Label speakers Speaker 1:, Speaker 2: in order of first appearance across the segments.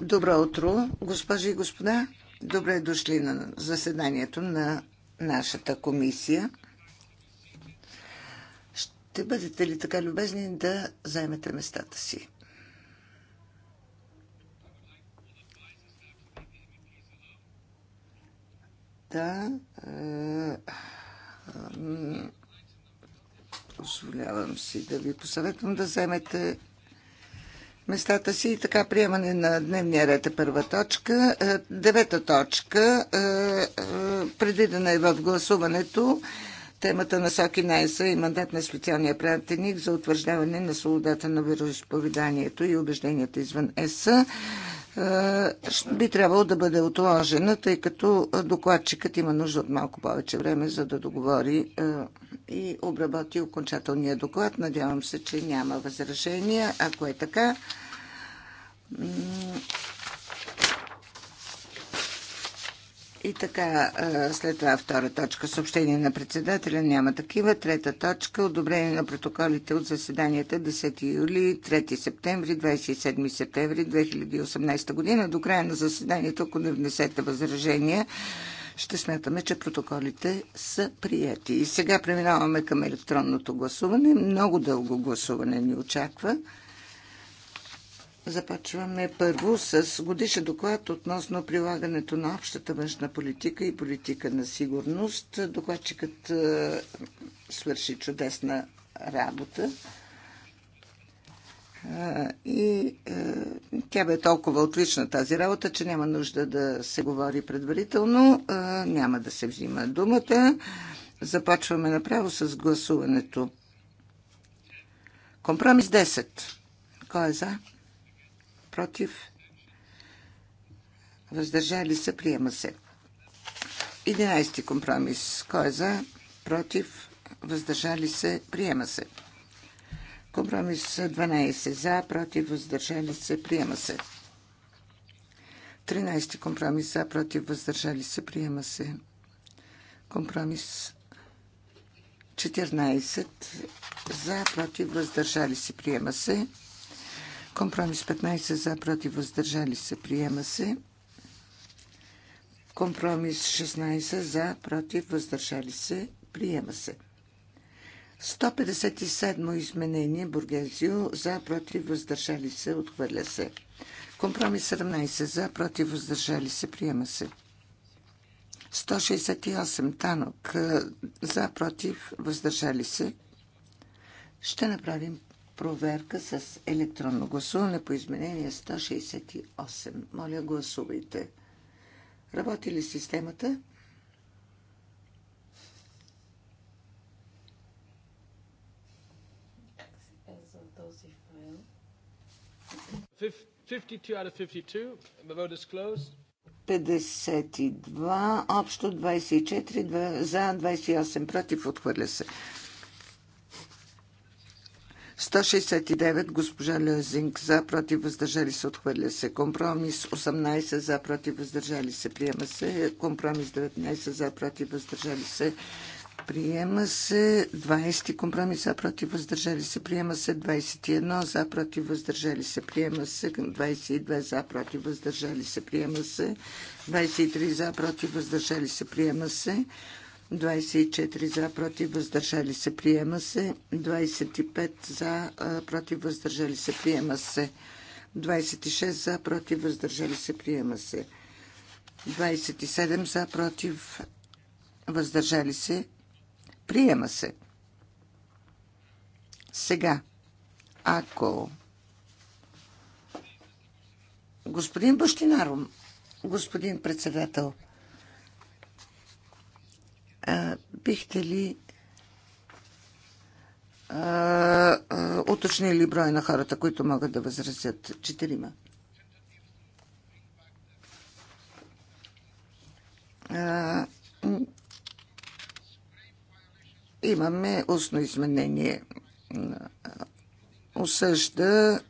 Speaker 1: Добро утро, госпожи и господа. Добре дошли на заседанието на нашата комисия. Ще бъдете ли така любезни да заемете местата си? Да, е, Позволявам си да ви посъветвам да вземете местата си и така приемане на дневния ред е първа точка. Е, девета точка, е, е, предвидена е в гласуването, темата на Соки Найса и мандат на специалния пратеник за утвърждаване на свободата на вероисповеданието и убежденията извън ЕСА. Е, би трябвало да бъде отложена, тъй като докладчикът има нужда от малко повече време, за да договори е, и обработи окончателния доклад. Надявам се, че няма възражения. Ако е така, И така, след това втора точка. Съобщение на председателя няма такива. Трета точка. Одобрение на протоколите от заседанията 10 юли, 3 септември, 27 септември 2018 година. До края на заседанието, ако не внесете възражения, ще смятаме, че протоколите са прияти. И сега преминаваме към електронното гласуване. Много дълго гласуване ни очаква. Започваме първо с годишен доклад относно прилагането на общата външна политика и политика на сигурност. Докладчикът е, свърши чудесна работа. Е, и е, тя бе толкова отлична тази работа, че няма нужда да се говори предварително, няма да се взима думата. Започваме направо с гласуването. Компромис 10. Кой е за? против, въздържали се, приема се. 11 компромис. Кой е за, против, въздържали се, приема се. Компромис 12 за, против, въздържали се, приема се. 13 компромис за, против, въздържали се, приема се. Компромис 14 за, против, въздържали се, приема се. Компромис 15 за, против, въздържали се, приема се. Компромис 16 за, против, въздържали се, приема се. 157 изменение Бургезио за, против, въздържали се, отхвърля се. Компромис 17 за, против, въздържали се, приема се. 168 танок за, против, въздържали се. Ще направим проверка с електронно гласуване по изменение 168. Моля, гласувайте. Работи ли системата?
Speaker 2: Fifth. 52 out of 52. The vote is closed.
Speaker 1: 52, общо 24, за 28, против, отхвърля се. 169 госпожа Лезинг за против въздържали се отхвърля се. Компромис 18 за против въздържали се приема се. Компромис 19 за против въздържали се приема се. 20 компромис за против въздържали се приема се. 21 за против въздържали се приема се. 22 за против въздържали се приема се. 23 за против въздържали се приема се. 24 за, против, въздържали се, приема се. 25 за, против, въздържали се, приема се. 26 за, против, въздържали се, приема се. 27 за, против, въздържали се, приема се. Сега, ако господин Бащинаром, господин председател, е, бихте ли е, е, уточнили брой на хората, които могат да възразят? Четирима. Имаме устно изменение. Осъжда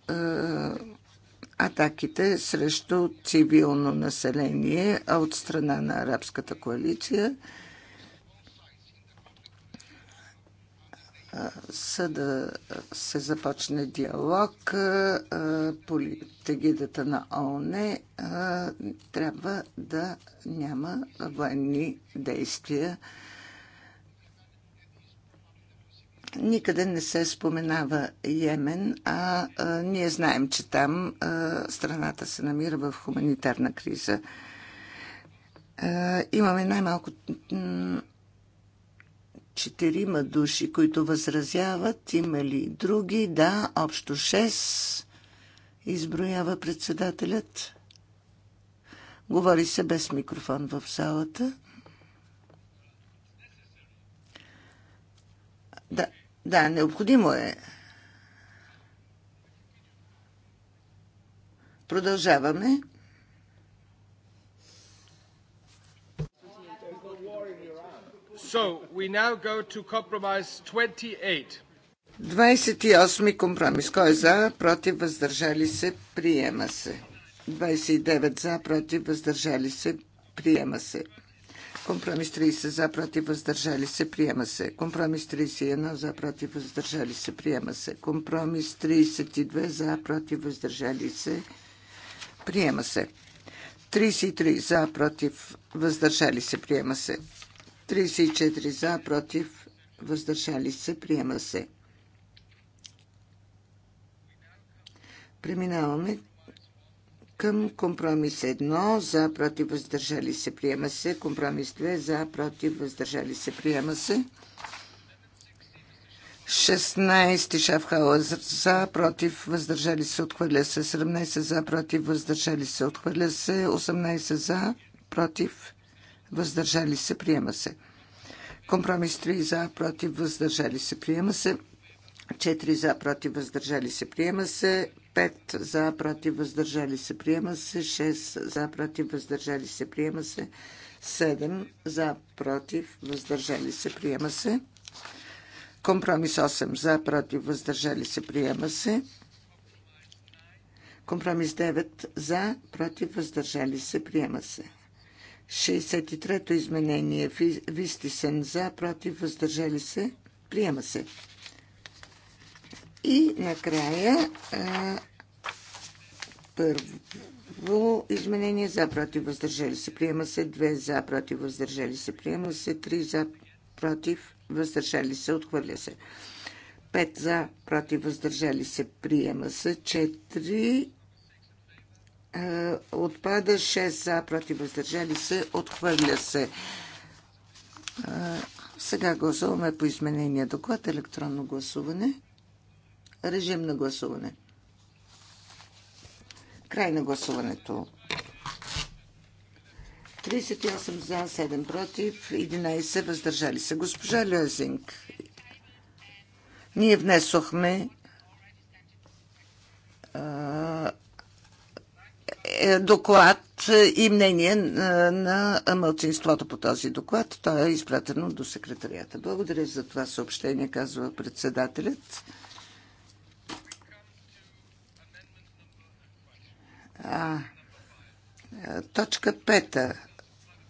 Speaker 1: атаките срещу цивилно население от страна на арабската коалиция – са да се започне диалог по тегидата на ООН. Трябва да няма военни действия. Никъде не се споменава Йемен, а, ние знаем, че там страната се намира в хуманитарна криза. имаме най-малко четирима души, които възразяват. Има ли други? Да, общо 6, изброява председателят. Говори се без микрофон в залата. Да, да, необходимо е. Продължаваме.
Speaker 2: 28.
Speaker 1: 28 компромис. Кой е за, против, въздържали се, приема се. 29 за, против, въздържали се, приема се. Компромис 30 за, против, въздържали се, приема се. Компромис 31 за, против, въздържали се, приема се. Компромис 32 за, против, въздържали се, приема се. 33 за, против, въздържали се, приема се. 34 за, против, въздържали се, приема се. Преминаваме към компромис 1 за, против, въздържали се, приема се. Компромис 2 за, против, въздържали се, приема се. 16 шафхала за, против, въздържали се, отхвърля се. 17 за, против, въздържали се, отхвърля се. 18 за, против, въздържали се, приема се. Компромис 3 за, против, въздържали се, приема се. 4 за, против, въздържали се, приема се. 5 за, против, въздържали се, приема се. 6 за, против, въздържали се, приема се. 7 за, против, въздържали се, приема се. Компромис 8 за, против, въздържали се, приема се. Компромис 9 за, против, въздържали се, приема се. 63-то изменение. сен за, против, въздържали се. Приема се. И накрая първо изменение за, против, въздържали се. Приема се. 2 за, против, въздържали се. Приема се. 3 за, против, въздържали се. Отхвърля се. 5 за, против, въздържали се. Приема се. 4 е, отпада 6 за, против въздържали се, отхвърля се. Е, сега гласуваме по изменения доклад електронно гласуване. Режим на гласуване. Край на гласуването. 38 за, 7 против, 11 въздържали се. Госпожа Лезинг, ние внесохме а, е, е, доклад е, и мнение е, на мълчинството по този доклад. Той е изпратено до секретарията. Благодаря за това съобщение, казва председателят. А, точка пета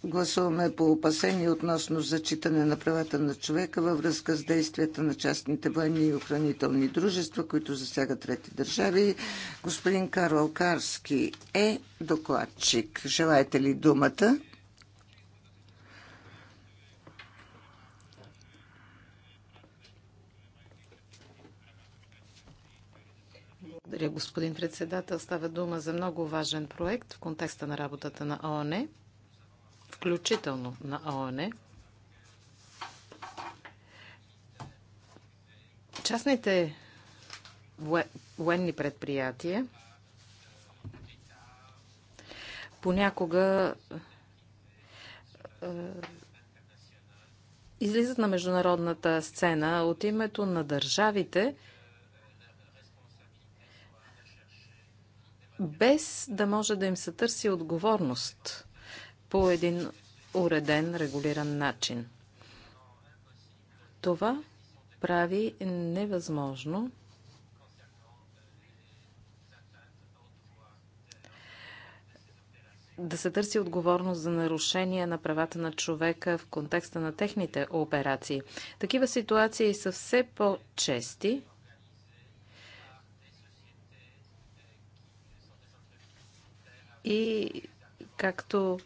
Speaker 1: Гласуваме по опасение относно зачитане на правата на човека във връзка с действията на частните военни и охранителни дружества, които засягат трети държави. Господин Карл Карски е докладчик. Желаете ли думата?
Speaker 3: Благодаря, господин председател. Става дума за много важен проект в контекста на работата на ООН включително на ООН, частните военни предприятия понякога е, излизат на международната сцена от името на държавите, без да може да им се търси отговорност по един уреден, регулиран начин. Това прави невъзможно да се търси отговорност за нарушения на правата на човека в контекста на техните операции. Такива ситуации са все по-чести. И Както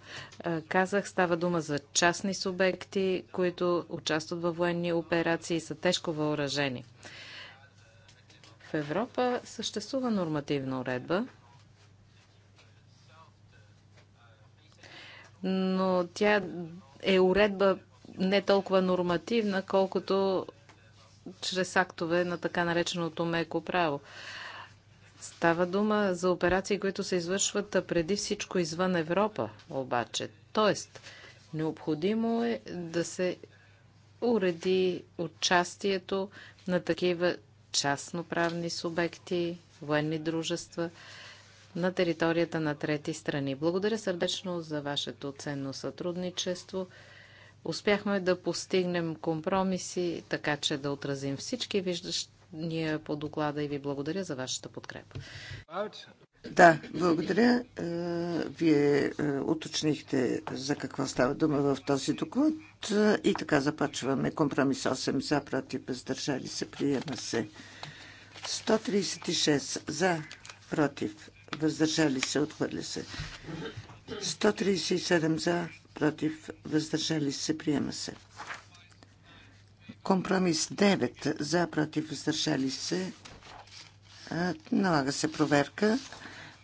Speaker 3: казах, става дума за частни субекти, които участват във военни операции и са тежко въоръжени. В Европа съществува нормативна уредба, но тя е уредба не толкова нормативна, колкото чрез актове на така нареченото меко право. Става дума за операции, които се извършват преди всичко извън Европа, обаче. Тоест, необходимо е да се уреди участието на такива частноправни субекти, военни дружества на територията на трети страни. Благодаря сърдечно за вашето ценно сътрудничество. Успяхме да постигнем компромиси, така че да отразим всички виждащи ние по доклада и ви благодаря за вашата подкрепа.
Speaker 1: Да, благодаря. Е, вие е, уточнихте за какво става дума в този доклад е, и така започваме. Компромис 8 за, против, въздържали се, приема се. 136 за, против, въздържали се, отхвърля се. 137 за, против, въздържали се, приема се. Компромис 9 за против въздържали се. Налага се проверка.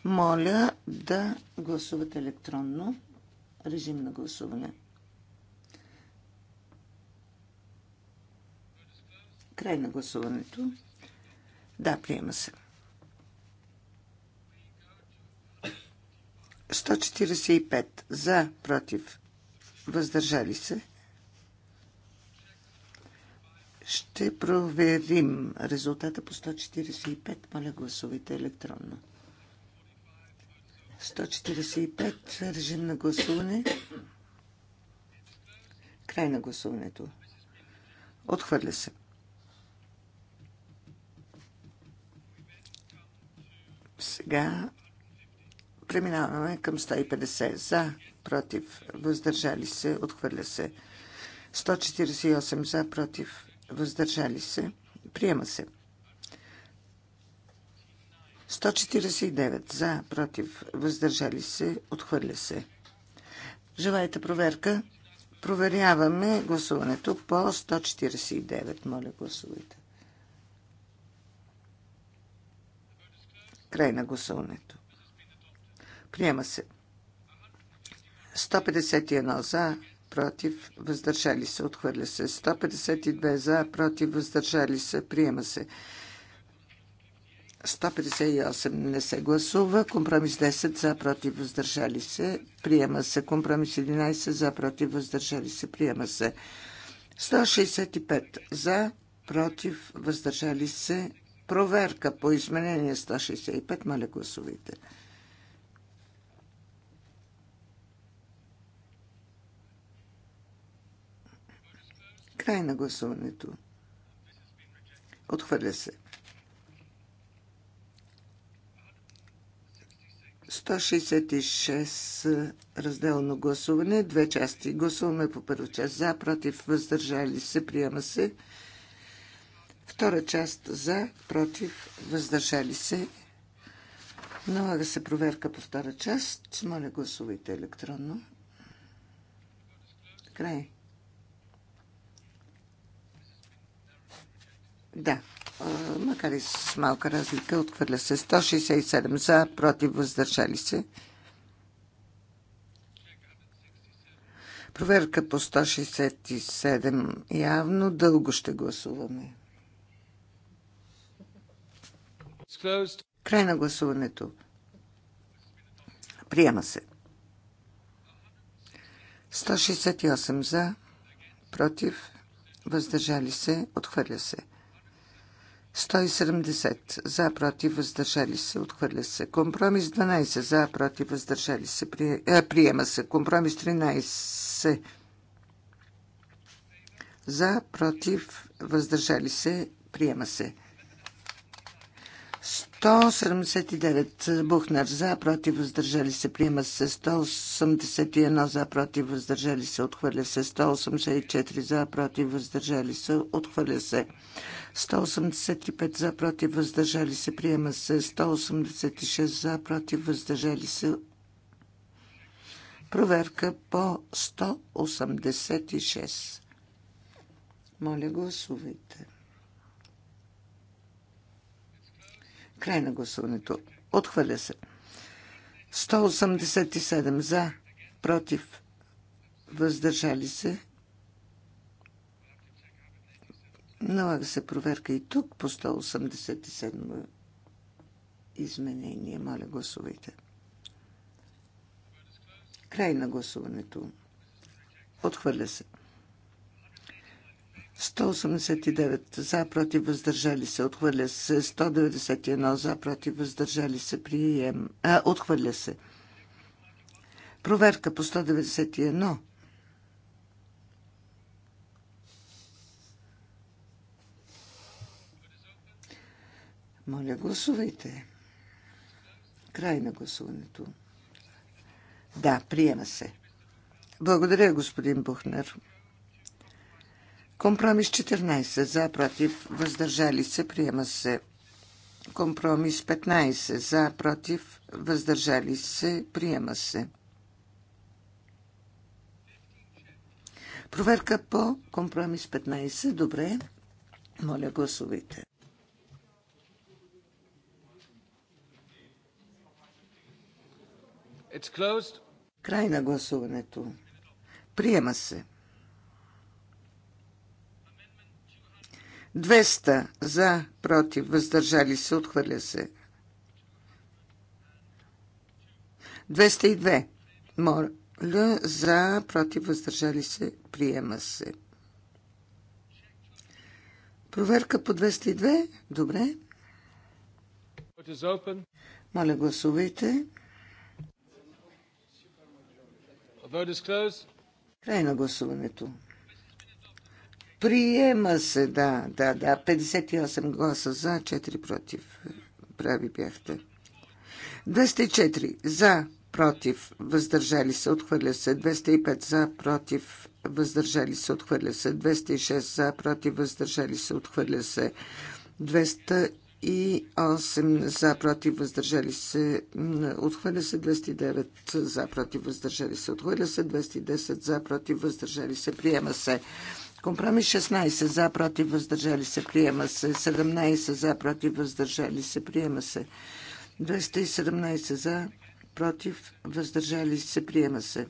Speaker 1: Моля да гласувате електронно. Режим на гласуване. Край на гласуването. Да, приема се. 145 за, против, въздържали се. Ще проверим резултата по 145. Моля, гласувайте електронно. 145. Режим на гласуване. Край на гласуването. Отхвърля се. Сега преминаваме към 150. За, против, въздържали се, отхвърля се. 148 за, против, въздържали се, приема се. 149 за, против, въздържали се, отхвърля се. Желаете проверка? Проверяваме гласуването по 149. Моля, гласувайте. Край на гласуването. Приема се. 151 за, против, въздържали се, отхвърля се. 152 за, против, въздържали се, приема се. 158 не се гласува. Компромис 10 за, против, въздържали се, приема се. Компромис 11 за, против, въздържали се, приема се. 165 за, против, въздържали се. Проверка по изменение 165. Моля, гласувайте. Край на гласуването. Отхвърля се. 166 разделно гласуване, две части. Гласуваме по първа част за, против, въздържали се, приема се. Втора част за, против, въздържали се. Налага се проверка по втора част. Моля, гласувайте електронно. Край. Да, макар и с малка разлика, отхвърля се 167 за, против, въздържали се. Проверка по 167. Явно дълго ще гласуваме. Край на гласуването. Приема се. 168 за, против, въздържали се, отхвърля се. 170 за, против, въздържали се, отхвърля се. Компромис 12 за, против, въздържали се, при, е, приема се. Компромис 13 за, против, въздържали се, приема се. 179 Бухнер за, против, въздържали се, приема се 181 за, против, въздържали се, отхвърля се 184 за, против, въздържали се, отхвърля се 185 за, против, въздържали се, приема се 186 за, против, въздържали се. Проверка по 186. Моля, гласувайте. Край на гласуването. Отхвърля се. 187 за, против, въздържали се. Налага се проверка и тук по 187 изменение. Моля, гласувайте. Край на гласуването. Отхвърля се. 189 за, против, въздържали се, отхвърля се. 191 за, против, въздържали се, прием. А, отхвърля се. Проверка по 191. Моля, гласувайте. Край на гласуването. Да, приема се. Благодаря, господин Бухнер. Компромис 14 за, против, въздържали се, приема се. Компромис 15 за, против, въздържали се, приема се. Проверка по компромис 15. Добре. Моля, гласувайте. Край на гласуването. Приема се. 200 за, против, въздържали се, отхвърля се. 202. Моля за, против, въздържали се, приема се. Проверка по 202. Добре. Моля, гласувайте. Край на гласуването. Приема се, да, да, да. 58 гласа за, 4 против. Прави бяхте. 204 за, против, въздържали се, отхвърля се. 205 за, против, въздържали се, отхвърля се. 206 за, против, въздържали се, отхвърля се. 200 и 8 за против въздържали се отхвърля се 209 за против въздържали се отхвърля се 210 за против въздържали се приема се Компромис 16 за против въздържали се приема се. 17 за против въздържали се приема се. 217 за против въздържали се приема се.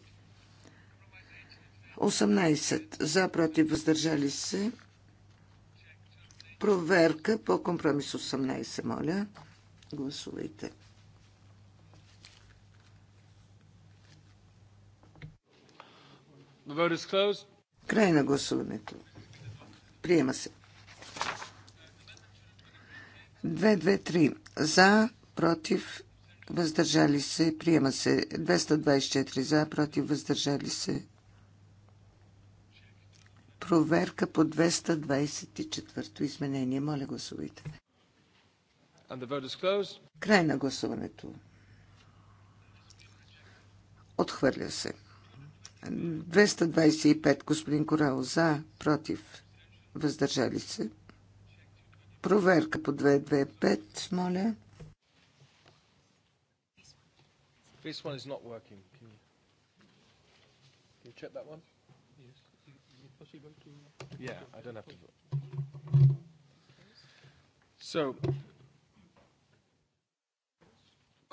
Speaker 1: 18 за против въздържали се. Проверка по компромис 18, моля. Гласувайте. The
Speaker 2: vote is closed.
Speaker 1: Край на гласуването. Приема се. 223 за, против, въздържали се. Приема се. 224 за, против, въздържали се. Проверка по 224 изменение. Моля, гласувайте. Край на гласуването. Отхвърля се. 225. Господин Корал за, против, въздържали се. Проверка по 225, моля.
Speaker 2: This one is not working. Can you, can you check that one? Yes. Possible to... Yeah, I don't have to vote. So,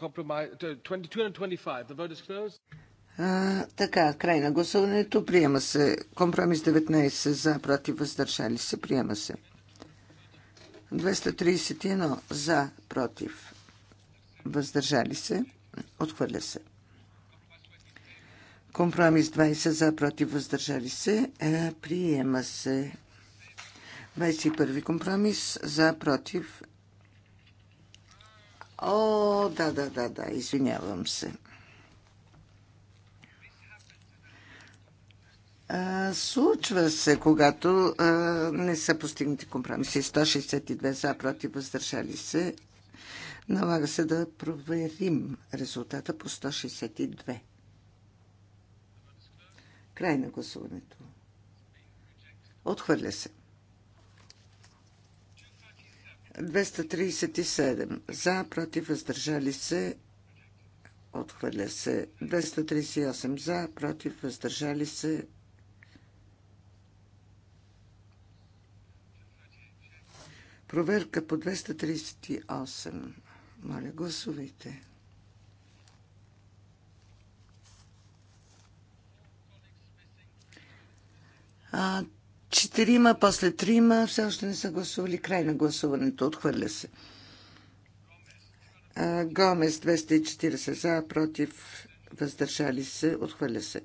Speaker 2: compromise 22 and 25. The vote is closed.
Speaker 1: А, така, край на гласуването. Приема се. Компромис 19 за, против, въздържали се. Приема се. 231 за, против, въздържали се. Отхвърля се. Компромис 20 за, против, въздържали се. Е, приема се. 21 компромис за, против. О, да, да, да, да, извинявам се. Случва се, когато не са постигнати компромиси. 162 за, против, въздържали се. Налага се да проверим резултата по 162. Край на гласуването. Отхвърля се. 237 за, против, въздържали се. Отхвърля се. 238 за, против, въздържали се. Проверка по 238. Моля, гласувайте. А, четирима, после трима, все още не са гласували. Край на гласуването. Отхвърля се. А, Гомес 240 за, против, въздържали се. Отхвърля се.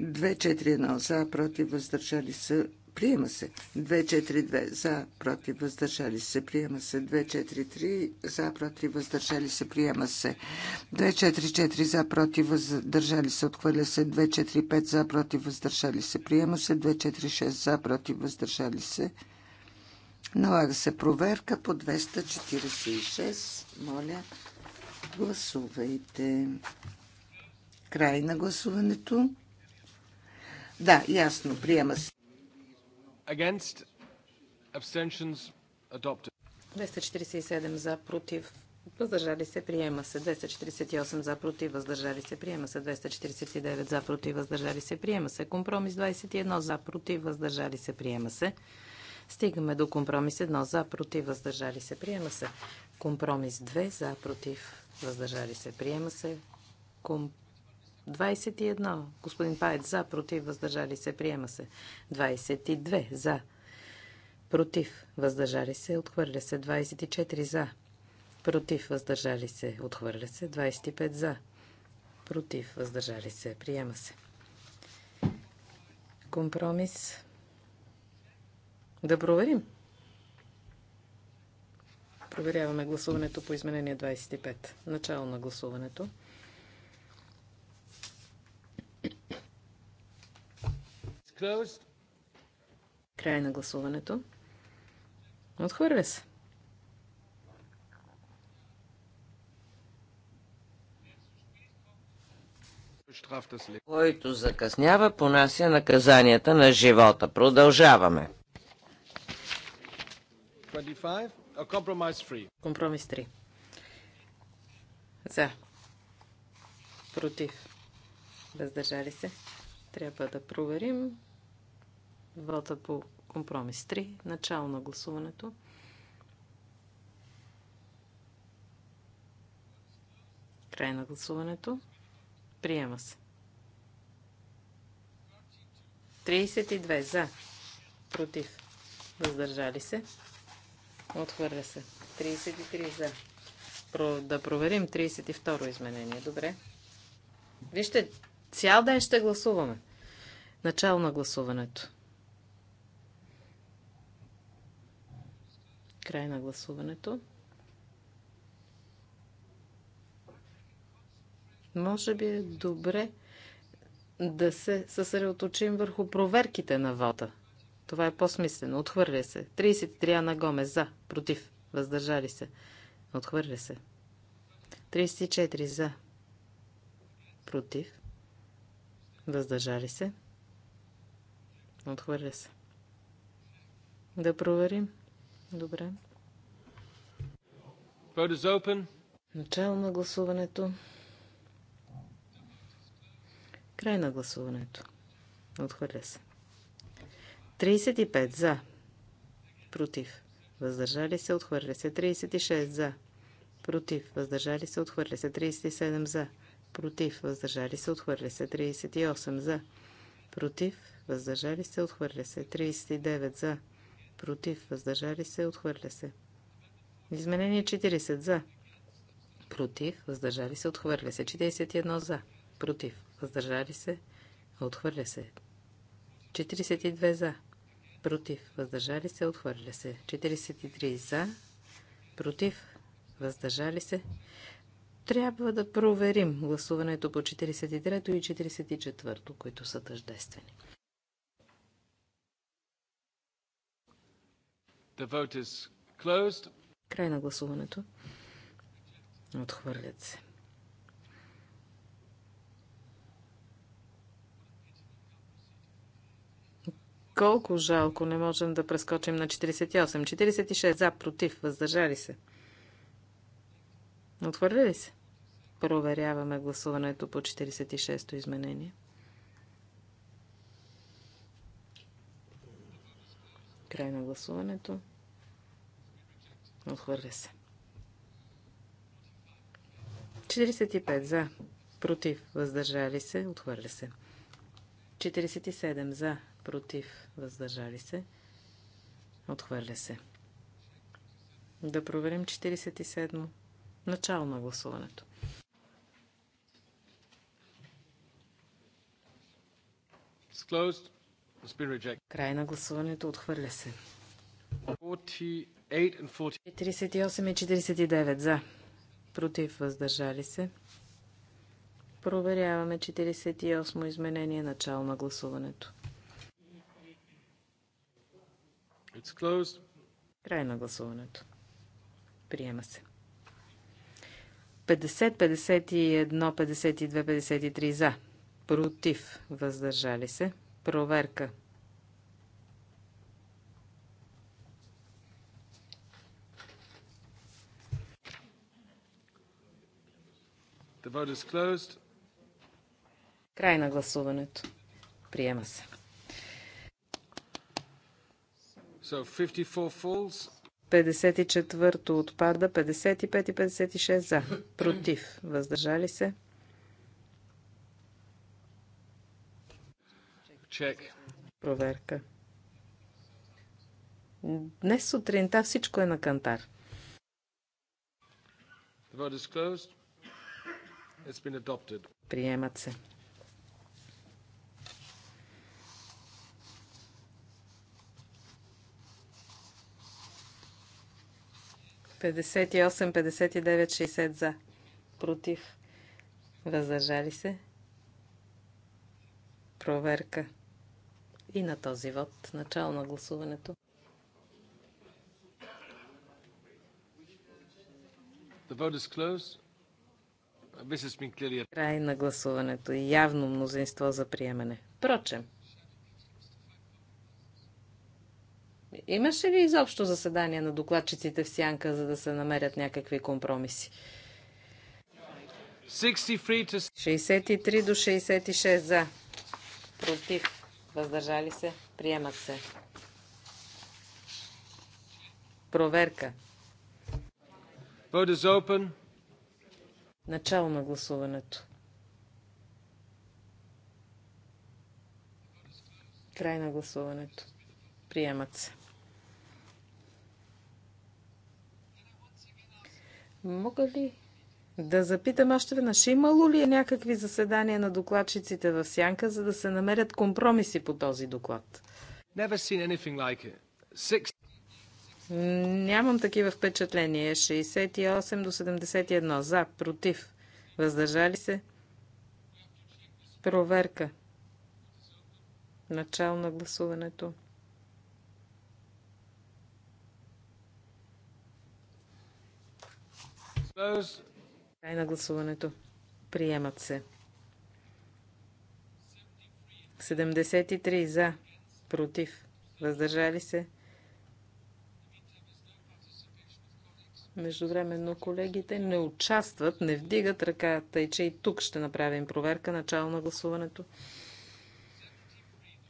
Speaker 1: 2, 4, 2-4-1 за, против, въздържали се. Приема се. 2-4-2. За, против, въздържали се. Приема се. 2-4-3. За, против, въздържали се. Приема се. 2-4-4. За, против, въздържали се. Отхвърля се. 2-4-5. За, против, въздържали се. Приема се. 2-4-6. За, против, въздържали се. Налага се проверка по 246. Моля, гласувайте. Край на гласуването. Да, ясно, приема се.
Speaker 2: Against. Abstentions.
Speaker 3: Adopted. 247 за, против, въздържали се, приема се. 248 за, против, въздържали се, приема се. 249 за, против, въздържали се, приема се. Компромис 21 за, против, въздържали се, приема се. Стигаме до компромис 1 за, против, въздържали се, приема се. Компромис 2 за, против, въздържали се, приема се. Компромис 21. Господин Паец за, против, въздържали се, приема се. 22. За. Против, въздържали се, отхвърля се. 24. За. Против, въздържали се, отхвърля се. 25. За. Против, въздържали се, приема се. Компромис. Да проверим. Проверяваме гласуването по изменение 25. Начало на гласуването. Край на гласуването.
Speaker 4: Отхвърля се. Който закъснява, понася наказанията на живота. Продължаваме.
Speaker 2: Компромис 3. За.
Speaker 3: Против. Въздържали се. Трябва да проверим. Вота по компромис 3. Начало на гласуването. Край на гласуването. Приема се. 32 за. Против. Въздържали се. Отхвърля се. 33 за. Про, да проверим 32 изменение. Добре. Вижте, цял ден ще гласуваме. Начало на гласуването. Край на гласуването. Може би е добре да се съсредоточим върху проверките на вода. Това е по-смислено. Отхвърля се. 33 на Гомес за, против, въздържали се. Отхвърля се. 34 за, против, въздържали се.
Speaker 2: Отхвърля се.
Speaker 3: Да проверим. Добре. Начало на гласуването. Край на гласуването. Отхвърля се. 35 за. Против. Въздържали се. Отхвърля се. 36 за. Против. Въздържали се. Отхвърля се. 37 за. Против. Въздържали се. Отхвърля се. 38 за. Против. Въздържали се. Отхвърля се. 39 за против, въздържали се, отхвърля се. Изменение 40 за, против, въздържали се, отхвърля се. 41 за, против, въздържали се, отхвърля се. 42 за, против, въздържали се, отхвърля се. 43 за, против, въздържали се. Трябва да проверим гласуването по 43-то и 44-то, които са тъждествени.
Speaker 2: The vote is closed.
Speaker 3: Край на гласуването. Отхвърлят се. Колко жалко не можем да прескочим на 48. 46 за, против, въздържали се. Отхвърли ли се? Проверяваме гласуването по 46-то изменение. 46. Край на гласуването. Отхвърля се. 45 за. Против. Въздържали се. Отхвърля се. 47 за. Против. Въздържали се. Отхвърля се. Да проверим 47. Начало на гласуването. It's closed. Край на гласуването отхвърля се.
Speaker 2: 48
Speaker 3: и 49 за. Против въздържали се. Проверяваме 48 изменение начало на гласуването. Край на гласуването. Приема се. 50, 51, 52, 53 за. Против въздържали се. Проверка.
Speaker 2: The vote is closed.
Speaker 3: Край на гласуването. Приема се.
Speaker 2: So 54 falls.
Speaker 3: 54-то отпада, 55 и 56 за. Против. Въздържали се. Check. Проверка. Днес сутринта всичко е на кантар. Приемат се. Петдесет и осем, петдесет и девет, шестдесет за. Против. Въздържали се. Проверка и на този вод. Начало на гласуването. Край на гласуването и явно мнозинство за приемане. Прочем, имаше ли изобщо заседание на докладчиците в Сянка, за да се намерят някакви компромиси?
Speaker 2: 63
Speaker 3: до 66 за. Против въздържали се, приемат се. Проверка. Vote is open. Начало на гласуването. Край на гласуването. Приемат се. Мога ли да запитам още веднъж, имало ли е някакви заседания на докладчиците в Сянка, за да се намерят компромиси по
Speaker 2: този доклад? Like Six...
Speaker 3: Нямам такива впечатления. 68 до 71. За, против. Въздържали се? Проверка. Начало на гласуването. Those Край на гласуването. Приемат се. 73 за, против, въздържали се. Междувременно колегите не участват, не вдигат ръката. тъй че и тук ще направим проверка начало на гласуването.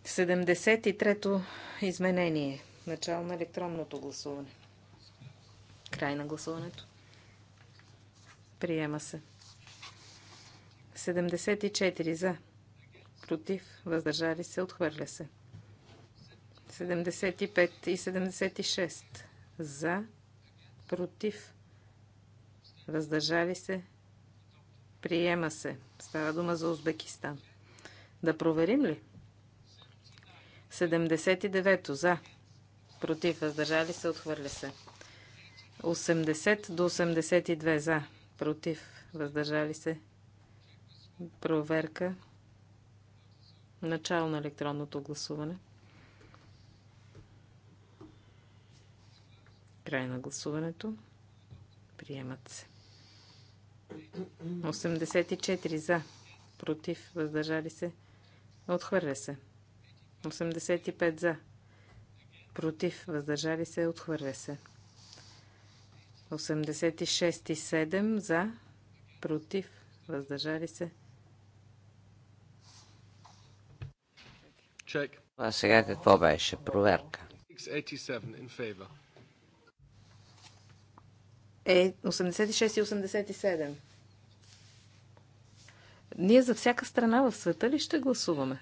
Speaker 3: 73-то изменение. Начало на електронното гласуване. Край на гласуването. Приема се. 74 за. Против. Въздържали се. Отхвърля се. 75 и 76 за. Против. Въздържали се. Приема се. Става дума за Узбекистан. Да проверим ли? 79 за. Против. Въздържали се. Отхвърля се. 80 до 82 за против, въздържали се. Проверка. Начало на електронното гласуване. Край на гласуването. Приемат се. 84 за, против, въздържали се. Отхвърля се. 85 за, против, въздържали се. Отхвърля се. 867 за, против,
Speaker 2: въздържали се.
Speaker 4: Чек. А сега какво беше? Проверка.
Speaker 3: Е, 86 и 87. Ние за всяка страна в света ли ще гласуваме?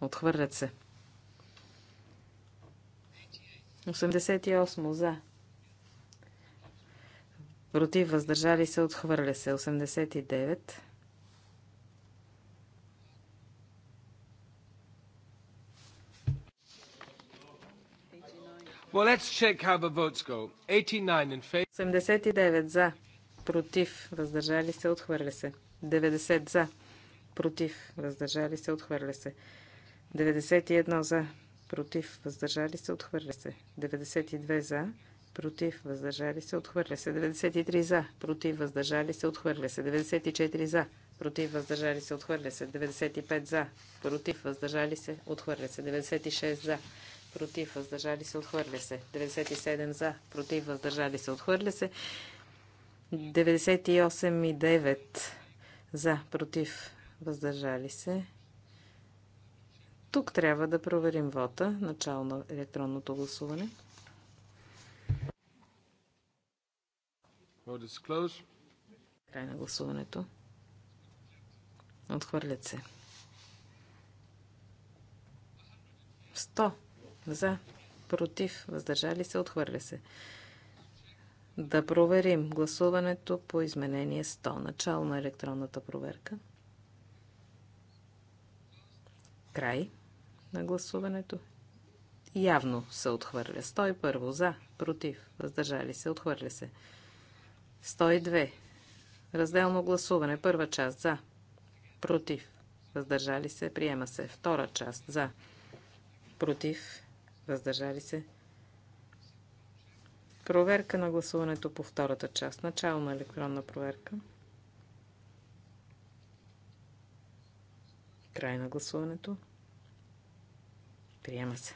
Speaker 3: Отхвърлят се. 88 за против, въздържали се, отхвърля се. 89.
Speaker 2: Well, let's check how the votes go. 89 in favor.
Speaker 3: 79 за, против, въздържали се, отхвърля се. 90 за, против, въздържали се, отхвърля се. 91 за, против, въздържали се, отхвърля се. 92 за, против, въздържали се, отхвърля се. 93 за, против, въздържали се, отхвърля се. 94 за, против, въздържали се, отхвърля се. 95 за, против, въздържали се, отхвърля се. 96 за, против, въздържали се, отхвърля се. 97 за, против, въздържали се, отхвърля се. 98 и 9 за, против, въздържали се. Тук трябва да проверим вота, начало на електронното гласуване.
Speaker 2: Край на
Speaker 3: гласуването. Отхвърлят се. 100 за, против, въздържали се, отхвърля се. Да проверим гласуването по изменение 100. Начало на електронната проверка. Край на гласуването. Явно се отхвърля. 101 за, против, въздържали се, отхвърля се. 102. Разделно гласуване. Първа част за. Против. Въздържали се. Приема се. Втора част за. Против. Въздържали се. Проверка на гласуването по втората част. Начало на електронна проверка. Край на гласуването. Приема се.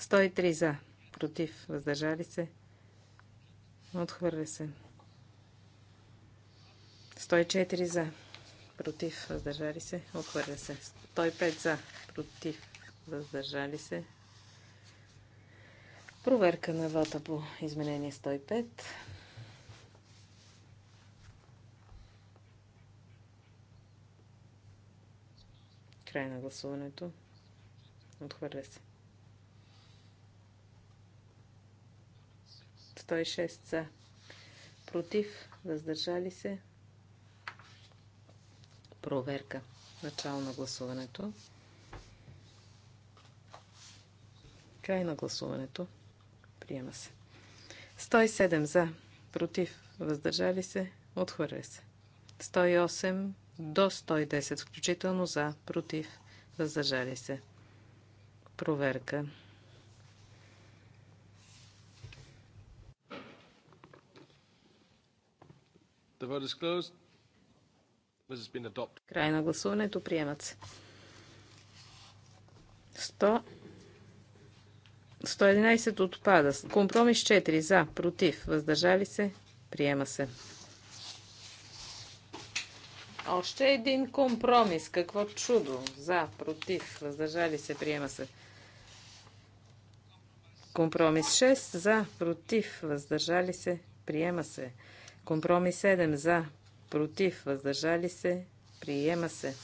Speaker 3: 103 за. Против. Въздържали се. Отхвърля се. 104 за. Против. Въздържали се. Отхвърля се. 105 за. Против. Въздържали се. Проверка на вота по изменение 105. Край на гласуването. Отхвърля се. 106 за. Против. Въздържали се. Проверка. Начало на гласуването. Край на гласуването. Приема се. 107 за. Против. Въздържали се. Отхвърля се. 108 до 110 включително за. Против. Въздържали се. Проверка. Край на гласуването. Приемат се. 100... 111 отпада. Компромис 4. За. Против. Въздържали се. Приема се. Още един компромис. Какво чудо. За. Против. Въздържали се. Приема се. Компромис 6. За. Против. Въздържали се. Приема се. Компромис 7 за, против, въздържали се, приема се.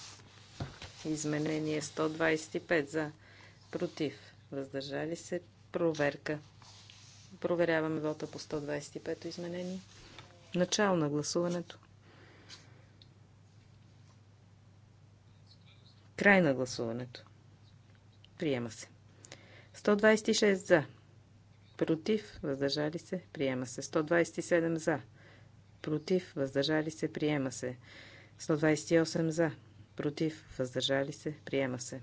Speaker 3: Изменение 125 за, против, въздържали се, проверка. Проверяваме вота по 125 изменение. Начало на гласуването. Край на гласуването. Приема се. 126 за. Против. Въздържали се. Приема се. 127 за против, въздържали се, приема се. 128 за, против, въздържали се, приема се.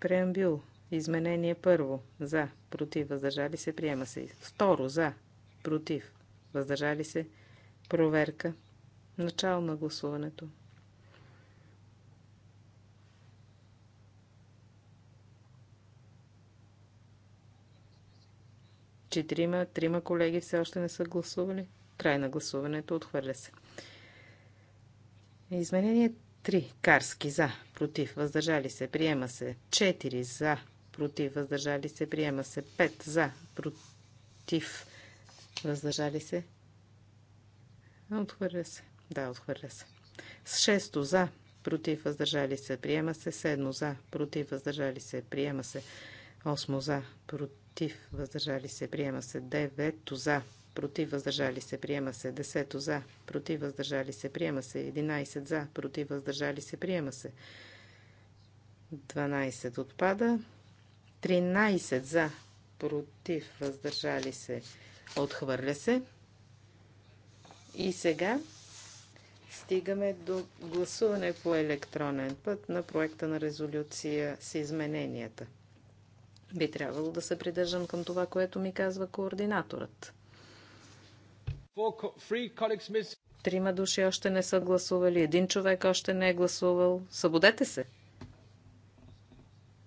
Speaker 3: Преамбюл. Изменение първо. За, против, въздържали се, приема се. Второ. За, против, въздържали се. Проверка. Начало на гласуването. Четирима, трима колеги все още не са гласували. Край на гласуването. Отхвърля се. Изменение 3. Карски за. Против. Въздържали се. Приема се. 4 за. Против. Въздържали се. Приема се. 5 за. Против. Въздържали се. Отхвърля се. Да, отхвърля се. С 6 за. Против. Въздържали се. Приема се. Седмо за. Против. Въздържали се. Приема се. Осмо за. Против против, въздържали се, приема се. 9 за, против, въздържали се, приема се. 10 за, против, въздържали се, приема се. 11 за, против, въздържали се, приема се. 12 отпада. 13 за, против, въздържали се, отхвърля се. И сега стигаме до гласуване по електронен път на проекта на резолюция с измененията. Би трябвало да се придържам към това, което ми казва координаторът. Трима души още не са гласували, един човек още не е гласувал. Събудете се!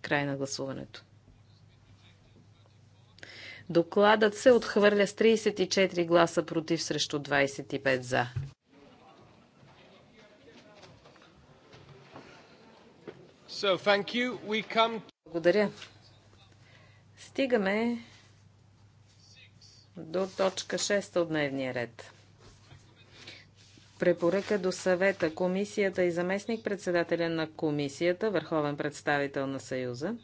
Speaker 3: Край на гласуването. Докладът се отхвърля с 34 гласа против срещу 25
Speaker 2: за. So, Благодаря. Стигаме
Speaker 3: до точка 6 от дневния ред. Препоръка до съвета, комисията и заместник председателя на комисията, върховен представител на Съюза,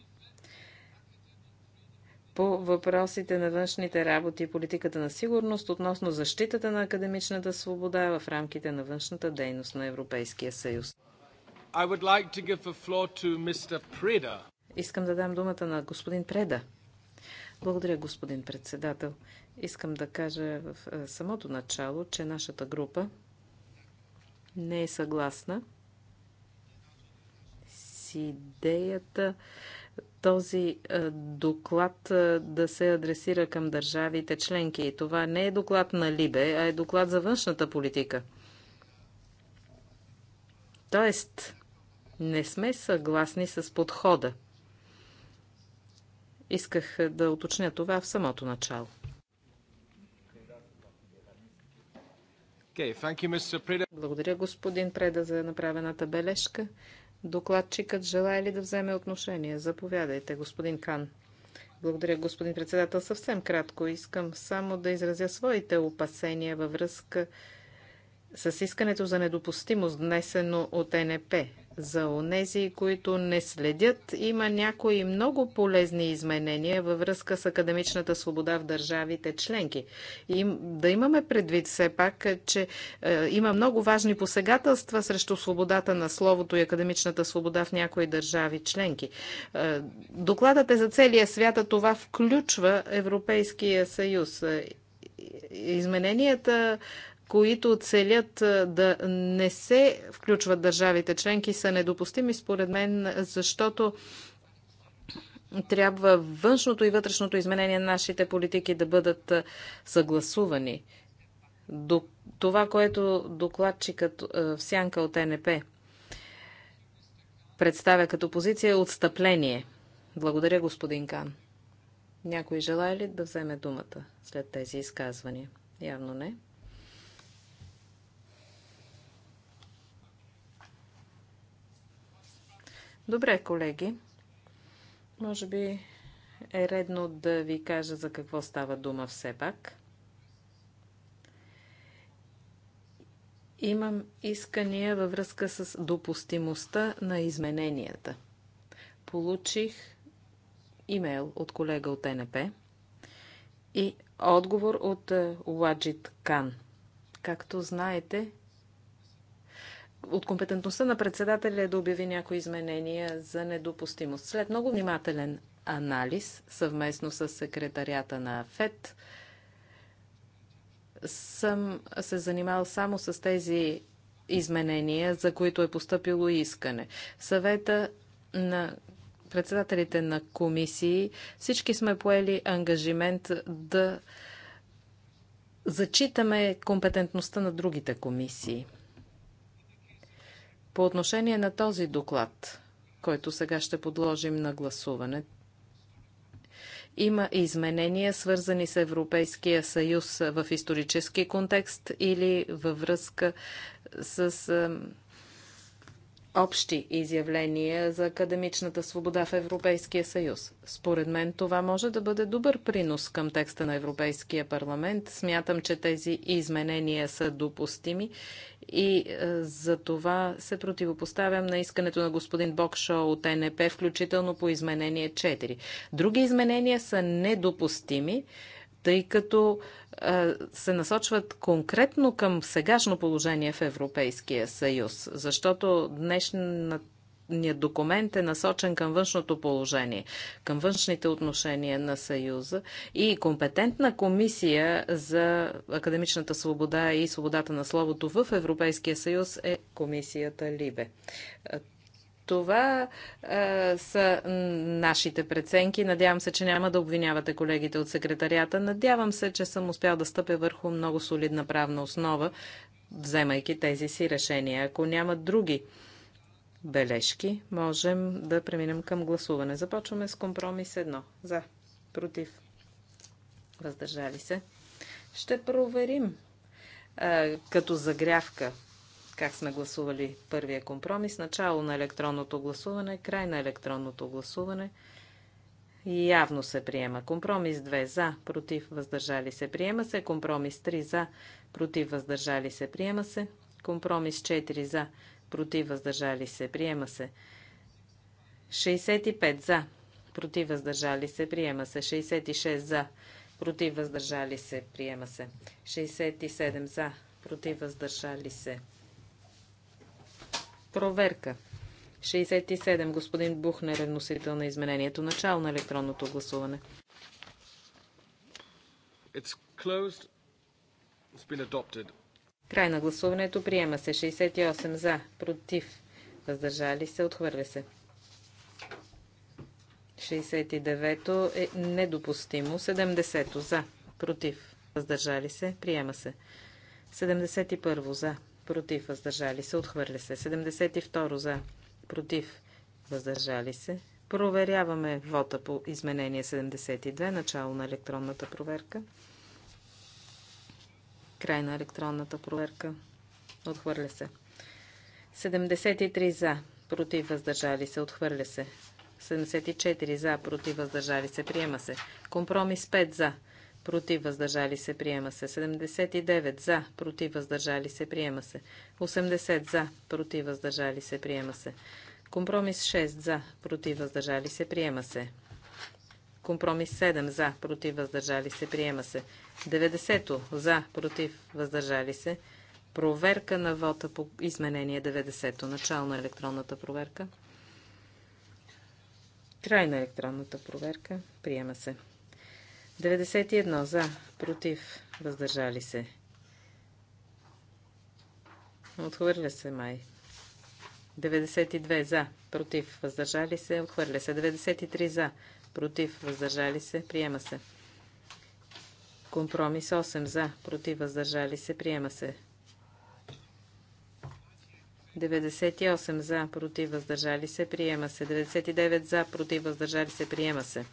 Speaker 3: по въпросите на външните работи и политиката на сигурност относно защитата на академичната свобода в рамките на външната дейност на Европейския съюз.
Speaker 2: Like
Speaker 3: Искам да дам думата на господин Преда. Благодаря, господин председател. Искам да кажа в е, самото начало, че нашата група не е съгласна с идеята този е, доклад е, да се адресира към държавите членки. И това не е доклад на Либе, а е доклад за външната политика. Тоест, не сме съгласни с подхода Исках да уточня това в самото начало. Благодаря, господин Преда, за направената бележка. Докладчикът желая ли да вземе отношение? Заповядайте, господин Кан. Благодаря, господин председател. Съвсем кратко искам само да изразя своите опасения във връзка с с искането за недопустимост, внесено от НП. За онези, които не следят, има някои много полезни изменения във връзка с академичната свобода в държавите членки. И да имаме предвид все пак, че е, има много важни посегателства срещу свободата на словото и академичната свобода в някои държави членки. Е, докладът е за целия свят, а това включва Европейския съюз е, измененията които целят да не се включват държавите членки, са недопустими според мен, защото трябва външното и вътрешното изменение на нашите политики да бъдат съгласувани. До това, което докладчикът в сянка от НП представя като позиция е отстъпление. Благодаря, господин Кан. Някой желая ли да вземе думата след тези изказвания? Явно не. Добре, колеги. Може би е редно да ви кажа за какво става дума все пак. Имам искания във връзка с допустимостта на измененията. Получих имейл от колега от НП и отговор от е, Уаджит Кан. Както знаете, от компетентността на председателя е да обяви някои изменения за недопустимост. След много внимателен анализ съвместно с секретарията на ФЕД съм се занимал само с тези изменения, за които е поступило искане. Съвета на председателите на комисии всички сме поели ангажимент да зачитаме компетентността на другите комисии. По отношение на този доклад, който сега ще подложим на гласуване, има изменения, свързани с Европейския съюз в исторически контекст или във връзка с общи изявления за академичната свобода в Европейския съюз. Според мен това може да бъде добър принос към текста на Европейския парламент. Смятам, че тези изменения са допустими и е, за това се противопоставям на искането на господин Бокшо от НП, включително по изменение 4. Други изменения са недопустими тъй като се насочват конкретно към сегашно положение в Европейския съюз, защото днешният документ е насочен към външното положение, към външните отношения на Съюза и компетентна комисия за академичната свобода и свободата на словото в Европейския съюз е комисията Либе. Това а, са нашите преценки. Надявам се, че няма да обвинявате колегите от секретарията. Надявам се, че съм успял да стъпя върху много солидна правна основа, вземайки тези си решения. Ако няма други бележки, можем да преминем към гласуване. Започваме с компромис Едно. За, против, въздържали се. Ще проверим а, като загрявка как сме гласували първия компромис. Начало на електронното гласуване, край на електронното гласуване. Явно се приема. Компромис 2 за, против, въздържали се, приема се. Компромис 3 за, против, въздържали се, приема се. Компромис 4 за, против, въздържали се, приема се. 65 за, против, въздържали се, приема се. 66 за, против, въздържали се, приема се. 67 за, против, въздържали се, Проверка. 67. Господин Бухнер е вносител на изменението. Начало на електронното гласуване.
Speaker 2: It's closed. It's been adopted.
Speaker 3: Край на гласуването. Приема се. 68 за. Против. Въздържали се. Отхвърля се. 69-то е недопустимо. 70-то за. Против. Въздържали се. Приема се. 71-во за против, въздържали се, отхвърля се. 72 за, против, въздържали се. Проверяваме вота по изменение 72, начало на електронната проверка. Край на електронната проверка. Отхвърля се. 73 за, против, въздържали се, отхвърля се. 74 за, против, въздържали се, приема се. Компромис 5 за, против въздържали се, приема се. 79 за, против въздържали се, приема се. 80 за, против въздържали се, приема се. Компромис 6 за, против въздържали се, приема се. Компромис 7 за, против въздържали се, приема се. 90 за, против въздържали се. Проверка на вота по изменение 90 Начало на електронната проверка. Край на електронната проверка. Приема се. 91 за, против, въздържали се. Отхвърля се май. 92 за, против, въздържали се, отхвърля се. 93 за, против, въздържали се, приема се. Компромис 8 за, против, въздържали се, приема се. 98 за, против, въздържали се, приема се. 99 за, против, въздържали се, приема се.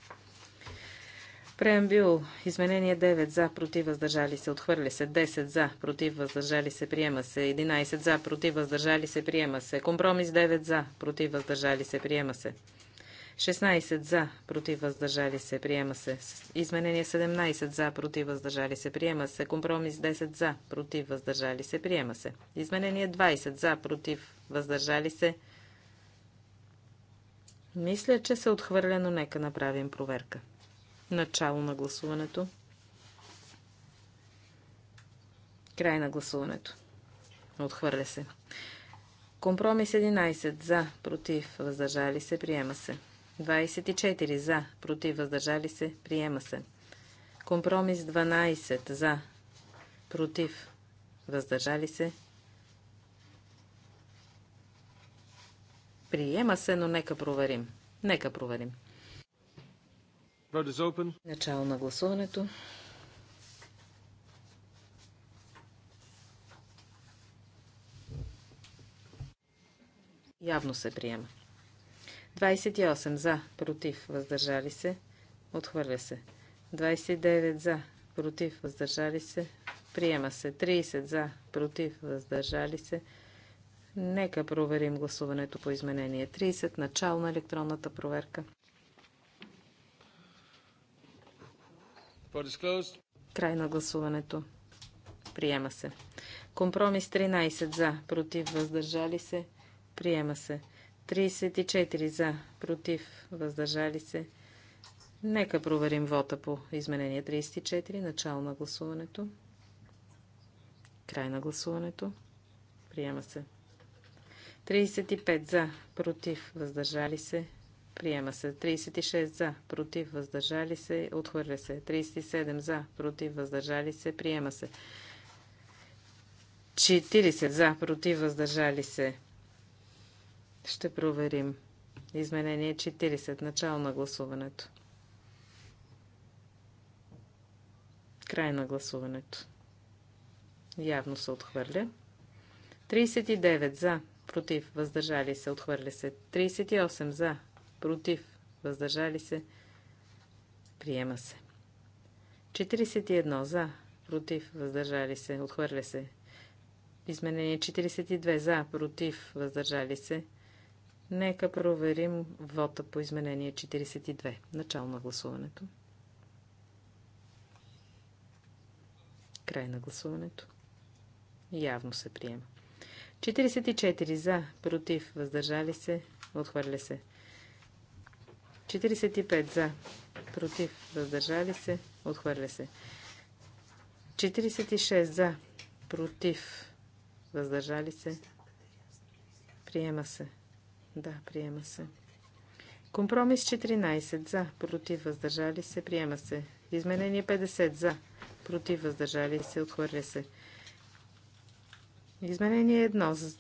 Speaker 3: Преамбюл. Изменение 9 за, против, въздържали се. отхвърли се. 10 за, против, въздържали се. Приема се. 11 за, против, въздържали се. Приема се. Компромис 9 за, против, въздържали се. Приема се. 16 за, против, въздържали се. Приема се. Изменение 17 за, против, въздържали се. Приема се. Компромис 10 за, против, въздържали се. Приема се. Изменение 20 за, против, въздържали се. Мисля, че се отхвърля, но нека направим проверка. Начало на гласуването. Край на гласуването. Отхвърля се. Компромис 11 за, против, въздържали се, приема се. 24 за, против, въздържали се, приема се. Компромис 12 за, против, въздържали се. Приема се, но нека проверим. Нека проверим. Начало на гласуването. Явно се приема. 28 за, против, въздържали се, отхвърля се. 29 за, против, въздържали се, приема се. 30 за, против, въздържали се. Нека проверим гласуването по изменение 30, начало на електронната проверка. Край на гласуването. Приема се. Компромис 13 за, против, въздържали се. Приема се. 34 за, против, въздържали се. Нека проверим вота по изменение 34, начало на гласуването. Край на гласуването. Приема се. 35 за, против, въздържали се. Приема се 36 за, против, въздържали се, отхвърля се. 37 за, против, въздържали се, приема се. 40 за, против, въздържали се. Ще проверим. Изменение 40. Начало на гласуването. Край на гласуването. Явно се отхвърля. 39 за, против, въздържали се, отхвърля се. 38 за, против, въздържали се, приема се. 41 за, против, въздържали се, отхвърля се. Изменение 42 за, против, въздържали се. Нека проверим вота по изменение 42. Начало на гласуването. Край на гласуването. Явно се приема. 44 за, против, въздържали се, отхвърля се. 45 за, против, въздържали се, отхвърля се. 46 за, против, въздържали се, приема се. Да, приема се. Компромис 14 за, против, въздържали се, приема се. Изменение 50 за, против, въздържали се, отхвърля се. Изменение 1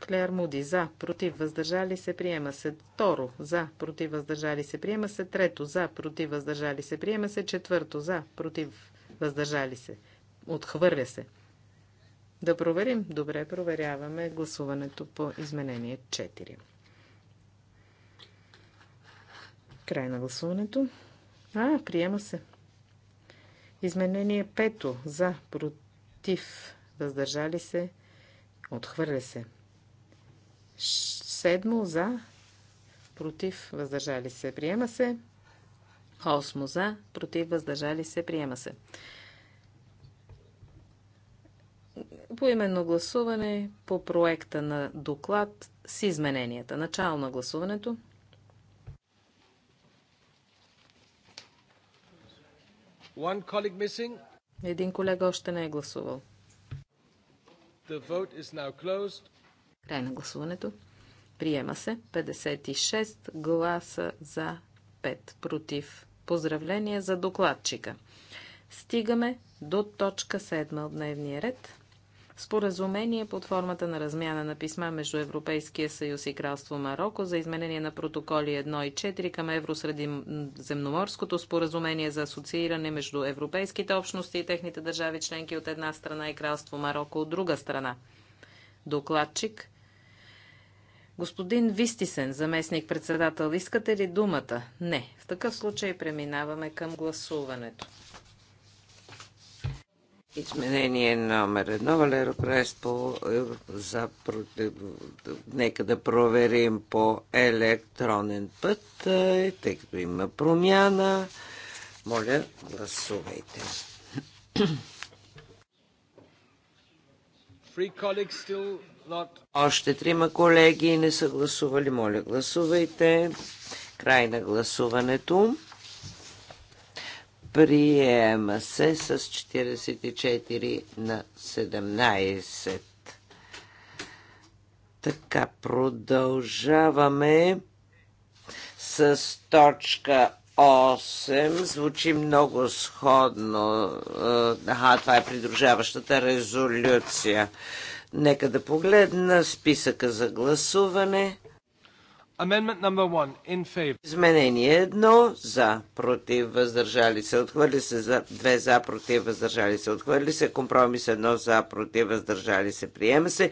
Speaker 3: Клер Муди. За. Против. Въздържали се. Приема се. Второ. За. Против. Въздържали се. Приема се. Трето. За. Против. Въздържали се. Приема се. Четвърто. За. Против. Въздържали се. Отхвърля се. Да проверим. Добре, проверяваме гласуването по изменение 4. Край на гласуването. А, приема се. Изменение 5. За. Против. Въздържали се. Отхвърля се. Седмо за, против, въздържали се, приема се. Осмо за, против, въздържали се, приема се. Поименно гласуване по проекта на доклад с измененията. Начало на гласуването. Един колега още не е гласувал. Край на гласуването. Приема се 56 гласа за 5 против. Поздравление за докладчика. Стигаме до точка 7 от дневния ред. Споразумение под формата на размяна на писма между Европейския съюз и Кралство Марокко за изменение на протоколи 1 и 4 към Евросредиземноморското споразумение за асоцииране между европейските общности и техните държави членки от една страна и Кралство Марокко от друга страна. Докладчик Господин Вистисен, заместник-председател, искате ли думата? Не. В такъв случай преминаваме към гласуването.
Speaker 4: Изменение номер едно. Валеро Преспо е, за Нека да проверим по електронен път, е, тъй като има промяна. Моля, гласувайте.
Speaker 2: Free colleagues still
Speaker 4: още трима колеги не са гласували. Моля, гласувайте. Край на гласуването. Приема се с 44 на 17. Така, продължаваме с точка 8. Звучи много сходно. Аха, това е придружаващата резолюция. Нека да погледна списъка за гласуване. Изменение едно за против въздържали се отхвърли се за две за против въздържали се отхвърли се компромис едно за против въздържали се приема се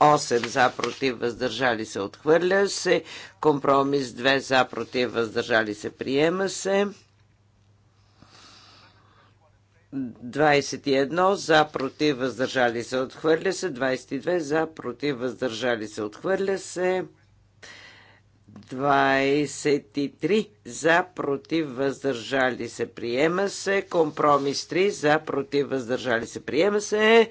Speaker 4: 8 за против въздържали се отхвърля се компромис 2 за против въздържали се приема се 21 за против въздържали се отхвърля се, 22 за против въздържали се отхвърля се, 23 за против въздържали се приема се, компромис 3 за против въздържали се приема се,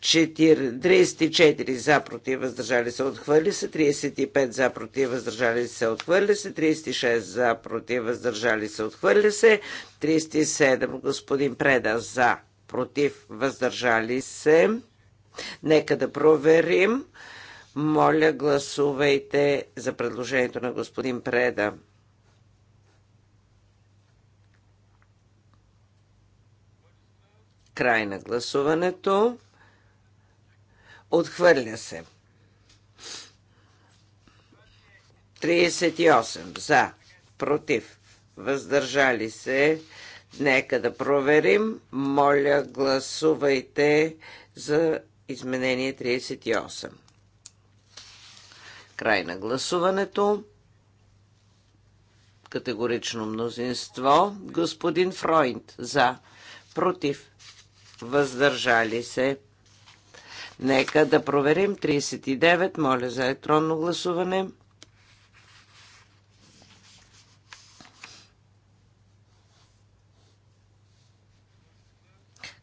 Speaker 4: 34 за против въздържали се отхвърли се, 35 за против въздържали се отхвърли се, 36 за против въздържали се отхвърли се, 37 господин Преда за против въздържали се. Нека да проверим. Моля, гласувайте за предложението на господин Преда. Край на гласуването. Отхвърля се. 38 за, против, въздържали се. Нека да проверим. Моля, гласувайте за изменение 38. Край на гласуването. Категорично мнозинство. Господин Фройнд за, против, въздържали се. Нека да проверим 39. Моля за електронно гласуване.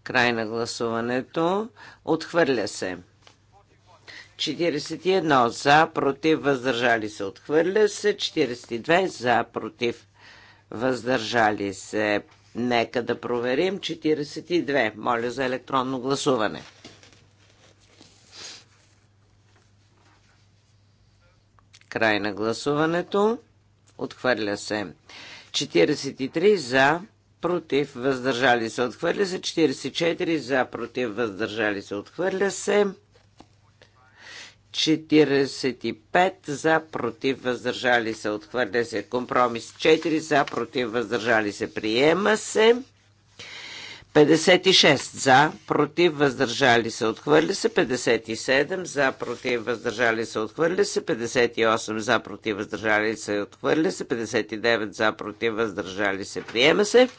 Speaker 4: Край на гласуването. Отхвърля се. 41 за, против, въздържали се. Отхвърля се. 42 за, против, въздържали се. Нека да проверим. 42. Моля за електронно гласуване. Край на гласуването. Отхвърля се. 43 за, против, въздържали се, отхвърля се. 44 за, против, въздържали се, отхвърля се. 45 за, против, въздържали се, отхвърля се. Компромис 4 за, против, въздържали се, приема се. 56 за, против, въздържали се, отхвърли се. 57 за, против, въздържали се, отхвърли се. 58 за, против, въздържали се, отхвърли се. 59 за, против, въздържали се, приема се.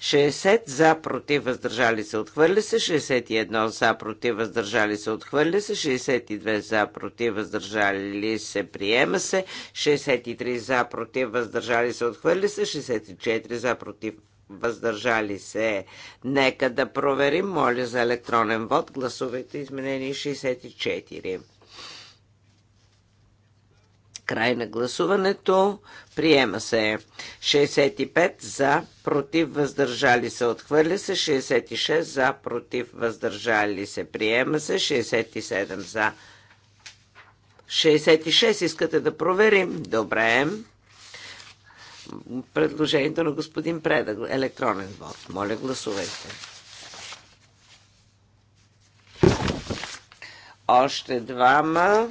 Speaker 4: 60 за, против, въздържали се, отхвърли се. 61 за, против, въздържали се, отхвърли се. 62 за, против, въздържали се, приема се. 63 за, против, въздържали се, отхвърли се. 64 за, против, въздържали се. Нека да проверим. Моля за електронен вод. Гласувайте изменени 64. Край на гласуването. Приема се 65 за, против, въздържали се. Отхвърля се 66 за, против, въздържали се. Приема се 67 за. 66 искате да проверим. Добре предложението на господин Преда. Електронен вод. Моля, гласувайте. Още двама.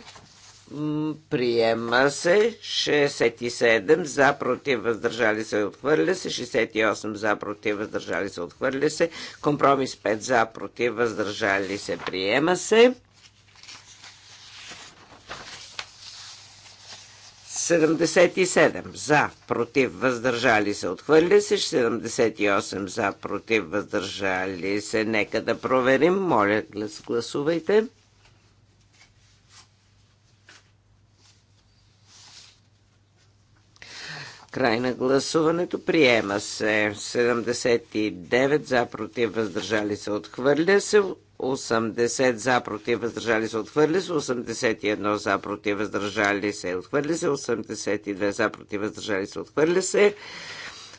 Speaker 4: Приема се 67 за против въздържали се отхвърля се, 68 за против въздържали се отхвърля се, компромис 5 за против въздържали се приема се. 77 за, против, въздържали се, отхвърля се. 78 за, против, въздържали се. Нека да проверим. Моля, гласувайте. Край на гласуването. Приема се 79 за против въздържали се отхвърля се. 80 за против въздържали се отхвърли се, 81 за против въздържали се отхвърли се, 82 за против въздържали се отхвърли се,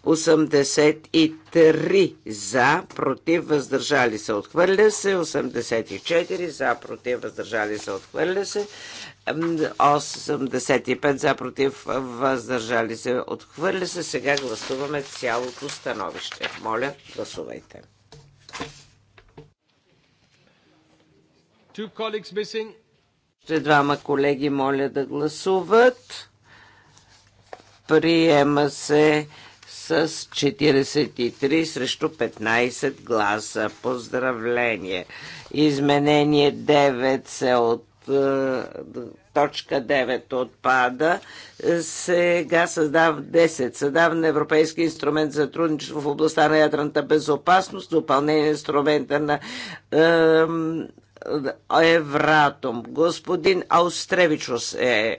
Speaker 4: 83 за, против, въздържали се, отхвърля се. 84 за, против, въздържали се, отхвърля се. 85 за, против, въздържали се, отхвърля се. Сега гласуваме цялото становище. Моля, гласувайте. Ще двама колеги моля да гласуват. Приема се с 43 срещу 15 гласа. Поздравление! Изменение 9 се от е, точка 9 отпада. Сега създав 10. Създав на Европейски инструмент за трудничество в областта на ядрената безопасност, допълнение инструмента на Евратом. Господин Аустревичус е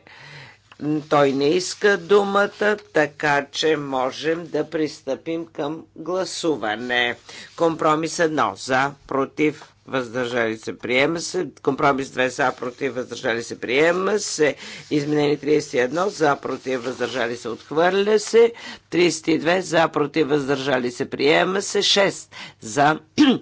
Speaker 4: той не иска думата, така че можем да пристъпим към гласуване. Компромис едно за, против, въздържали се, приема се. Компромис 2 за, против, въздържали се, приема се. Изменени 31 за, против, въздържали се, отхвърля се. 32 за, против, въздържали се, приема се. 6 за,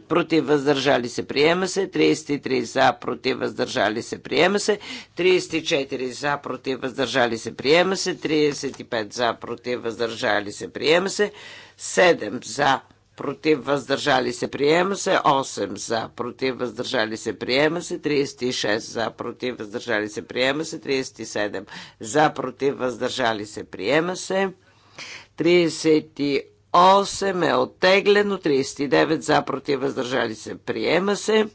Speaker 4: против, въздържали се, приема се. 33 за, против, въздържали се, приема се. 34 за, против, въздържали се, приема се. 35 за, против, въздържали се, приема се. 7 за, против въздържали се, приема се 8 за, против въздържали се, приема се 36 за, против въздържали се, приема се 37 за, против въздържали се, приема се 38 е оттеглено, 39 за, против въздържали се, приема се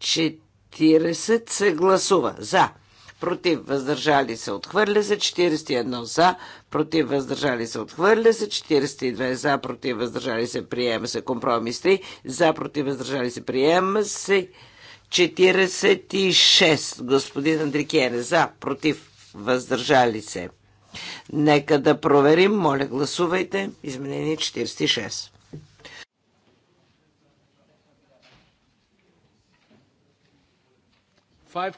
Speaker 4: 40 се гласува за, против въздържали се, отхвърля се, 41 за, против въздържали се, отхвърля се, 42 за, против въздържали се, приема се, компромис 3, за, против въздържали се, приема се, 46, господин Андрикене, за, против въздържали се. Нека да проверим, моля гласувайте, изменение 46. Five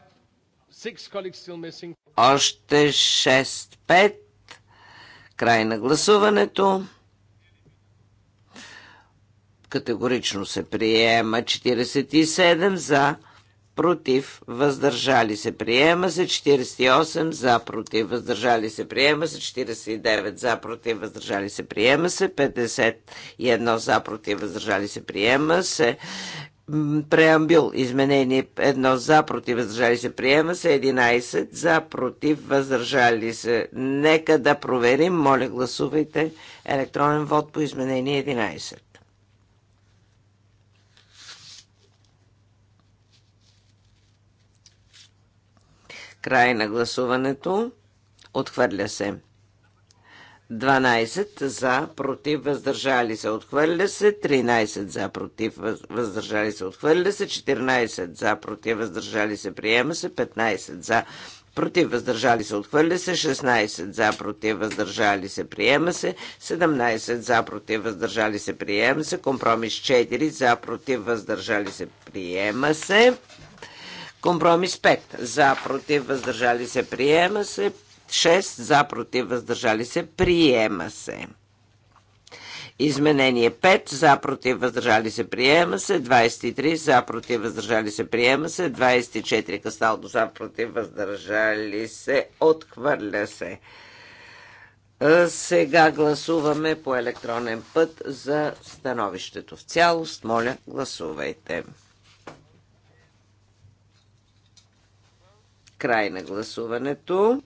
Speaker 4: още 6-5. Край на гласуването. Категорично се приема 47 за, против, въздържали се, приема се 48 за, против, въздържали се, приема се 49 за, против, въздържали се, приема се 51 за, против, въздържали се, приема се преамбил изменение 1 за против въздържали се приема се 11 за против въздържали се. Нека да проверим. Моля гласувайте електронен вод по изменение 11. Край на гласуването. Отхвърля се. 12 за, против, въздържали се, отхвърля се. 13 за, против, въздържали се, отхвърля се. 14 за, против, въздържали се, приема се. 15 за, против, въздържали се, отхвърля се. 16 за, против, въздържали се, приема се. 17 за, против, въздържали се, приема се. Компромис 4 за, против, въздържали се, приема се. Компромис 5 за, против, въздържали се, приема се. 6 за против въздържали се приема се. Изменение 5 за против въздържали се приема се, 23 за против въздържали се приема се, 24 касталдо за против въздържали се отхвърля се. Сега гласуваме по електронен път за становището в цялост. Моля, гласувайте. Край на гласуването.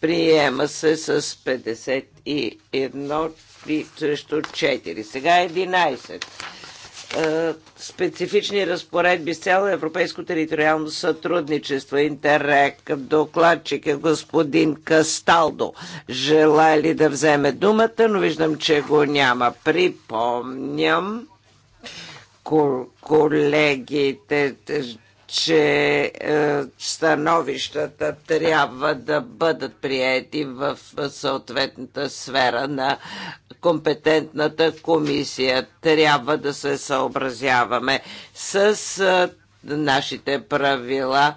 Speaker 4: Приема се с 51 срещу 4. Сега 11 е е, специфични разпоредби с цяло европейско териториално сътрудничество. Интерек, докладчик е господин Касталдо. Желая ли да вземе думата, но виждам, че го няма. Припомням, колегите че е, становищата трябва да бъдат приети в съответната сфера на компетентната комисия. Трябва да се съобразяваме с е, нашите правила.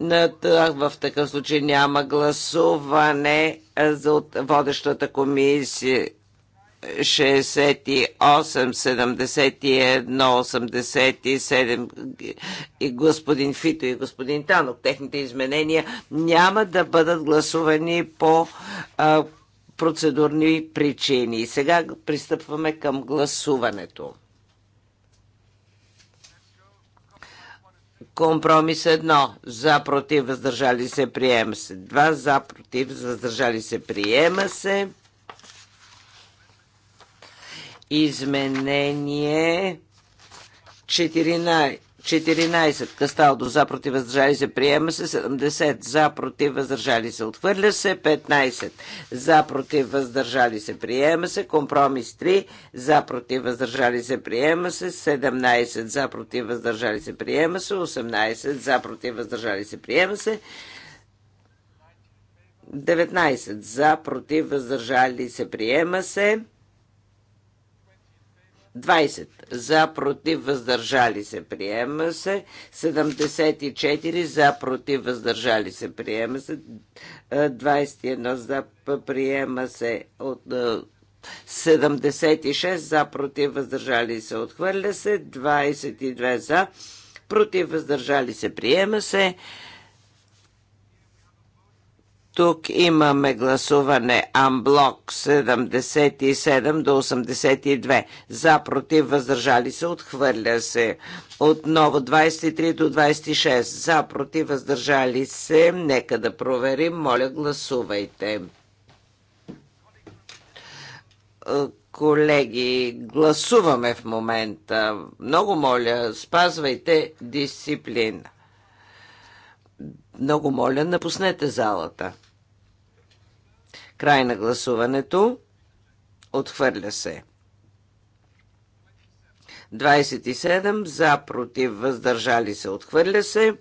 Speaker 4: В такъв случай няма гласуване е, за водещата комисия 68, 71, 87 и господин Фито и господин Танок. Техните изменения няма да бъдат гласувани по а, процедурни причини. Сега пристъпваме към гласуването. Компромис 1. За, против, въздържали се, приема се. 2. За, против, въздържали се, приема се. Изменение 14. 14. Касталдо за против въздържали се приема се. 70. За против въздържали се отхвърля се. 15. За против въздържали се приема се. Компромис 3. За против въздържали се приема се. 17. За против въздържали се приема се. 18. За против въздържали се приема се. 19. За против въздържали се приема се. 20 за против въздържали се приема се 74 за против въздържали се приема се 21 е, за приема се от 76 е, за против въздържали се отхвърля се 22 за против въздържали се приема се тук имаме гласуване Амблок 77 до 82. За, против, въздържали се, отхвърля се. Отново 23 до 26. За, против, въздържали се. Нека да проверим. Моля, гласувайте. Колеги, гласуваме в момента. Много моля, спазвайте дисциплина. Много моля, напуснете залата. Край на гласуването. Отхвърля се. 27 за, против, въздържали се, отхвърля се.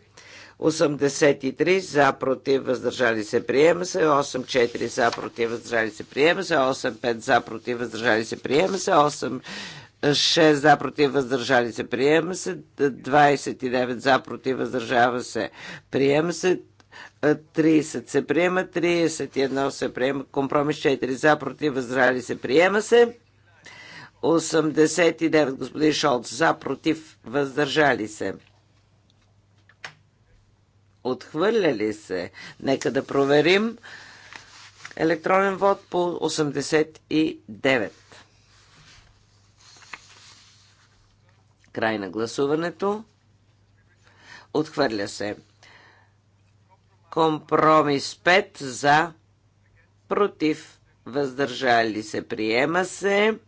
Speaker 4: 83 за, против, въздържали се, приема се. 84 за, против, въздържали се, приема се. 85 за, против, въздържали се, приема се. 8 6 за против въздържали се, приема се, 29 за против въздържава се, приема се, 30 се приема, 31 се приема, компромис 4 за, против, възрали се, приема се. 89 господин Шолц за, против, въздържали се. Отхвърляли се. Нека да проверим. Електронен вод по 89. Край на гласуването. Отхвърля се. Компромис 5 за, против, въздържали се, приема се.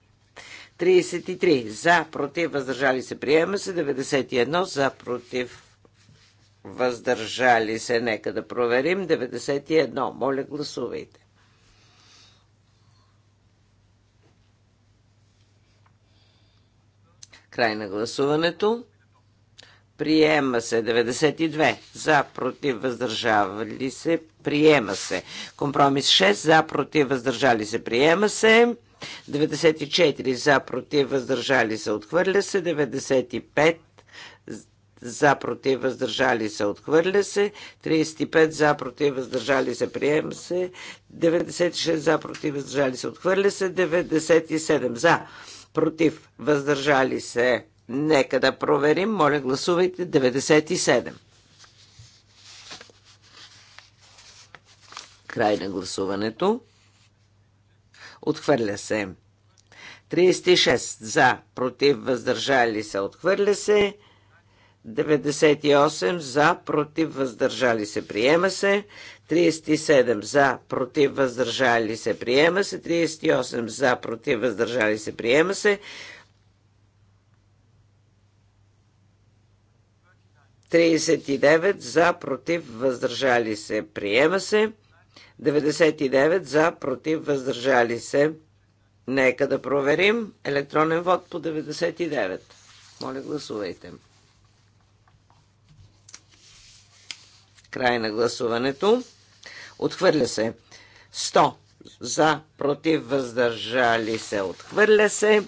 Speaker 4: 33 за, против, въздържали се, приема се. 91 за, против, въздържали се. Нека да проверим. 91. Моля, гласувайте. Край на гласуването. Приема се 92. За, против, въздържали се. Приема се. Компромис 6. За, против, въздържали се. Приема се. 94. За, против, въздържали се. Отхвърля се. 95. За, против, въздържали се. Отхвърля се. 35. За, против, въздържали се. Приема се. 96. За, против, въздържали се. Отхвърля се. 97. За, против, въздържали се. Нека да проверим. Моля, гласувайте 97. Край на гласуването. Отхвърля се. 36 за, против, въздържали се. Отхвърля се. 98 за, против, въздържали се. Приема се. 37 за, против, въздържали се. Приема се. 38 за, против, въздържали се. Приема се. 39 за, против, въздържали се. Приема се. 99 за, против, въздържали се. Нека да проверим. Електронен вод по 99. Моля, гласувайте. Край на гласуването. Отхвърля се. 100 за, против, въздържали се, отхвърля се.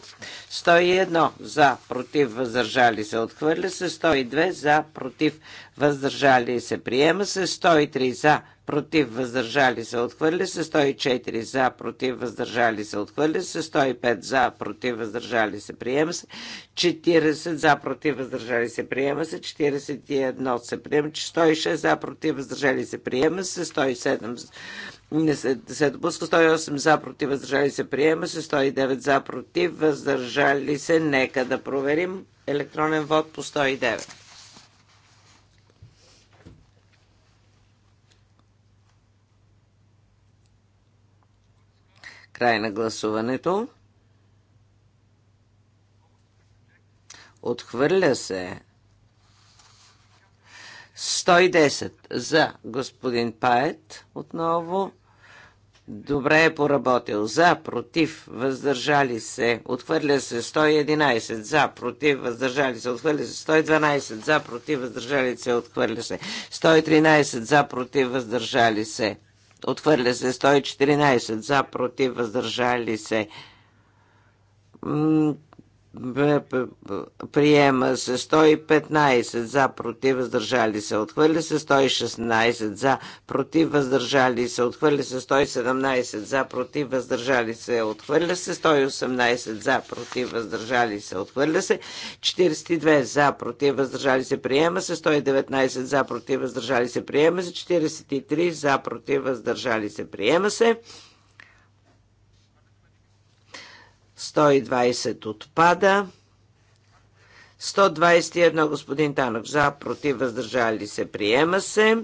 Speaker 4: 101 за, против, въздържали се, отхвърля се. 102 за, против, въздържали се, приема се. 103 за, против, въздържали се, отхвърля се. 104 за, против, въздържали се, отхвърля се. 105 за, против, въздържали се, приема се. 40 за, против, въздържали се, приема се. 41 се приема. 106 за, против, въздържали се, приема се. 107 не се, се допуска 108 за против, въздържали се приема се, 109 за против, въздържали се. Нека да проверим електронен вод по 109. Край на гласуването. Отхвърля се. 110 за господин Пает отново. Добре е поработил. За, против, въздържали се. Отхвърля се 111. За, против, въздържали се. Отхвърля се 112. За, против, въздържали се. Отхвърля се 113. За, против, въздържали се. Отхвърля се 114. За, против, въздържали се. Приема се 115 за, против, въздържали се, отхвърли се 116 за, против, въздържали се, отхвърли се 117 за, против, въздържали се, отхвърля се 118 за, против, въздържали се, отхвърля се 42 за, против, въздържали се, приема се 119 за, против, въздържали се, приема се 43 за, против, въздържали се, приема се. 120 отпада. 121 господин Танък за, против, въздържали се, приема се.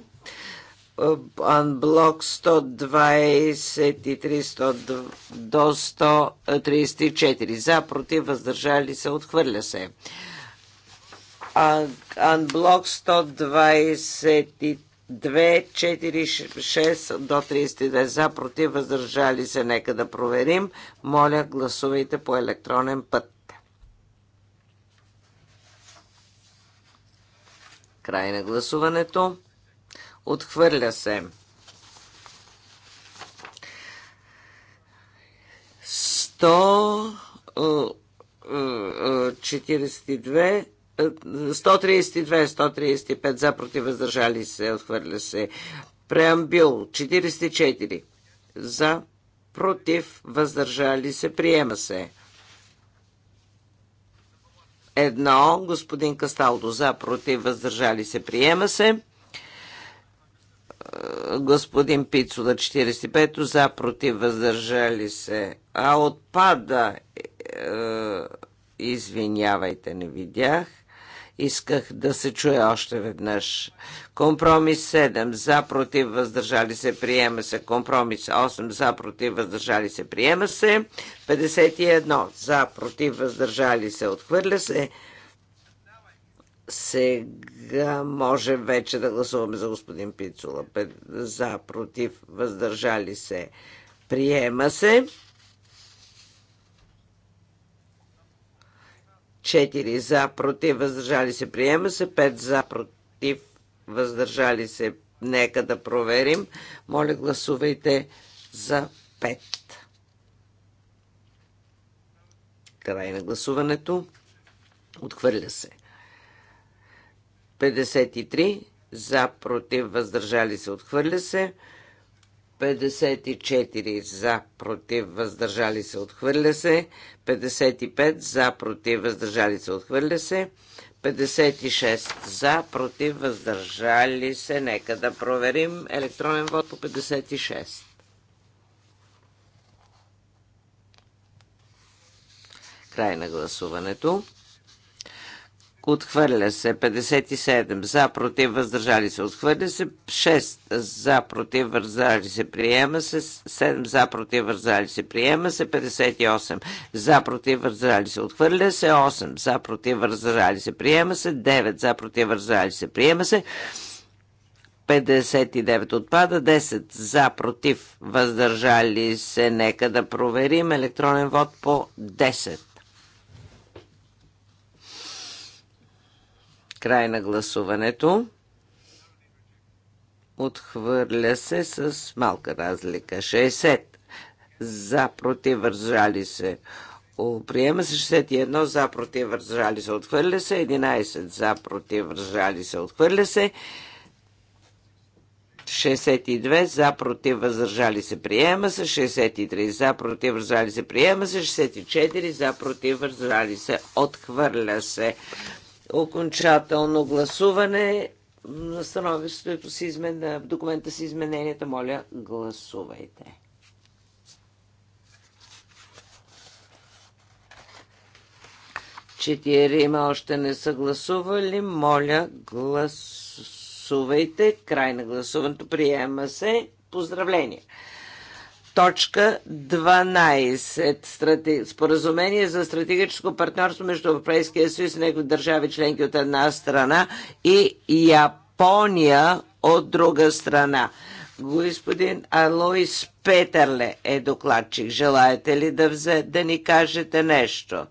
Speaker 4: Анблок 123 до 134 за, против, въздържали се, отхвърля се. Анблок 123 2, 4, 6 до 32 за, против, въздържали се. Нека да проверим. Моля, гласувайте по електронен път. Край на гласуването. Отхвърля се. 142 132-135 за против въздържали се, отхвърля се. Преамбил 44 за против въздържали се, приема се. Едно, господин Касталдо за против въздържали се, приема се. Господин Пицо на 45 за против въздържали се, а отпада. Е, е, извинявайте, не видях исках да се чуя още веднъж. Компромис 7 за против въздържали се приема се. Компромис 8 за против въздържали се приема се. 51 за против въздържали се отхвърля се. Сега може вече да гласуваме за господин Пицула. За против въздържали се приема се. 4 за, против, въздържали се, приема се. 5 за, против, въздържали се. Нека да проверим. Моля, гласувайте за 5. Край на гласуването. Отхвърля се. 53 за, против, въздържали се, отхвърля се. 54 за, против, въздържали се, отхвърля се. 55 за, против, въздържали се, отхвърля се. 56 за, против, въздържали се. Нека да проверим електронен вод по 56. Край на гласуването. Отхвърля се 57 за, против, въздържали се. Отхвърля се 6 за, против, въздържали се. Приема се 7 за, против, въздържали се. Приема се 58 за, против, въздържали се. Отхвърля се 8 за, против, въздържали се. Приема се 9 за, против, въздържали се. Приема се 59 отпада, 10 за, против, въздържали се. Нека да проверим електронен вод по 10. Край на гласуването. Отхвърля се с малка разлика. 60 за против въздържали се. Приема се 61 за против въздържали се. Отхвърля се 11 за против въздържали се. Отхвърля се 62 за против въздържали се приема се 63 за против въздържали се приема се 64 за против въздържали се отхвърля се окончателно гласуване на становището си измен... документа с измененията. Моля, гласувайте. Четирима още не са гласували. Моля, гласувайте. Край на гласуването. Приема се. Поздравления! Точка 12. Споразумение за стратегическо партньорство между Европейския съюз и негови държави членки от една страна и Япония от друга страна. Господин Алоис Петърле е докладчик. Желаете ли да, взе, да ни кажете нещо?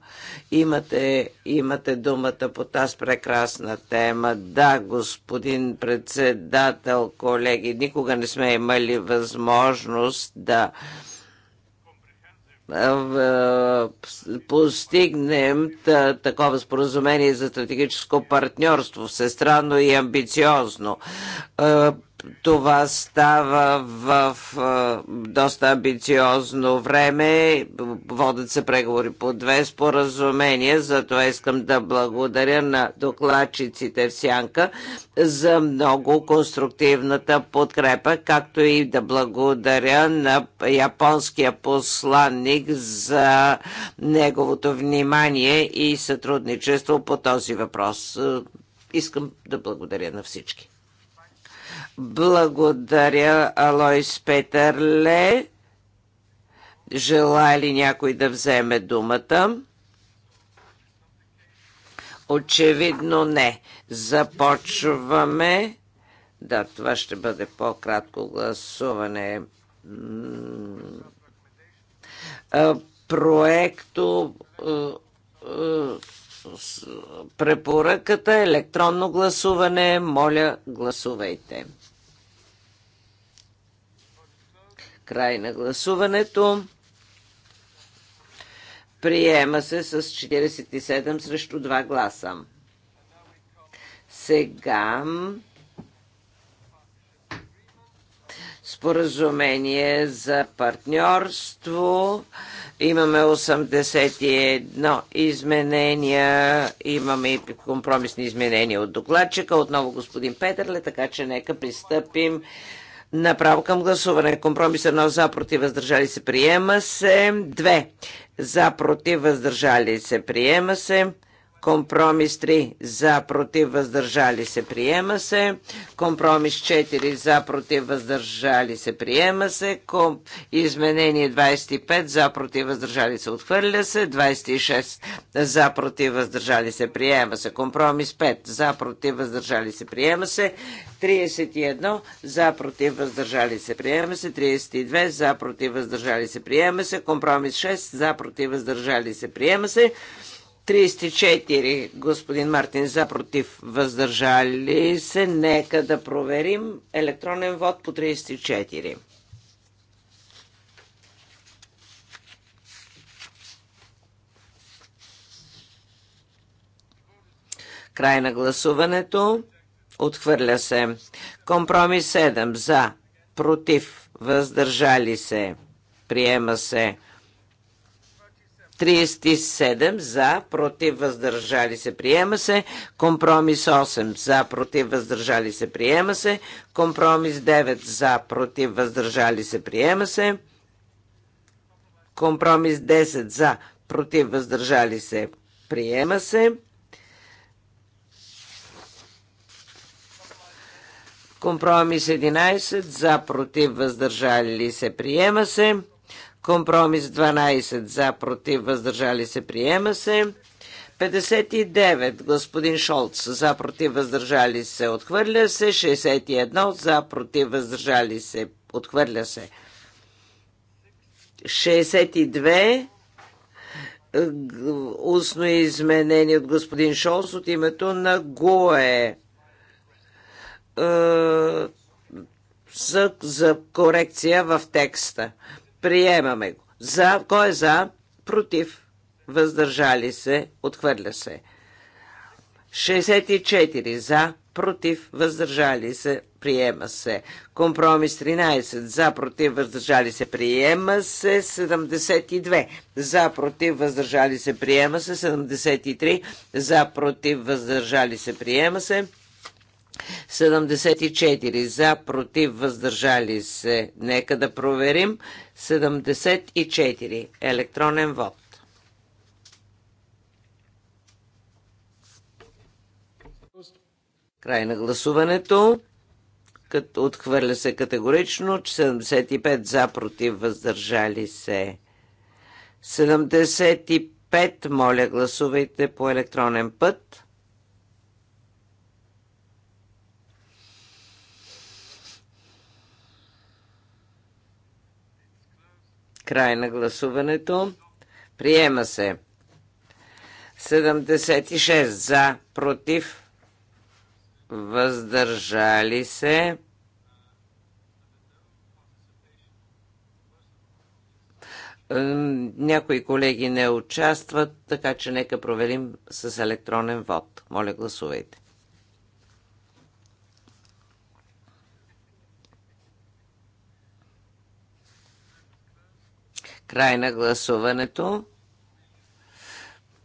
Speaker 4: Имате, имате думата по тази прекрасна тема. Да, господин председател, колеги, никога не сме имали възможност да постигнем такова споразумение за стратегическо партньорство, всестранно и амбициозно. Това става в а, доста амбициозно време. Водят се преговори по две споразумения. Затова искам да благодаря на докладчиците в Сянка за много конструктивната подкрепа, както и да благодаря на японския посланник за неговото внимание и сътрудничество по този въпрос. Искам да благодаря на всички. Благодаря, Алойс Петърле. Желая ли някой да вземе думата? Очевидно не. Започваме. Да, това ще бъде по-кратко гласуване. Проекто препоръката е електронно гласуване. Моля, гласувайте. Край на гласуването. Приема се с 47 срещу 2 гласа. Сега споразумение за партньорство. Имаме 81 изменения, имаме и компромисни изменения от докладчика, отново господин Петърле, така че нека пристъпим Направо към гласуване. Компромис 1 за, против, въздържали се, приема се. 2 за, против, въздържали се, приема се. Компромис 3 за против въздържали се приема се. Компромис 4 за против въздържали се приема се. Ком... Изменение 25 за против въздържали се отхвърля се. 26 за против въздържали се приема се. Компромис 5 за против въздържали се приема се. 31 за против въздържали се приема се. 32 за против въздържали се приема се. Компромис 6 за против въздържали се приема се. 34, господин Мартин, за против, въздържали се. Нека да проверим електронен вод по 34. Край на гласуването. Отхвърля се. Компромис 7 за, против, въздържали се. Приема се. 37 за, против въздържали се, приема се. Компромис 8 за, против въздържали се, приема се. Компромис 9 за, против въздържали се, приема се. Компромис 10 за, против въздържали се, приема се. Компромис 11 за, против въздържали се, приема се. Компромис 12 за, против, въздържали се, приема се. 59 господин Шолц за против въздържали се отхвърля се 61 за против въздържали се отхвърля се 62 устно изменение от господин Шолц от името на ГОЕ е, за, за корекция в текста. Приемаме го. За, кой е за? Против. Въздържали се. Отхвърля се. 64 за, против, въздържали се, приема се. Компромис 13 за, против, въздържали се, приема се. 72 за, против, въздържали се, приема се. 73 за, против, въздържали се, приема се. 74 за, против, въздържали се. Нека да проверим. 74 електронен вод. Край на гласуването. Като отхвърля се категорично. 75 за, против, въздържали се. 75, моля, гласувайте по електронен път. Край на гласуването. Приема се. 76 за, против, въздържали се. Някои колеги не участват, така че нека проверим с електронен вод. Моля, гласувайте. Край на гласуването.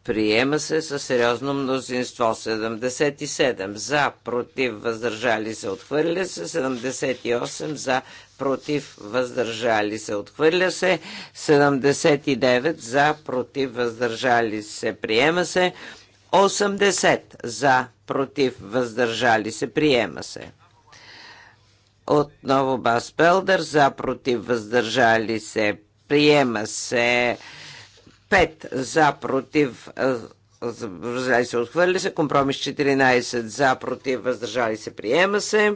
Speaker 4: Приема се със сериозно мнозинство. 77 за, против, въздържали се, отхвърля се. 78 за, против, въздържали се, отхвърля се. 79 за, против, въздържали се, приема се. 80 за, против, въздържали се, приема се. Отново Бас Пелдър за, против, въздържали се, Приема се 5 за против въздържали се, отхвърли се. Компромис 14 за против въздържали се, приема се.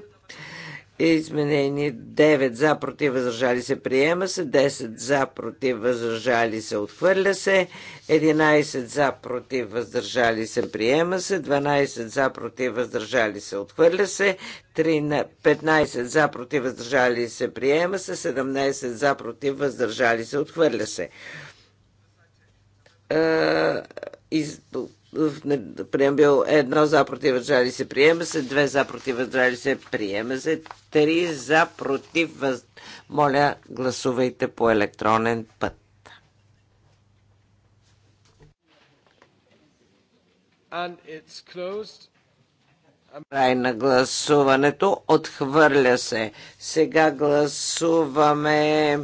Speaker 4: Изменение 9 за против въздържали се приема се, 10 за против въздържали се отхвърля се, 11 за против въздържали се приема се, 12 за против въздържали се отхвърля се, 15 за против въздържали се приема се, 17 за против въздържали се отхвърля се. Е, из преамбил едно за против въздържали се приема се, две за против въздържали се приема се, Три за против въз... Моля, гласувайте по електронен път. Край на гласуването. Отхвърля се. Сега гласуваме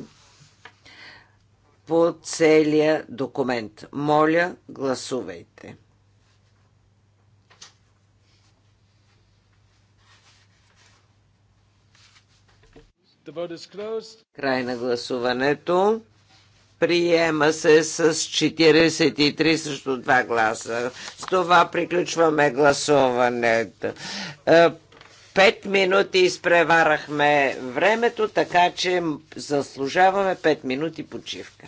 Speaker 4: по целия документ. Моля, гласувайте. Край на гласуването. Приема се с 43 също 2 гласа. С това приключваме гласуването. Е, пет минути изпреварахме времето, така че заслужаваме 5 минути почивка.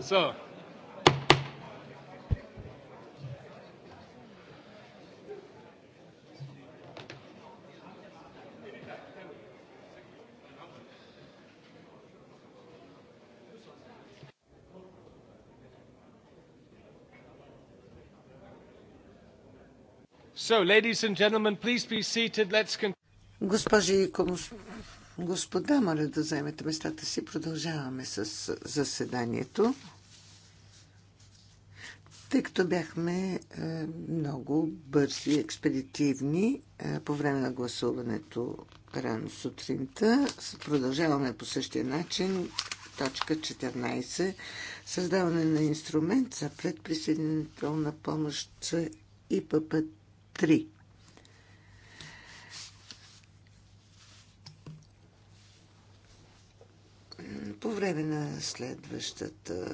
Speaker 2: So. So, ladies and gentlemen, please be seated. Let's continue.
Speaker 1: Госпожи и Господа, моля да вземете местата си. Продължаваме с заседанието. Тъй като бяхме е, много бързи и експедитивни е, по време на гласуването рано сутринта, продължаваме по същия начин. Точка 14. Създаване на инструмент за предприсъединителна помощ ИПП 3. следващата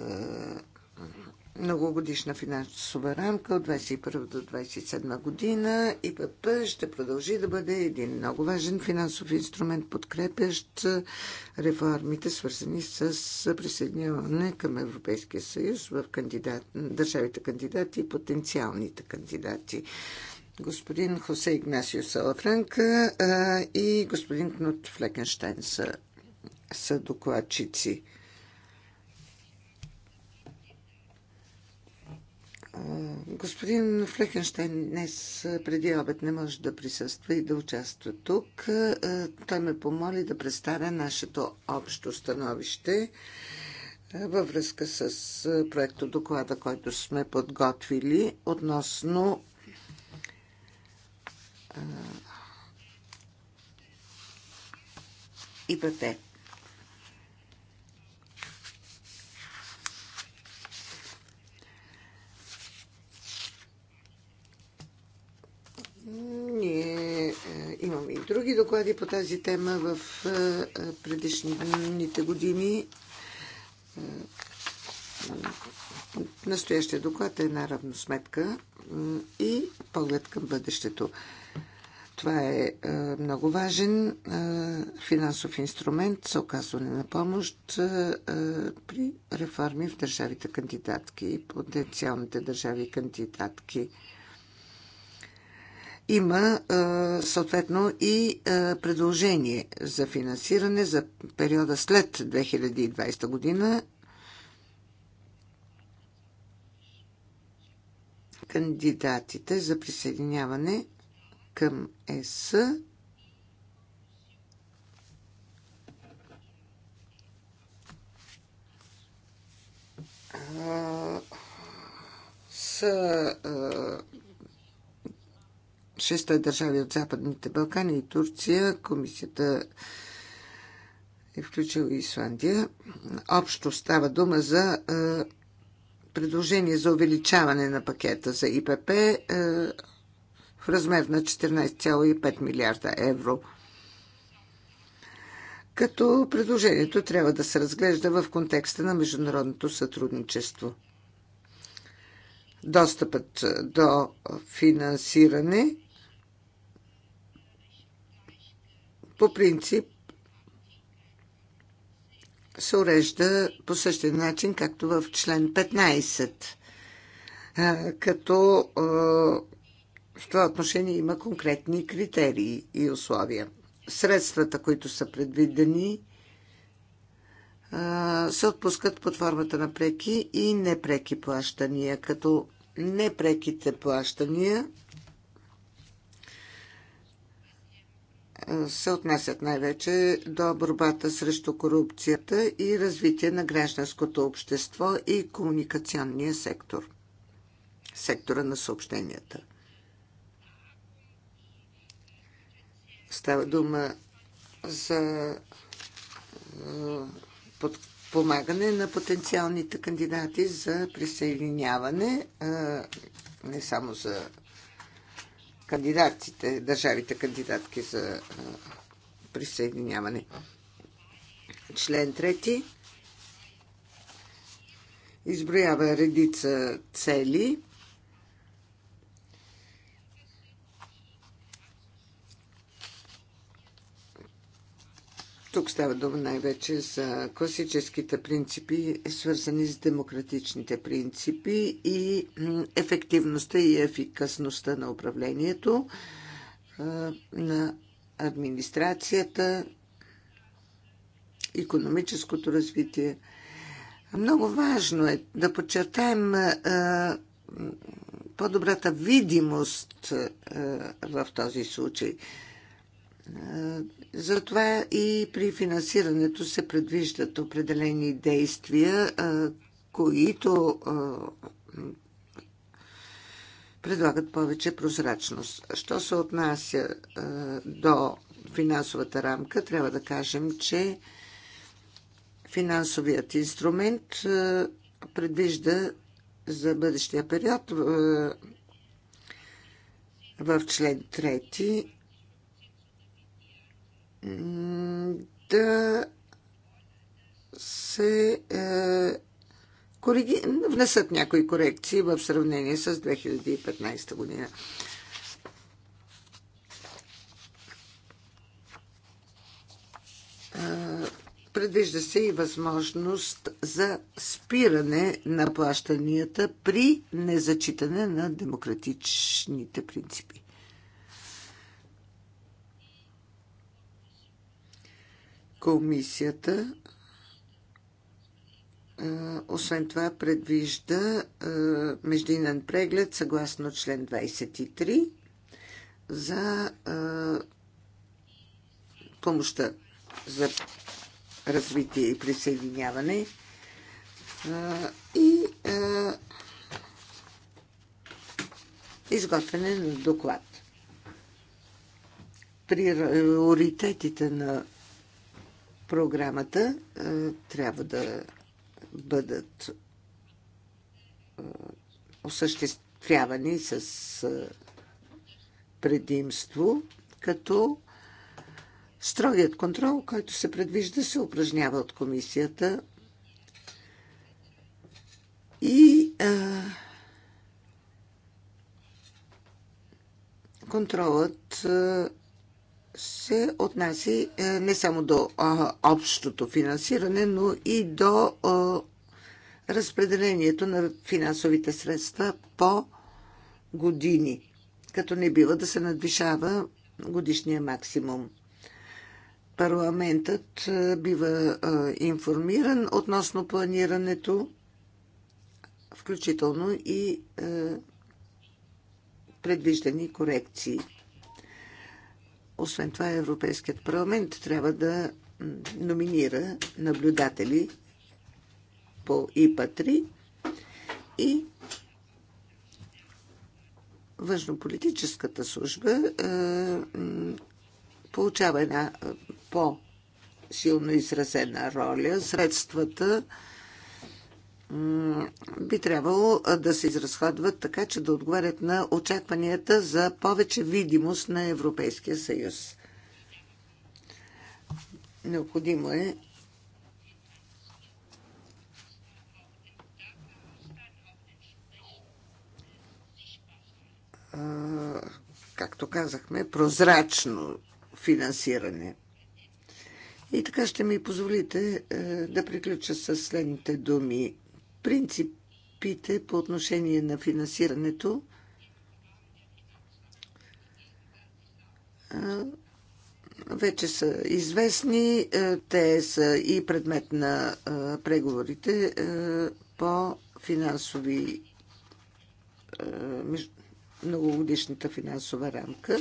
Speaker 1: многогодишна финансова рамка от 2021 до 2027 година. и ПП ще продължи да бъде един много важен финансов инструмент, подкрепящ реформите, свързани с присъединяване към Европейския съюз в кандидат, държавите кандидати и потенциалните кандидати. Господин Хосе Игнасио Салафранка и господин Кнут Флекенштайн са, са докладчици. Господин Флекенштайн днес преди обед не може да присъства и да участва тук. Той ме помоли да представя нашето общо становище във връзка с проекто доклада, който сме подготвили относно ИПТ. Ние е, имаме и други доклади по тази тема в е, е, предишните години. Настоящия доклад е една равносметка и поглед към бъдещето. Това е много важен финансов инструмент за оказване на помощ при реформи в държавите кандидатки и потенциалните държави кандидатки има съответно и предложение за финансиране за периода след 2020 година. Кандидатите за присъединяване към ЕС са 600 държави от Западните Балкани и Турция. Комисията е включила Исландия. Общо става дума за е, предложение за увеличаване на пакета за ИПП е, в размер на 14,5 милиарда евро. Като предложението трябва да се разглежда в контекста на международното сътрудничество. Достъпът е, до финансиране по принцип се урежда по същия начин, както в член 15. Като в това отношение има конкретни критерии и условия. Средствата, които са предвидени, се отпускат под формата на преки и непреки плащания, като непреките плащания се отнасят най-вече до борбата срещу корупцията и развитие на гражданското общество и комуникационния сектор, сектора на съобщенията. Става дума за е, подпомагане на потенциалните кандидати за присъединяване, е, не само за кандидатите, държавите кандидатки за присъединяване. Член 3 изброява редица цели – Тук става дума най-вече за класическите принципи, свързани с демократичните принципи и ефективността и ефикасността на управлението, на администрацията, економическото развитие. Много важно е да подчертаем по-добрата видимост в този случай затова и при финансирането се предвиждат определени действия, които предлагат повече прозрачност. Що се отнася до финансовата рамка, трябва да кажем, че финансовият инструмент предвижда за бъдещия период в член 3 да се е, кореги... внесат някои корекции в сравнение с 2015 година. Е, предвижда се и възможност за спиране на плащанията при незачитане на демократичните принципи. Комисията освен това предвижда междинен преглед съгласно член 23 за помощта за развитие и присъединяване и изготвяне на доклад. Приоритетите на програмата е, трябва да бъдат е, осъществявани с е, предимство, като строгият контрол, който се предвижда, се упражнява от комисията и а, контролът а, се отнася е, не само до общото финансиране, но и до разпределението на финансовите средства по години, като не бива да се надвишава годишния максимум. Парламентът е, бива е, информиран относно планирането, включително и предвиждани корекции. Освен това, Европейският парламент трябва да номинира наблюдатели по ИПА-3 и външнополитическата служба е, получава една е, по-силно изразена роля. Средствата е, би трябвало да се изразходват така, че да отговарят на очакванията за повече видимост на Европейския съюз. Необходимо е както казахме, прозрачно финансиране. И така ще ми позволите е, да приключа с следните думи принципите по отношение на финансирането. вече са известни. Те са и предмет на преговорите по финансови многогодишната финансова рамка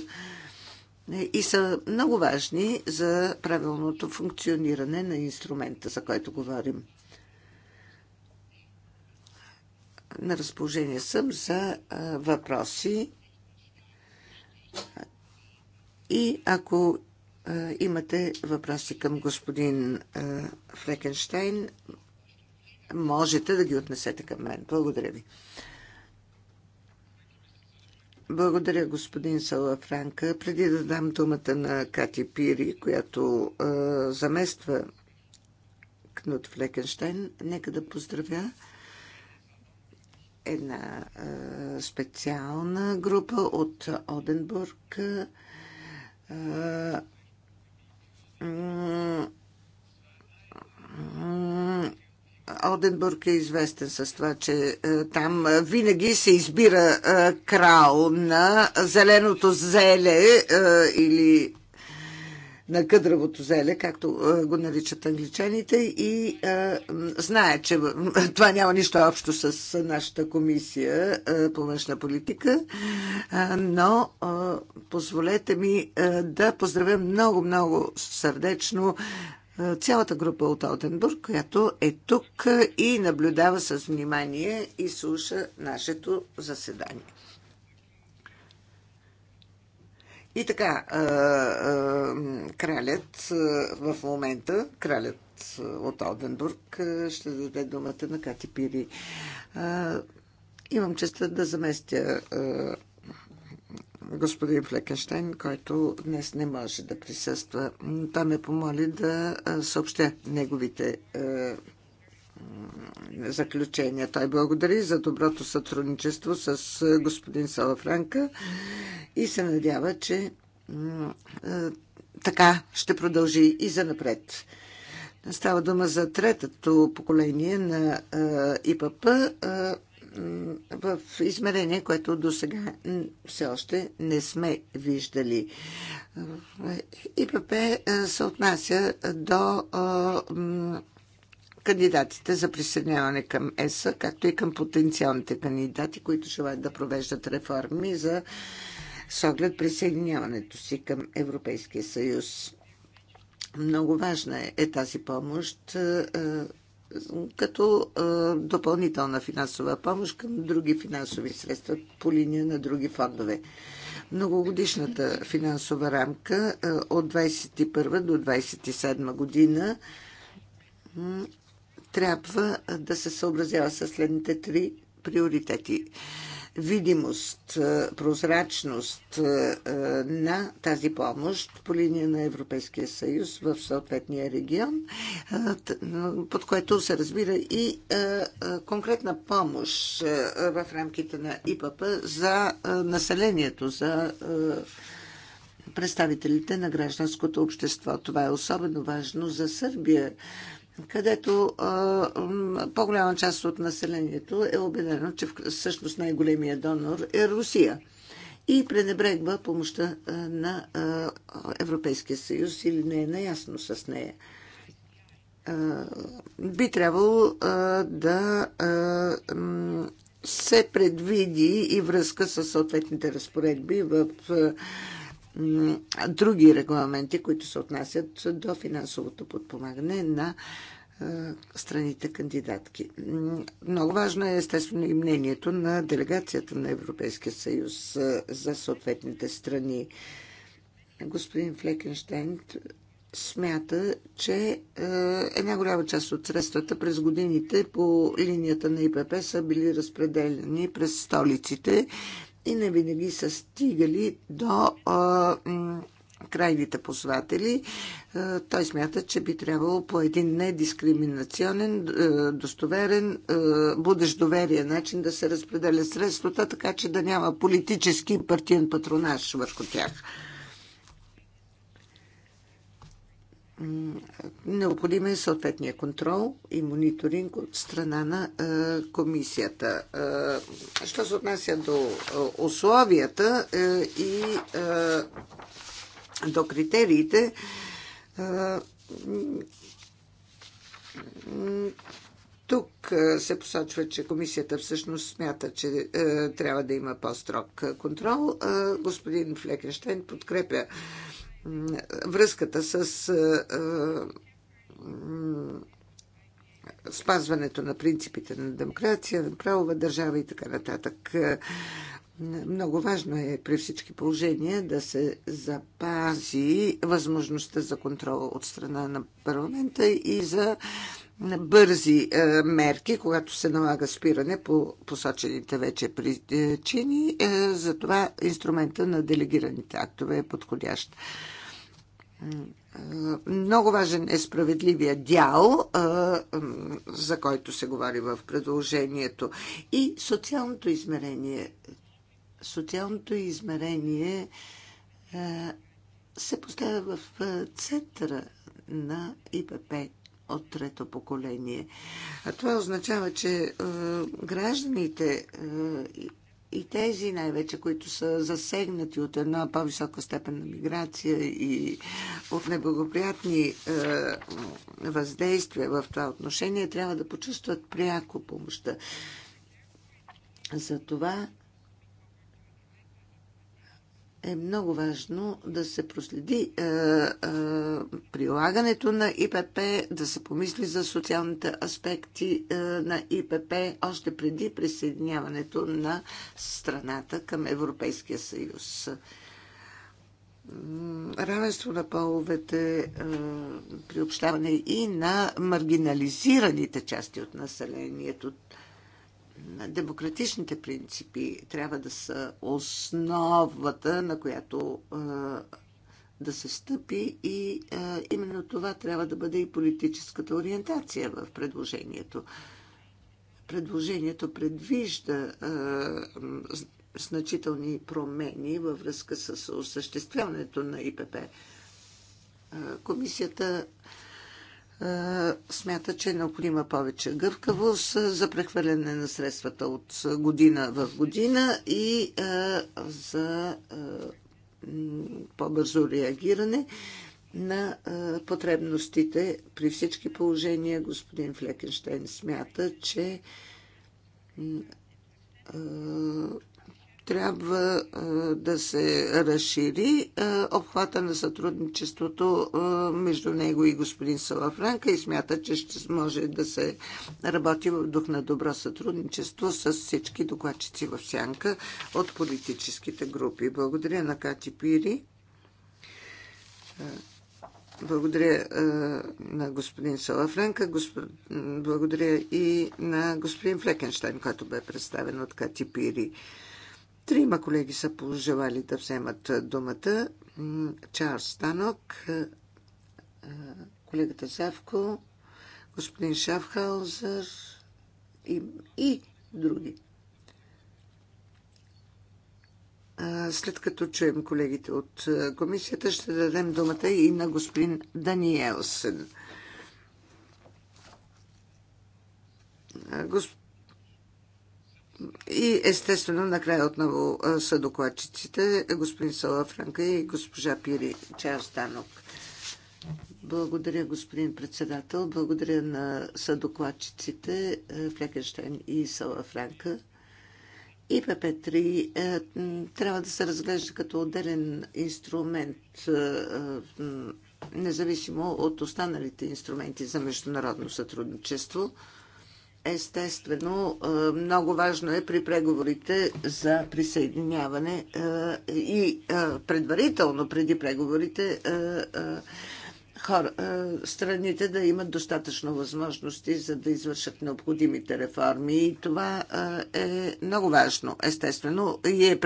Speaker 1: и са много важни за правилното функциониране на инструмента, за който говорим. На разположение съм за въпроси. И ако имате въпроси към господин Флекенштайн, можете да ги отнесете към мен. Благодаря ви. Благодаря, господин Сала Франка. Преди да дам думата на Кати Пири, която а, замества Кнут Флекенштайн, нека да поздравя една специална група от Оденбург Оденбург е известен с това, че там винаги се избира крал на зеленото зеле или на къдравото зеле, както го наричат англичаните, и е, знае, че това няма нищо общо с нашата комисия е, по външна политика, е, но е, позволете ми е, да поздравя много-много сърдечно цялата група от Олденбург, която е тук и наблюдава с внимание и слуша нашето заседание. И така, кралят в момента, кралят от Олденбург, ще даде думата на Кати Пири. Имам честа да заместя господин Флекенштайн, който днес не може да присъства. Той ме помоли да съобщя неговите заключения. Той благодари за доброто сътрудничество с господин Салафранка и се надява, че така ще продължи и за напред. Става дума за третото поколение на ИПП в измерение, което до сега все още не сме виждали. ИПП се отнася до кандидатите за присъединяване към ЕСА, както и към потенциалните кандидати, които желаят да провеждат реформи за с оглед присъединяването си към Европейския съюз. Много важна е, е тази помощ е, е, като е, допълнителна финансова помощ към други финансови средства по линия на други фондове. Многогодишната финансова рамка от 21 до 27 година трябва да се съобразява с следните три приоритети. Видимост, прозрачност на тази помощ по линия на Европейския съюз в съответния регион, под което се разбира и конкретна помощ в рамките на ИПП за населението, за представителите на гражданското общество. Това е особено важно за Сърбия където по-голяма част от населението е убедено, че всъщност най-големия донор е Русия и пренебрегва помощта на Европейския съюз или не е наясно с нея. Би трябвало да се предвиди и връзка с съответните разпоредби в други регламенти, които се отнасят до финансовото подпомагане на страните кандидатки. Много важно е естествено и мнението на делегацията на Европейския съюз за съответните страни. Господин Флекенштейн смята, че една голяма част от средствата през годините по линията на ИПП са били разпределени през столиците и не винаги са стигали до а, м, крайните послатели. А, той смята, че би трябвало по един недискриминационен, а, достоверен, а, будещ доверие начин да се разпределя средствата, така че да няма политически партиен патронаж върху тях. Необходим е съответния контрол и мониторинг от страна на е, комисията. Е, що се отнася до е, условията и до критериите, тук се посочва, че комисията всъщност смята, че е, трябва да има по-строг контрол. Е, господин Флекенштейн подкрепя връзката с спазването на принципите на демокрация, на правова държава и така нататък. Много важно е при всички положения да се запази възможността за контрол от страна на парламента и за бързи е, мерки, когато се налага спиране по посочените вече причини. Е, затова инструмента на делегираните актове е подходящ. Е, много важен е справедливия дял, за който се говори в предложението. И социалното измерение. Социалното измерение се поставя в центъра на ИПП от трето поколение. А това означава, че е, гражданите е, и тези най-вече, които са засегнати от една по-висока степен на миграция и от неблагоприятни е, въздействия в това отношение, трябва да почувстват пряко помощта. За това е много важно да се проследи е, е, прилагането на ИПП, да се помисли за социалните аспекти е, на ИПП още преди присъединяването на страната към Европейския съюз. Равенство на половете, е, приобщаване и на маргинализираните части от населението демократичните принципи трябва да са основата, на която да се стъпи и именно това трябва да бъде и политическата ориентация в предложението. Предложението предвижда значителни промени във връзка с осъществяването на ИПП. Комисията е, смята, че е необходима повече гъвкавост за прехвърляне на средствата от година в година и е, за е, по-бързо реагиране на потребностите. При всички положения господин Флекенштейн смята, че трябва да се разшири обхвата на сътрудничеството между него и господин Салафранка и смята, че ще може да се работи в дух на добро сътрудничество с всички докладчици в сянка от политическите групи. Благодаря на Кати Пири. Благодаря на господин Салафранка, благодаря и на господин Флекенштайн, който бе представен от Кати Пири. Трима колеги са пожелали да вземат думата. Чарлз Станок, колегата Завко, господин Шафхаузер и, и други. След като чуем колегите от комисията, ще дадем думата и на господин Даниелсен. Господин и естествено, накрая отново са докладчиците, господин Франка и госпожа Пири Чарстанок. Благодаря, господин председател. Благодаря на съдокладчиците Флекенштайн и Сала Франка, и пп 3 трябва да се разглежда като отделен инструмент, независимо от останалите инструменти за международно сътрудничество – Естествено, е, много важно е при преговорите за присъединяване е, и е, предварително преди преговорите хора, страните да имат достатъчно възможности за да извършат необходимите реформи. И това е много важно, естествено. И е,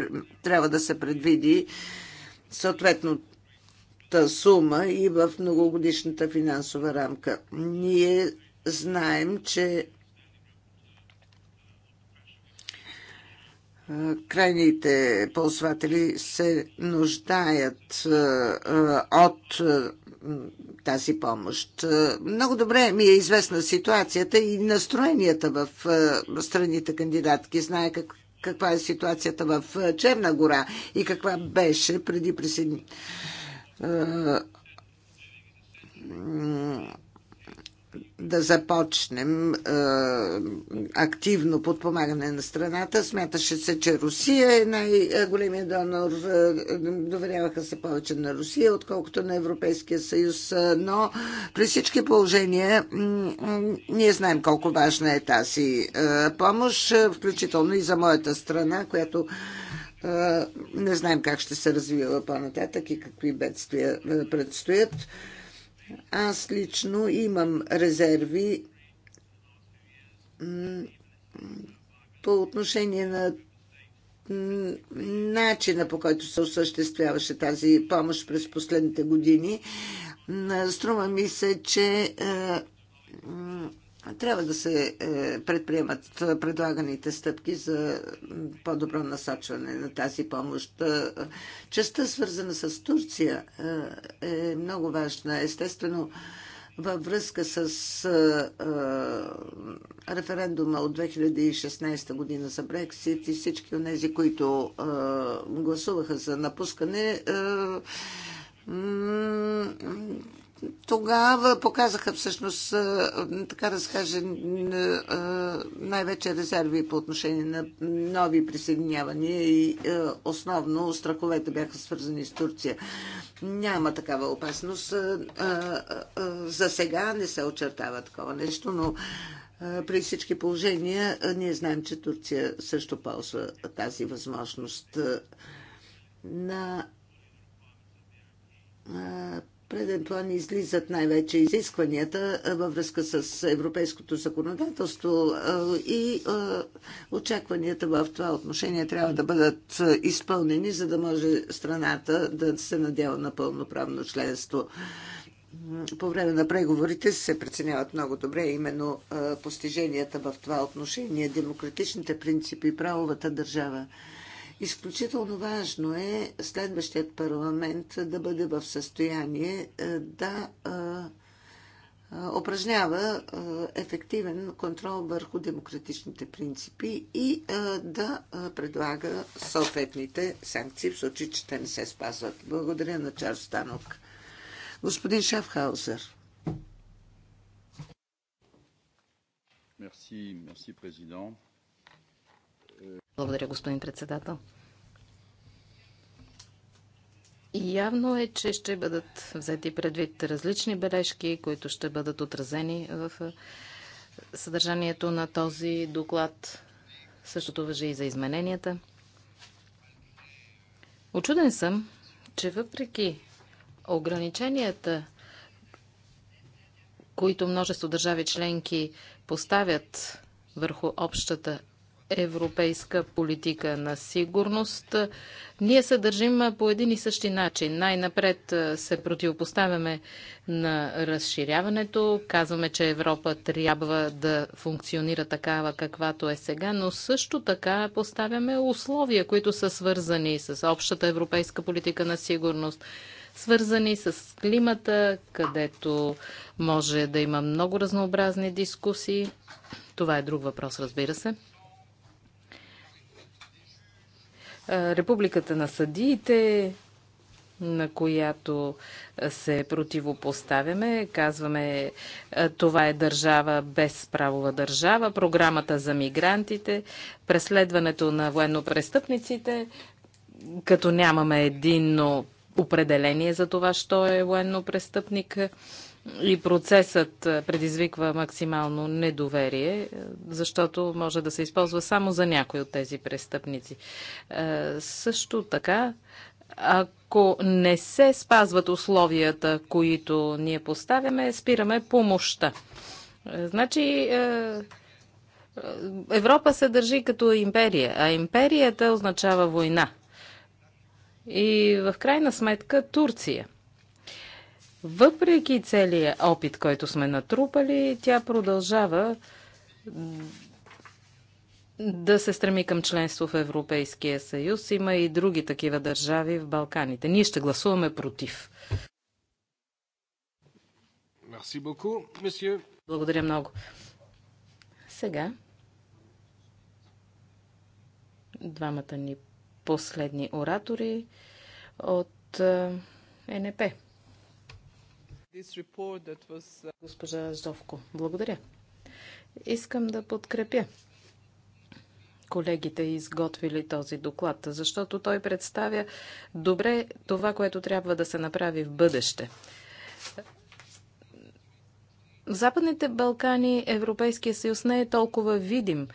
Speaker 1: трябва да се предвиди съответно сума и в многогодишната финансова рамка. Ние знаем, че крайните ползватели се нуждаят от тази помощ. Много добре ми е известна ситуацията и настроенията в страните кандидатки. Знае как, каква е ситуацията в Черна гора и каква беше преди присъединяването да започнем е, активно подпомагане на страната. Смяташе се, че Русия е най-големия донор. Е, доверяваха се повече на Русия, отколкото на Европейския съюз. Е, но при всички положения ние знаем колко важна е тази е, помощ, включително и за моята страна, която не знаем как ще се развива по-нататък и какви бедствия предстоят. Аз лично имам резерви по отношение на начина по който се осъществяваше тази помощ през последните години. Струва ми се, че е, трябва да се е, предприемат е, предлаганите стъпки за по-добро насочване на тази помощ. Е, частта, свързана с Турция, е много важна. Естествено, във връзка с референдума от 2016 година за Брексит и всички от тези, които гласуваха за напускане, тогава показаха всъщност, така да скажа, най-вече резерви по отношение на нови присъединявания и основно страховете бяха свързани с Турция. Няма такава опасност. За сега не се очертава такова нещо, но при всички положения ние знаем, че Турция също ползва тази възможност на преден план излизат най-вече изискванията във връзка с европейското законодателство и очакванията в това отношение трябва да бъдат изпълнени, за да може страната да се надява на пълноправно членство. По време на преговорите се преценяват много добре именно постиженията в това отношение, демократичните принципи, правовата държава. Изключително важно е следващият парламент да бъде в състояние е, да е, е, упражнява ефективен контрол върху демократичните принципи и да предлага съответните санкции в случай, че те не се спазват. Благодаря на Чарлз Станок. Господин Шафхаузер.
Speaker 2: Мерси, мерси, президент. Благодаря, господин
Speaker 3: председател. И явно е, че ще бъдат взети предвид различни бележки, които ще бъдат отразени в съдържанието на този доклад. Същото въжи и за измененията. Очуден съм, че въпреки ограниченията, които множество държави членки поставят върху общата европейска политика на сигурност. Ние се държим по един и същи начин. Най-напред се противопоставяме на разширяването. Казваме, че Европа трябва да функционира такава, каквато е сега, но също така поставяме условия, които са свързани с общата европейска политика на сигурност, свързани с климата, където може да има много разнообразни дискусии. Това е друг въпрос, разбира се. Републиката на съдиите, на която се противопоставяме. Казваме, това е държава без правова държава, програмата за мигрантите, преследването на военнопрестъпниците, като нямаме единно определение за това, що е военно престъпник, и процесът предизвиква максимално недоверие, защото може да се използва само за някои от тези престъпници. Също така, ако не се спазват условията, които ние поставяме, спираме помощта. Значи, Европа се държи като империя, а империята означава война. И в крайна сметка Турция – въпреки целият опит, който сме натрупали, тя продължава да се стреми към членство в Европейския съюз. Има и други такива държави в Балканите. Ние ще гласуваме против. Благодаря много. Сега двамата ни последни оратори от е, НП. Uh, Госпожа Жовко, благодаря. Искам да подкрепя колегите изготвили този доклад, защото той представя добре това, което трябва да се направи в бъдеще. В Западните Балкани Европейския съюз не е толкова видим.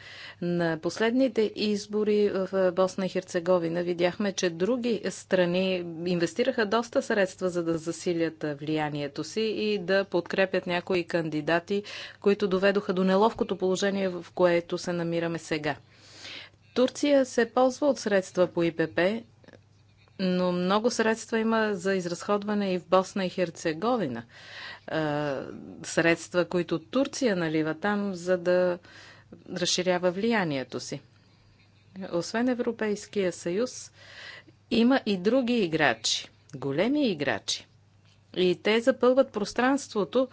Speaker 3: На последните избори в е, Босна и Херцеговина видяхме, че други страни инвестираха доста средства, за да засилят е, влиянието си и да подкрепят някои кандидати, които доведоха до неловкото положение, в което се намираме сега. Турция се ползва от средства по ИПП, но много средства има за изразходване и в Босна и Херцеговина. Средства, които Турция налива там, за да разширява влиянието си. Освен Европейския съюз, има и други играчи, големи играчи. И те запълват пространството,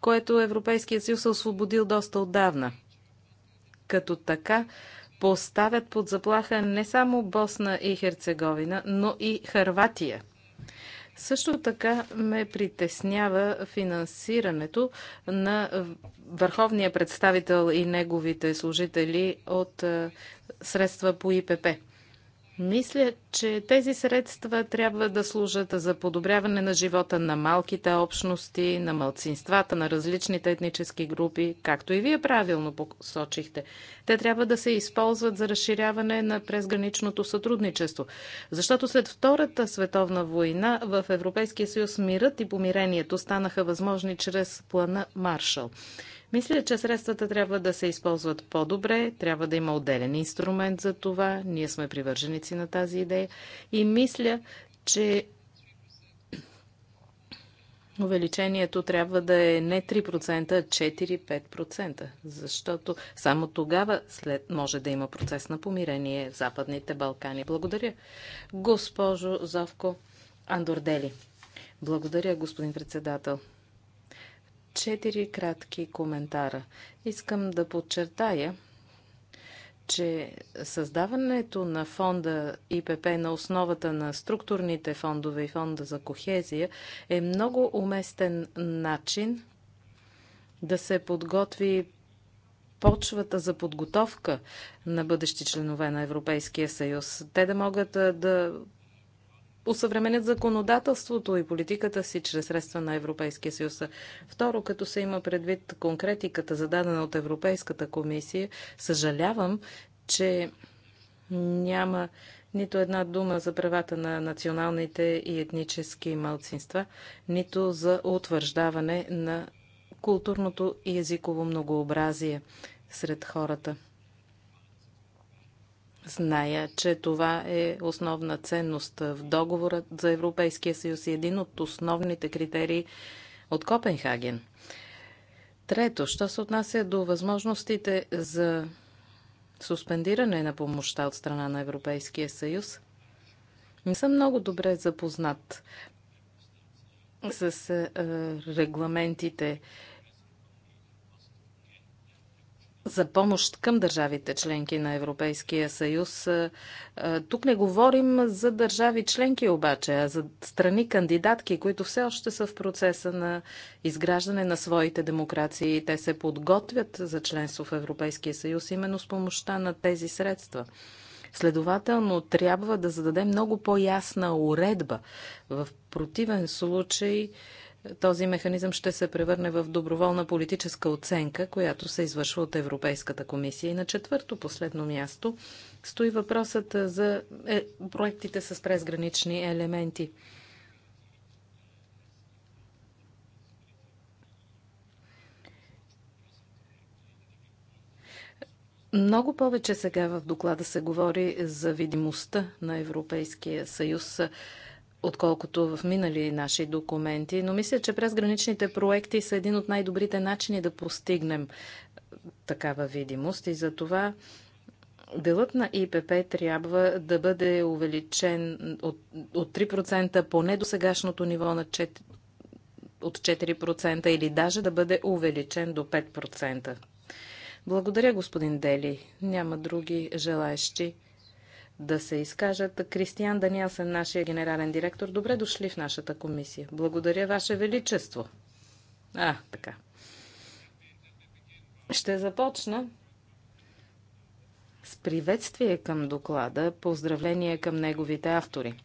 Speaker 3: което Европейския съюз е освободил доста отдавна. Като така, поставят под заплаха не само Босна и Херцеговина, но и Харватия. Също така ме притеснява финансирането на върховния представител и неговите служители от е, средства по ИПП. Мисля, че тези средства трябва да служат за подобряване на живота на малките общности, на малцинствата, на различните етнически групи, както и вие правилно посочихте. Те трябва да се използват за разширяване на презграничното сътрудничество. Защото след Втората световна война в Европейския съюз мирът и помирението станаха възможни чрез плана Маршал. Мисля, че средствата трябва да се използват по-добре, трябва да има отделен инструмент за това. Ние сме привърженици на тази идея и мисля, че увеличението трябва да е не 3%, а 4-5%, защото само тогава след може да има процес на помирение в Западните Балкани. Благодаря. Госпожо Завко Андордели. Благодаря, господин председател четири кратки коментара. Искам да подчертая, че създаването на фонда ИПП на основата на структурните фондове и фонда за кохезия е много уместен начин да се подготви почвата за подготовка на бъдещи членове на Европейския съюз. Те да могат да Осъвременят законодателството и политиката си чрез средства на Европейския съюз. Второ, като се има предвид конкретиката, зададена от Европейската комисия, съжалявам, че няма нито една дума за правата на националните и етнически малцинства, нито за утвърждаване на културното и езиково многообразие сред хората. Зная, че това е основна ценност в договора за Европейския съюз и един от основните критерии от Копенхаген. Трето, що се отнася до възможностите за суспендиране на помощта от страна на Европейския съюз, не съм много добре запознат с регламентите за помощ към държавите членки на Европейския съюз. Тук не говорим за държави членки обаче, а за страни кандидатки, които все още са в процеса на изграждане на своите демокрации. Те се подготвят за членство в Европейския съюз именно с помощта на тези средства. Следователно, трябва да зададем много по-ясна уредба. В противен случай, този механизъм ще се превърне в доброволна политическа оценка, която се извършва от Европейската комисия. И на четвърто последно място стои въпросът за е, проектите с презгранични елементи. Много повече сега в доклада се говори за видимостта на Европейския съюз отколкото в минали наши документи, но мисля, че през граничните проекти са един от най-добрите начини да постигнем такава видимост и за това делът на ИПП трябва да бъде увеличен от, от 3% поне до сегашното ниво на 4, от 4% или даже да бъде увеличен до 5%. Благодаря, господин Дели. Няма други желаещи да се изкажат. Кристиан Даниелсен, нашия генерален директор, добре дошли в нашата комисия. Благодаря, Ваше Величество. А, така. Ще започна с приветствие към доклада, поздравление към неговите автори.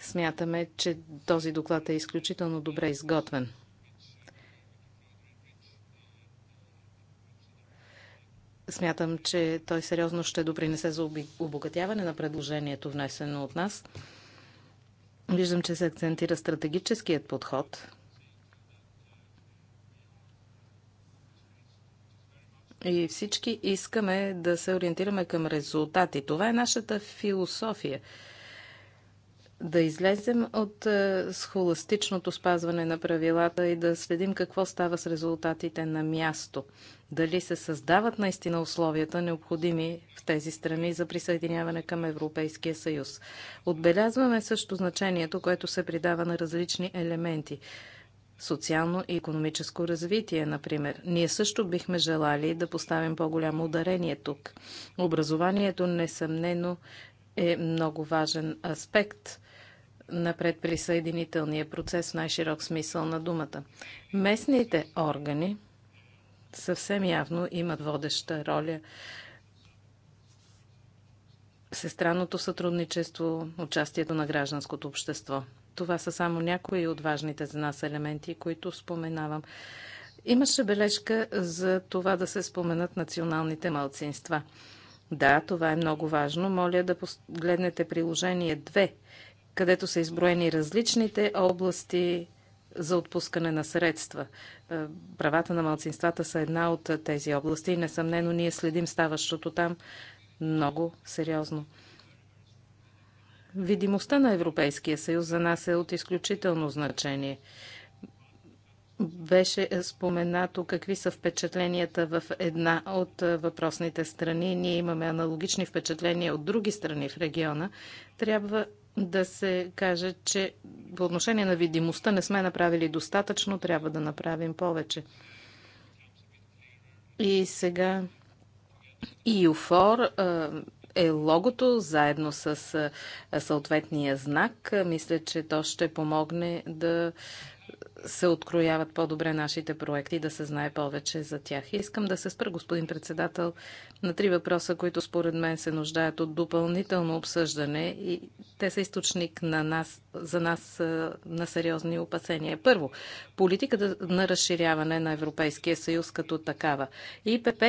Speaker 3: Смятаме, че този доклад е изключително добре изготвен. Смятам, че той сериозно ще допринесе за обогатяване на предложението, внесено от нас. Виждам, че се акцентира стратегическият подход. И всички искаме да се ориентираме към резултати. Това е нашата философия да излезем от е, схоластичното спазване на правилата и да следим какво става с резултатите на място. Дали се създават наистина условията, необходими в тези страни за присъединяване към Европейския съюз. Отбелязваме също значението, което се придава на различни елементи социално и економическо развитие, например. Ние също бихме желали да поставим по-голямо ударение тук. Образованието, несъмнено, е много важен аспект на предприсъединителния процес в най-широк смисъл на думата. Местните органи съвсем явно имат водеща роля Сестранното сътрудничество, участието на гражданското общество. Това са само някои от важните за нас елементи, които споменавам. Имаше бележка за това да се споменат националните малцинства. Да, това е много важно. Моля да погледнете приложение 2 където са изброени различните области за отпускане на средства. Е, правата на малцинствата са една от е, тези области и несъмнено ние следим ставащото там много сериозно. Видимостта на Европейския съюз за нас е от изключително значение. Беше е, споменато какви са впечатленията в една от въпросните страни. Ние имаме аналогични впечатления от други страни в региона. Трябва да се каже, че по отношение на видимостта не сме направили достатъчно, трябва да направим повече. И сега ИОФОР е логото заедно с съответния знак. Мисля, че то ще помогне да се открояват по-добре нашите проекти, да се знае повече за тях. И искам да се спра, господин председател, на три въпроса, които според мен се нуждаят от допълнително обсъждане и те са източник на нас, за нас на сериозни опасения. Първо, политиката на разширяване на Европейския съюз като такава. ИПП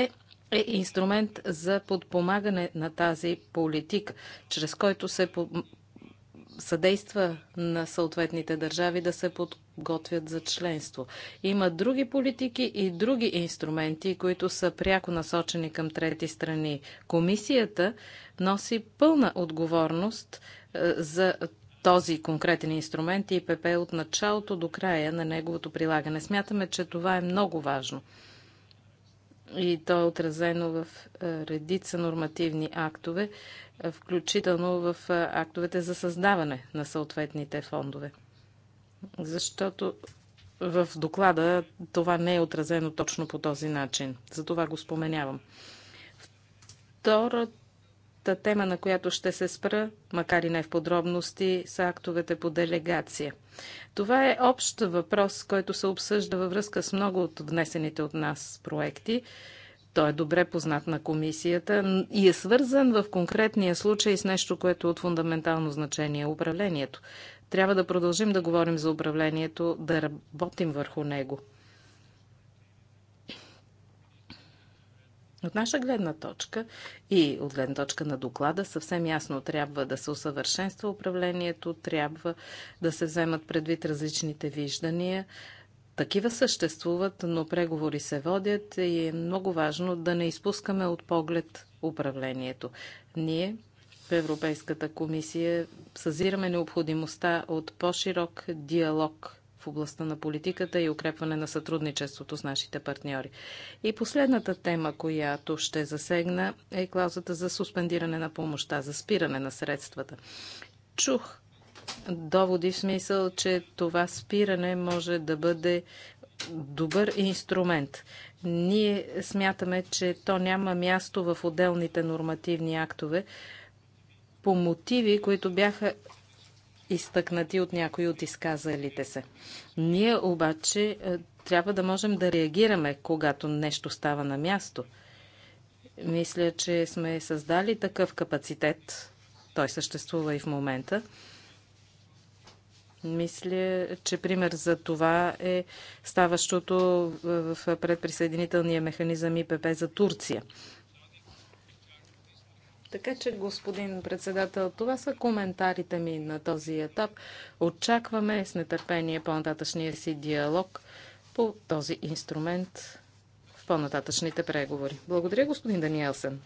Speaker 3: е инструмент за подпомагане на тази политика, чрез който се съдейства на съответните държави да се подготвят за членство. Има други политики и други инструменти, които са пряко насочени към трети страни. Комисията носи пълна отговорност е, за този конкретен инструмент и ПП от началото до края на неговото прилагане. Смятаме, че това е много важно. И то е отразено в е, редица нормативни актове, включително в актовете за създаване на съответните фондове. Защото в доклада това не е отразено точно по този начин. Затова го споменявам. Втората тема, на която ще се спра, макар и не в подробности, са актовете по делегация. Това е общ въпрос, който се обсъжда във връзка с много от внесените от нас проекти той е добре познат на комисията и е свързан в конкретния случай с нещо, което е от фундаментално значение – управлението. Трябва да продължим да говорим за управлението, да работим върху него. От наша гледна точка и от гледна точка на доклада съвсем ясно трябва да се усъвършенства управлението, трябва да се вземат предвид различните виждания, такива съществуват, но преговори се водят и е много важно да не изпускаме от поглед управлението. Ние в Европейската комисия съзираме необходимостта от по-широк диалог в областта на политиката и укрепване на сътрудничеството с нашите партньори. И последната тема, която ще засегна, е клаузата за суспендиране на помощта, за спиране на средствата. Чух доводи в смисъл, че това спиране може да бъде добър инструмент. Ние смятаме, че то няма място в отделните нормативни актове по мотиви, които бяха изтъкнати от някои от изказалите се. Ние обаче е, трябва да можем да реагираме, когато нещо става на място. Мисля, че сме създали такъв капацитет. Той съществува и в момента. Мисля, че пример за това е ставащото е, в предприсъединителния механизъм ИПП за Турция. Така че, господин председател, това са коментарите ми на този етап. Очакваме с нетърпение по-нататъчния си диалог по този инструмент в по-нататъчните преговори. Благодаря, господин Даниелсен.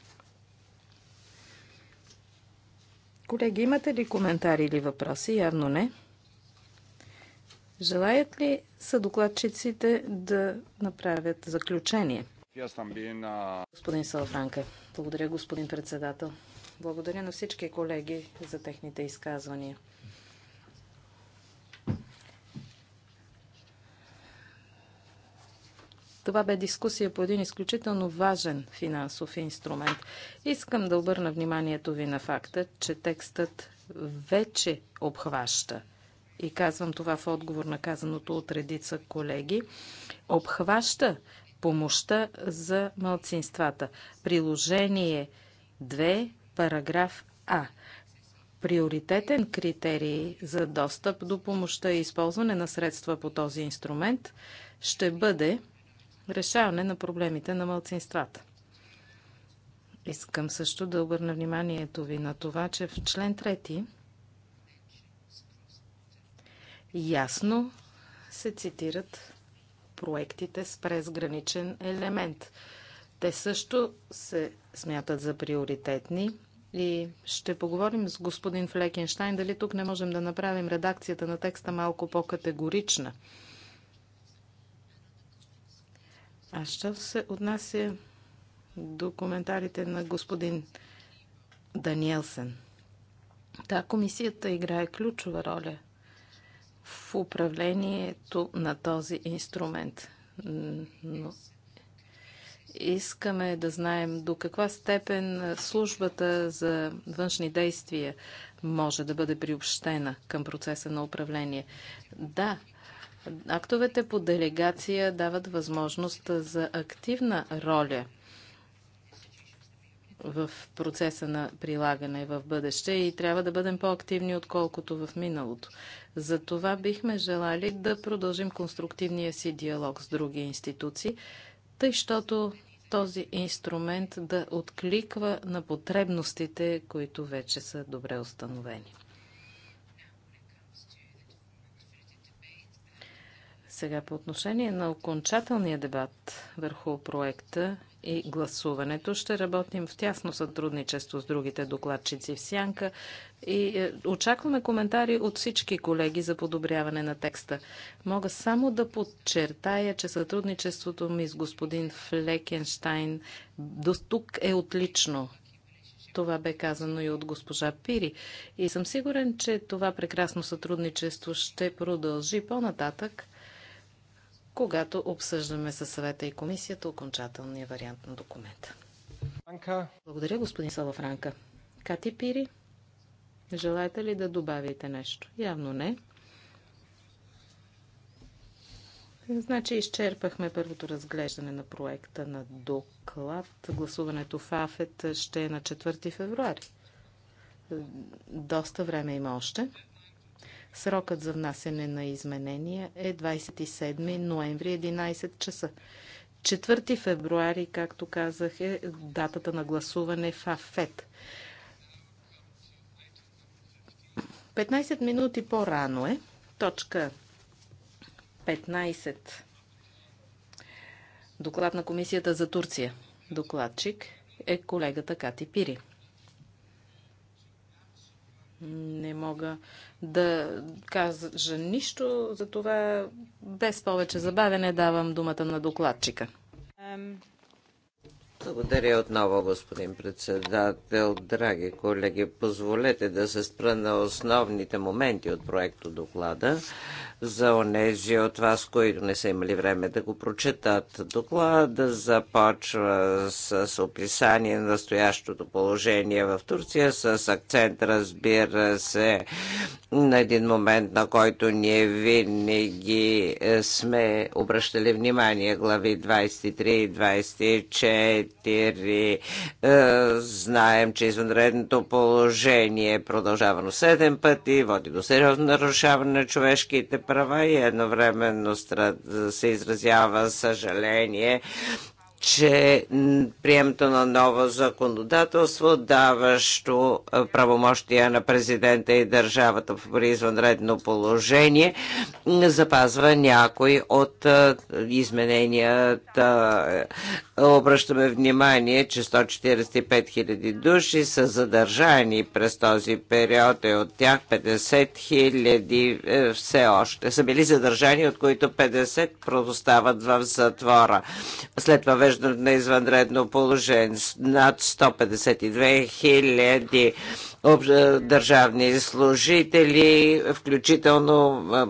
Speaker 3: Колеги, имате ли коментари или въпроси? Явно не. Желаят ли съдокладчиците да направят
Speaker 4: заключение?
Speaker 3: Господин Салфранка, благодаря господин председател. Благодаря на всички колеги за техните изказвания. Това бе дискусия по един изключително важен финансов инструмент. Искам да обърна вниманието ви на факта, че текстът вече обхваща и казвам това в отговор на казаното от редица колеги, обхваща помощта за малцинствата. Приложение 2, параграф А. Приоритетен критерий за достъп до помощта и използване на средства по този инструмент ще бъде решаване на проблемите на малцинствата. Искам също да обърна вниманието ви на това, че в член 3 ясно се цитират проектите с презграничен елемент. Те също се смятат за приоритетни и ще поговорим с господин Флекенштайн дали тук не можем да направим редакцията на текста малко по-категорична. А що се отнася до коментарите на господин Даниелсен? Та комисията играе ключова роля в управлението на този инструмент. Но искаме да знаем до каква степен службата за външни действия може да бъде приобщена към процеса на управление. Да, актовете по делегация дават възможност за активна роля в процеса на прилагане в бъдеще и трябва да бъдем по-активни, отколкото в миналото. За това бихме желали да продължим конструктивния си диалог с други институции, тъй щото този инструмент да откликва на потребностите, които вече са добре установени. Сега по отношение на окончателния дебат върху проекта и гласуването. Ще работим в тясно сътрудничество с другите докладчици в Сянка и е, очакваме коментари от всички колеги за подобряване на текста. Мога само да подчертая, че сътрудничеството ми с господин Флекенштайн до тук е отлично. Това бе казано и от госпожа Пири. И съм сигурен, че това прекрасно сътрудничество ще продължи по-нататък когато обсъждаме със съвета и комисията окончателния вариант на документа. Анка. Благодаря, господин Салафранка. Кати Пири, желаете ли да добавите нещо? Явно не. Значи изчерпахме първото разглеждане на проекта на доклад. Гласуването в АФЕТ ще е на 4 февруари. Доста време има още. Срокът за внасене на изменения е 27 ноември 11 часа. 4 февруари, както казах, е датата на гласуване в АФЕТ. 15 минути по-рано е точка 15. Доклад на Комисията за Турция. Докладчик е колегата Кати Пири. Не мога да кажа нищо, за това без повече забавене давам думата на докладчика.
Speaker 4: Благодаря отново, господин председател. Драги колеги, позволете да се спра на основните моменти от проекто доклада за онези от вас, които не са имали време да го прочетат. Доклада започва с описание на настоящото положение в Турция, с акцент, разбира се, на един момент, на който ние винаги сме обращали внимание глави 23 и 24 четири. Е, знаем, че извънредното положение е продължавано 7 пъти, води до сериозно нарушаване на човешките права и едновременно се изразява съжаление че приемто на ново законодателство, даващо правомощия на президента и държавата в извънредно положение, запазва някой от измененията. Обръщаме внимание, че 145 000 души са задържани през този период и от тях 50 000 е, все още са били задържани, от които 50 продостават в затвора. След това въвеждане на извънредно положение. Над 152 хиляди е, държавни служители, включително е,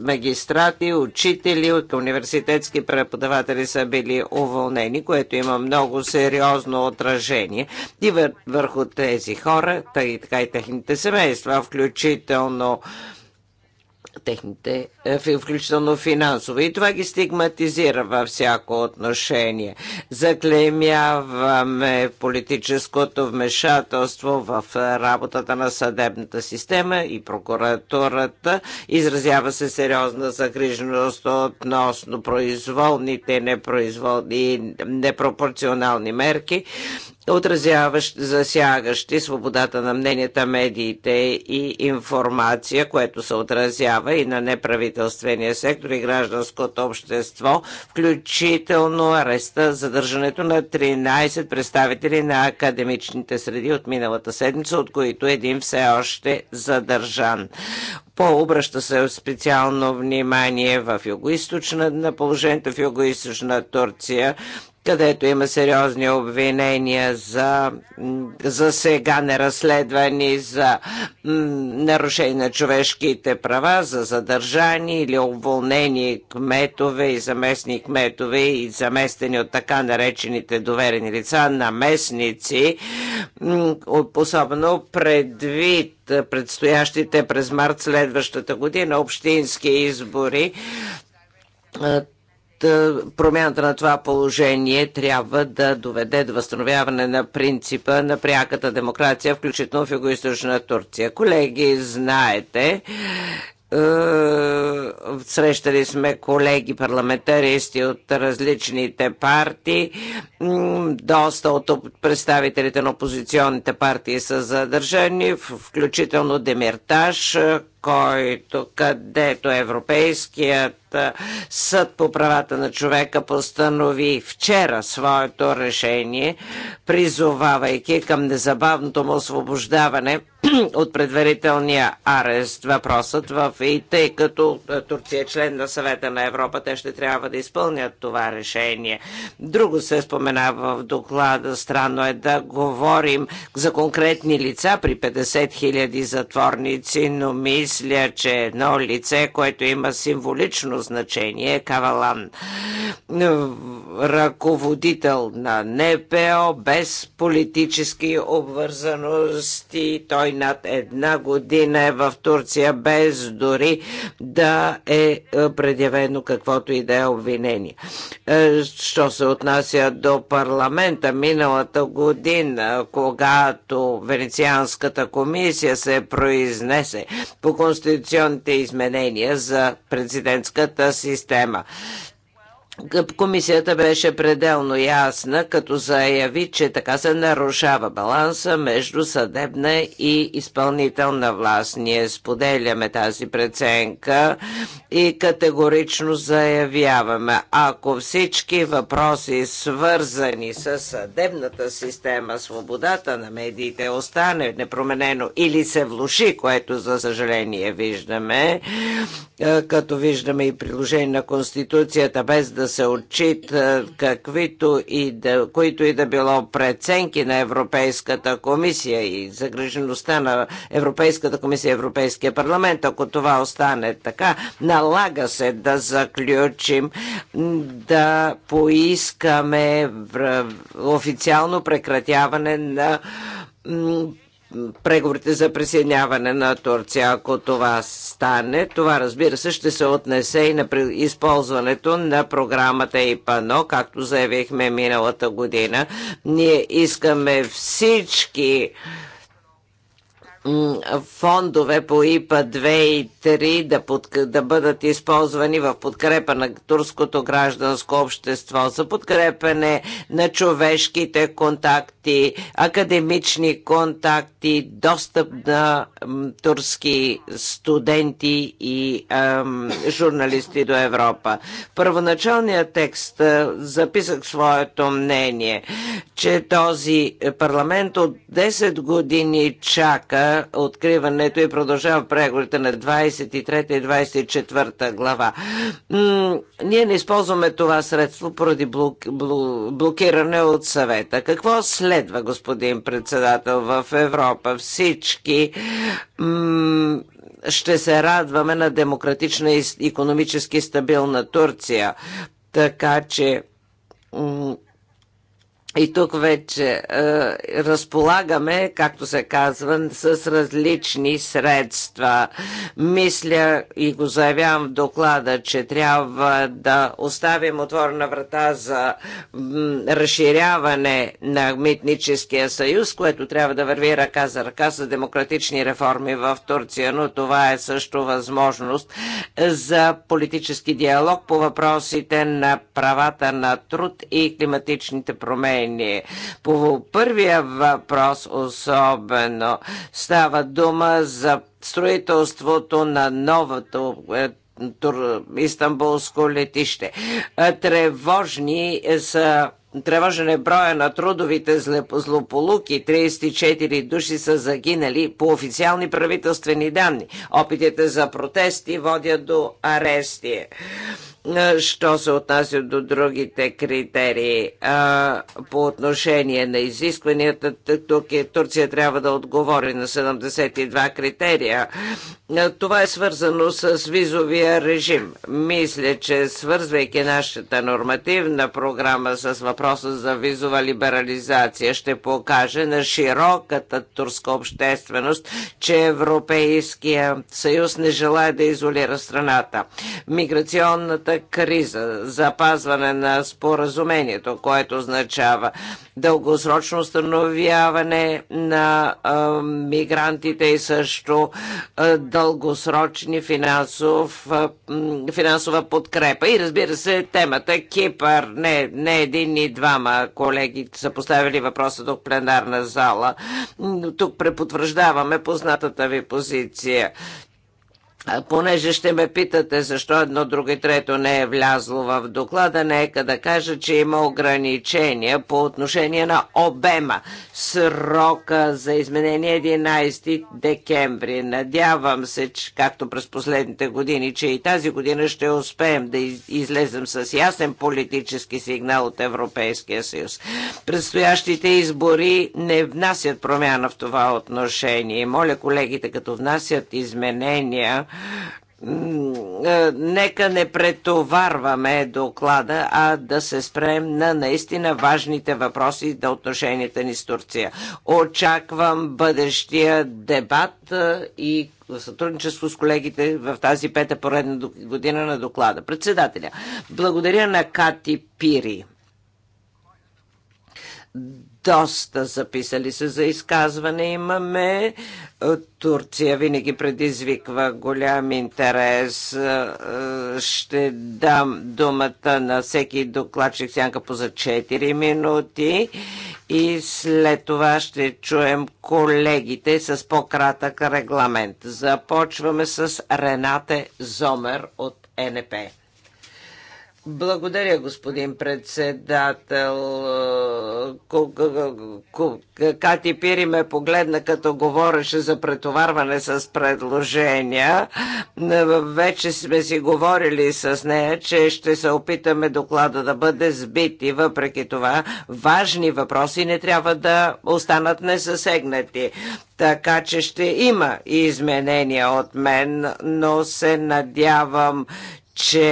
Speaker 4: магистрати, учители, университетски преподаватели са били уволнени, което има много сериозно отражение и върху тези хора, така и техните семейства, включително техните, е, включително финансово. И това ги стигматизира във всяко отношение. Заклемяваме политическото вмешателство в е, работата на съдебната система и прокуратурата. Изразява се сериозна загриженост относно произволните непроизволни и непропорционални мерки отразяващ, засягащи свободата на мненията, медиите и информация, което се отразява и на неправителствения сектор и гражданското общество, включително ареста, задържането на 13 представители на академичните среди от миналата седмица, от които един все още задържан. По-обръща се специално внимание в юго на положението в юго Турция, където има сериозни обвинения за, за сега неразследвани, за нарушение на човешките права, за задържани или уволнени кметове и заместни кметове и заместени от така наречените доверени лица, наместници, особено предвид предстоящите през март следващата година общински избори е, промяната на това положение трябва да доведе до възстановяване на принципа на пряката демокрация, включително в Юго-Источна Турция. Колеги, знаете, е, срещали сме колеги парламентаристи от различните партии. Доста от представителите на опозиционните партии са задържани, включително Демирташ, който, където Европейският съд по правата на човека постанови вчера своето решение, призовавайки към незабавното му освобождаване от предварителния арест. Въпросът в и тъй като Турция е член на съвета на Европа, те ще трябва да изпълнят това решение. Друго се споменава в доклада. Странно е да говорим за конкретни лица при 50 000 затворници, но мисля, мисля, че едно лице, което има символично значение, е Кавалан, ръководител на НПО без политически обвързаности. Той над една година е в Турция без дори да е, е предявено каквото и да е обвинение. Е, що се отнася до парламента, миналата година, когато Венецианската комисия се произнесе по конституционните изменения за президентската система. Комисията беше пределно ясна, като заяви, че така се нарушава баланса между съдебна и изпълнителна власт. Ние споделяме тази преценка и категорично заявяваме, ако всички въпроси, свързани с съдебната система, свободата на медиите остане непроменено или се влуши, което за съжаление виждаме, е, като виждаме и приложение на Конституцията, без да се отчита е, каквито и да, които и да било преценки на Европейската комисия и загрежеността на Европейската комисия и Европейския парламент, ако това остане така, налага се да заключим да поискаме официално прекратяване на преговорите за присъединяване на Турция. Ако това стане, това разбира се ще се отнесе и на използването на програмата ИПАНО, както заявихме миналата година. Ние искаме всички фондове по ИПА 2 и 3 да, под, да бъдат използвани в подкрепа на турското гражданско общество, за подкрепене на човешките контакти, академични контакти, достъп на м, турски студенти и м, журналисти до Европа. Първоначалният текст записах своето мнение, че този парламент от 10 години чака откриването и продължава преговорите на 23 и 24 глава. М ние не използваме това средство поради блок, блок, блокиране от съвета. Какво следва, господин председател, в Европа? Всички ще се радваме на демократична и економически стабилна Турция. Така че и тук вече е, разполагаме, както се казва, с различни средства. Мисля и го заявявам в доклада, че трябва да оставим отворена врата за м, разширяване на митническия съюз, което трябва да върви ръка за ръка за демократични реформи в Турция, но това е също възможност за политически диалог по въпросите на правата на труд и климатичните промени мнение. По първия въпрос особено става дума за строителството на новото е, Истанбулско летище. Е, тревожни са Тревожен е броя на трудовите злополуки. 34 души са загинали по официални правителствени данни. Опитите за протести водят до арести. Що се отнася до другите критерии а, по отношение на изискванията, тук е, Турция трябва да отговори на 72 критерия. Това е свързано с визовия режим. Мисля, че свързвайки нашата нормативна програма с въпроса за визова либерализация, ще покаже на широката турска общественост, че Европейския съюз не желая да изолира страната. Миграционната криза, запазване на споразумението, което означава дългосрочно установяване на а, мигрантите и също а, дългосрочни финансов, а, финансова подкрепа. И разбира се, темата Кипър, не, не един и двама колеги са поставили въпроса до пленарна зала. Тук препотвърждаваме познатата ви позиция понеже ще ме питате защо едно, друго и трето не е влязло в доклада, нека да кажа, че има ограничения по отношение на обема. Срока за изменение 11 е декември. Надявам се, че, както през последните години, че и тази година ще успеем да излезем с ясен политически сигнал от Европейския съюз. Предстоящите избори не внасят промяна в това отношение. Моля колегите, като внасят изменения, е, нека не претоварваме доклада, а да се спрем на наистина важните въпроси да отношенията ни с Турция. Очаквам бъдещия дебат е, и сътрудничество с колегите в тази пета поредна година на доклада. Председателя, благодаря на Кати Пири доста записали се за изказване имаме. Е, Турция винаги предизвиква голям интерес. Е, е, ще дам думата на всеки докладчик сянка по за 4 минути и след това ще чуем колегите с по-кратък регламент. Започваме с Ренате Зомер от НП. Благодаря, господин председател. Кати Пири ме погледна, като говореше за претоварване с предложения. Вече сме си говорили с нея, че ще се опитаме доклада да бъде сбит и въпреки това важни въпроси не трябва да останат несъсегнати. Така че ще има изменения от мен, но се надявам, че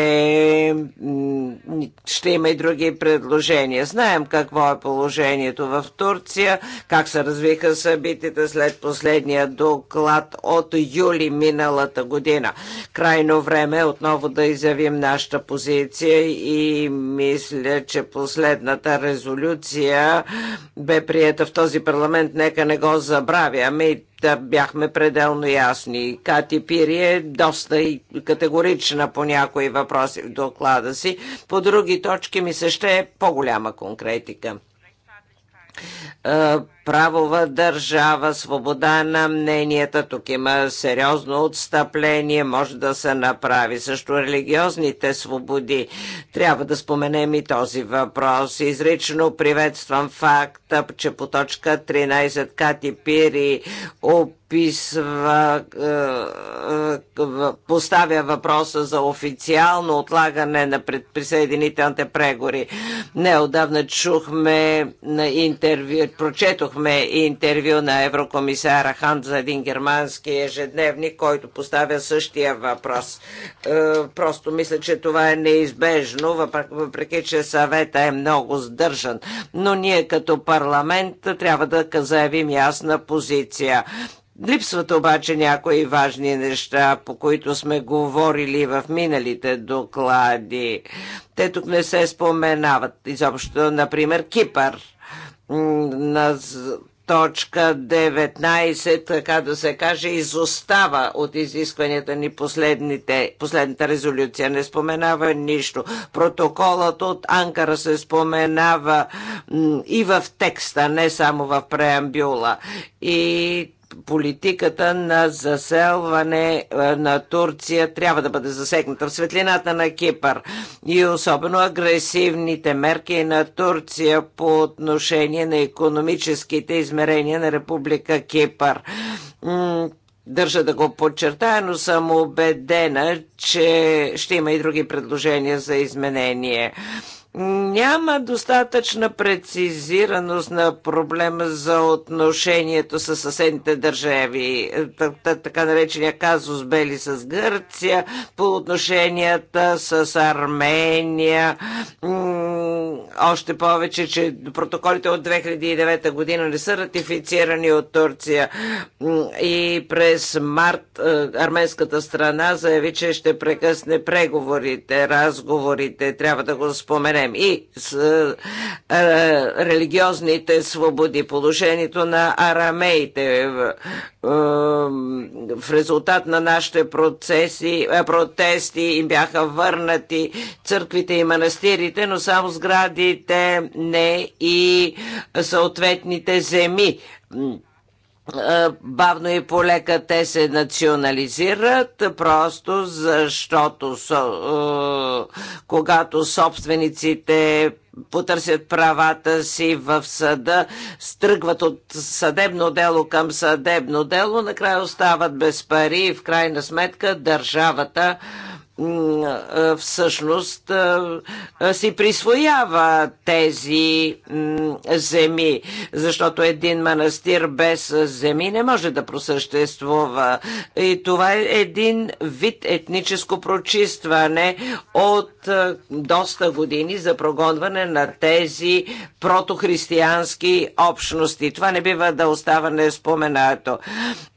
Speaker 4: ще има и други предложения. Знаем какво е положението в Турция, как се развиха събитите след последния доклад от юли миналата година. Крайно време е отново да изявим нашата позиция и мисля, че последната резолюция бе прията в този парламент. Нека не го забравяме и Та бяхме пределно ясни. Кати Пири е доста и категорична по някои въпроси в доклада си. По други точки ми се ще е по-голяма конкретика правова държава, свобода на мненията. Тук има сериозно отстъпление, може да се направи. Също религиозните свободи. Трябва да споменем и този въпрос. Изрично приветствам факта, че по точка 13 Кати Пири описва, е, е, поставя въпроса за официално отлагане на предприсъединителните прегори. Неодавна чухме на интервю, прочетох Дадохме интервю на еврокомисара Хан за един германски ежедневник, който поставя същия въпрос. Е, просто мисля, че това е неизбежно, въпреки че съвета е много сдържан. Но ние като парламент трябва да заявим ясна позиция. Липсват обаче някои важни неща, по които сме говорили в миналите доклади. Те тук не се споменават изобщо, например, Кипър на точка 19, така да се каже, изостава от изискванията ни последните, последната резолюция. Не споменава нищо. Протоколът от Анкара се споменава и в текста, не само в преамбюла. И политиката на заселване е, на Турция трябва да бъде засегната в светлината на Кипър и особено агресивните мерки на Турция по отношение на економическите измерения на Република Кипър. Държа да го подчертая, но съм убедена, че ще има и други предложения за изменение няма достатъчна прецизираност на проблема за отношението с съседните държави, така наречения казус Бели с Гърция, по отношенията с Армения, още повече, че протоколите от 2009 година не са ратифицирани от Турция и през март е, арменската страна заяви, че ще прекъсне преговорите, разговорите, трябва да го спомене проблем. И с е, е, религиозните свободи, положението на арамеите е, е, в резултат на нашите процеси, е, протести им бяха върнати църквите и манастирите, но само сградите не и съответните земи е, бавно и полека те се национализират, просто защото е, когато собствениците потърсят правата си в съда, стръгват от съдебно дело към съдебно дело, накрая остават без пари и в крайна сметка държавата всъщност си присвоява тези земи, защото един манастир без земи не може да просъществува. И това е един вид етническо прочистване от доста години за прогонване на тези протохристиянски общности. Това не бива да остава неспоменато.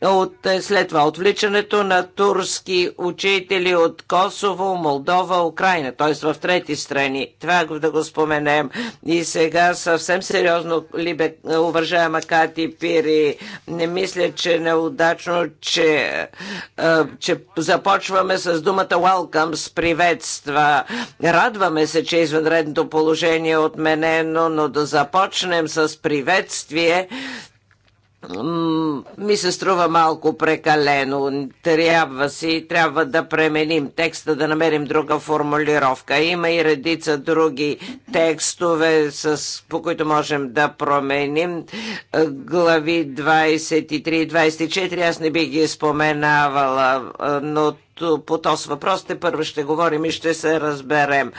Speaker 4: От, е, след това отвличането на турски учители от Кос Косово, Молдова, Украина, т.е. в трети страни. Това да го споменем. И сега съвсем сериозно, либе, уважаема Кати Пири, не мисля, че е неудачно, че, че започваме с думата welcome с приветства. Радваме се, че е извънредното положение е отменено, но да започнем с приветствие ми се струва малко прекалено. Трябва си, трябва да пременим текста, да намерим друга формулировка. Има и редица други текстове, с, по които можем да променим. Е, глави 23 и 24, аз не би ги споменавала, е, но по този въпрос те първо ще говорим и ще се разберем.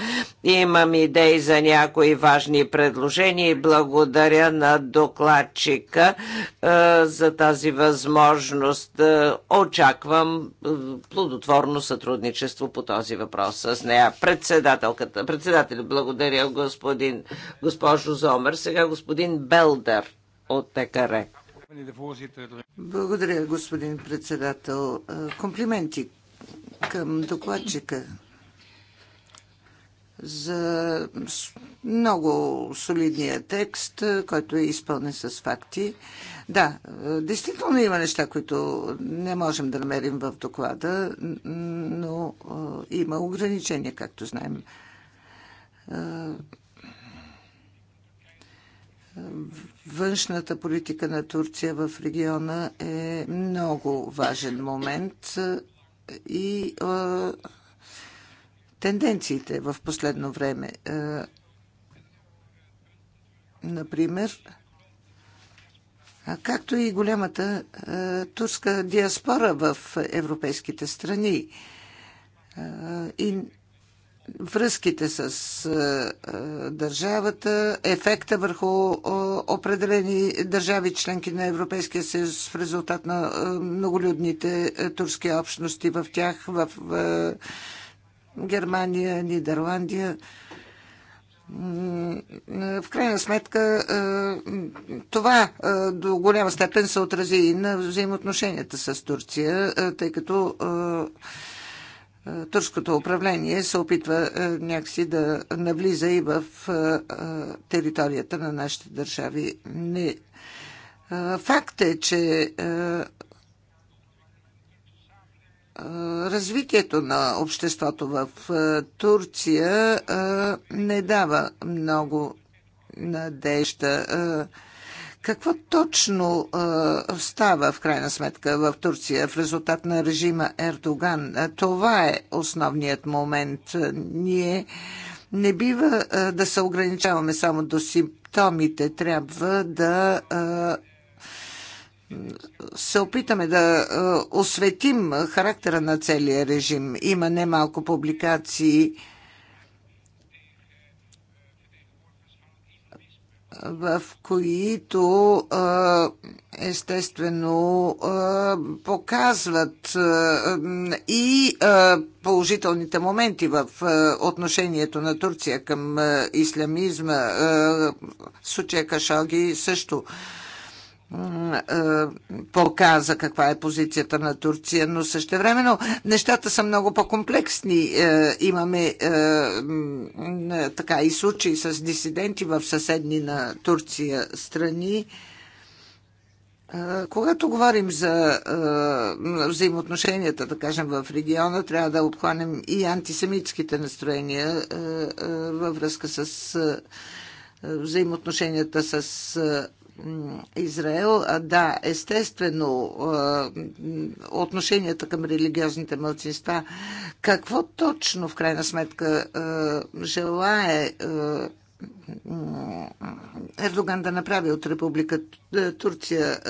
Speaker 4: Имам идеи за някои важни предложения и благодаря на докладчика е, за тази възможност. Е, очаквам е, плодотворно сътрудничество по този въпрос с нея. Председателката, председател, благодаря господин, госпожо Зомер. Сега господин Белдер от ТКР.
Speaker 1: Благодаря, господин председател. Е, комплименти към докладчика за много солидния текст, който е изпълнен с факти. Да, действително има неща, които не можем да намерим в доклада, но има ограничения, както знаем. Външната политика на Турция в региона е много важен момент и а, тенденциите в последно време. А, например, както и голямата а, турска диаспора в европейските страни. А, и връзките с държавата, ефекта върху определени държави, членки на Европейския съюз в резултат на многолюдните турски общности в тях, в Германия, Нидерландия. В крайна сметка това до голяма степен се отрази и на взаимоотношенията с Турция, тъй като е, турското управление се опитва е, някакси да навлиза и в е, територията на нашите държави. Не. Факт е, че развитието на обществото в Турция не дава много надежда. Какво точно а, става в крайна сметка в Турция в резултат на режима Ердоган? Това е основният момент. Ние не бива а, да се ограничаваме само до симптомите. Трябва да а, се опитаме да осветим характера на целия режим. Има немалко публикации в които естествено показват и положителните моменти в отношението на Турция към ислямизма. Случая Кашалги също е, показа каква е позицията на Турция, но същевременно нещата са много по-комплексни. Е, имаме е, така и случаи с дисиденти в съседни на Турция страни. Когато говорим за взаимоотношенията, да кажем, в региона, трябва да обхванем и антисемитските настроения във връзка с взаимоотношенията с Израел. Да, естествено, отношенията към религиозните мълцинства, какво точно в крайна сметка желае Ердоган да направи от Република Турция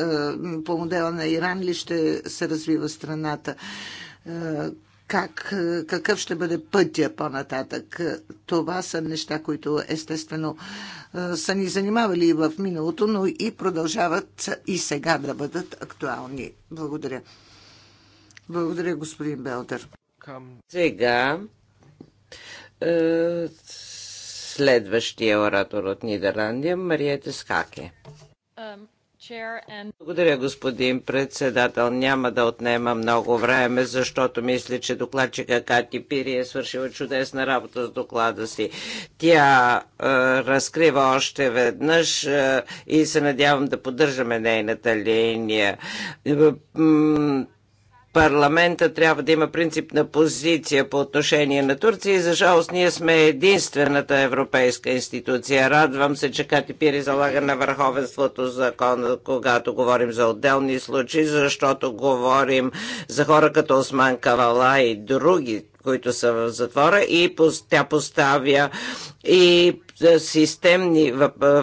Speaker 1: по модела на Иран ли ще се развива страната? как, е, какъв ще бъде пътя по-нататък. Това са неща, които естествено е, са ни занимавали и в миналото, но и продължават и сега да бъдат актуални. Благодаря. Благодаря, господин Белдер.
Speaker 4: Сега е, следващия оратор от Нидерландия, Мариете Скаке. Um... Благодаря, господин председател. Няма да отнема много време, защото мисля, че докладчика Кати Пири е свършила чудесна работа с доклада си. Тя е, разкрива още веднъж е, и се надявам да поддържаме нейната линия. Е, парламента трябва да има принципна позиция по отношение на Турция и за жалост ние сме единствената европейска институция. Радвам се, че Кати Пири залага на върховенството закон, когато говорим за отделни случаи, защото говорим за хора като Осман Кавала и други, които са в затвора и тя поставя и системни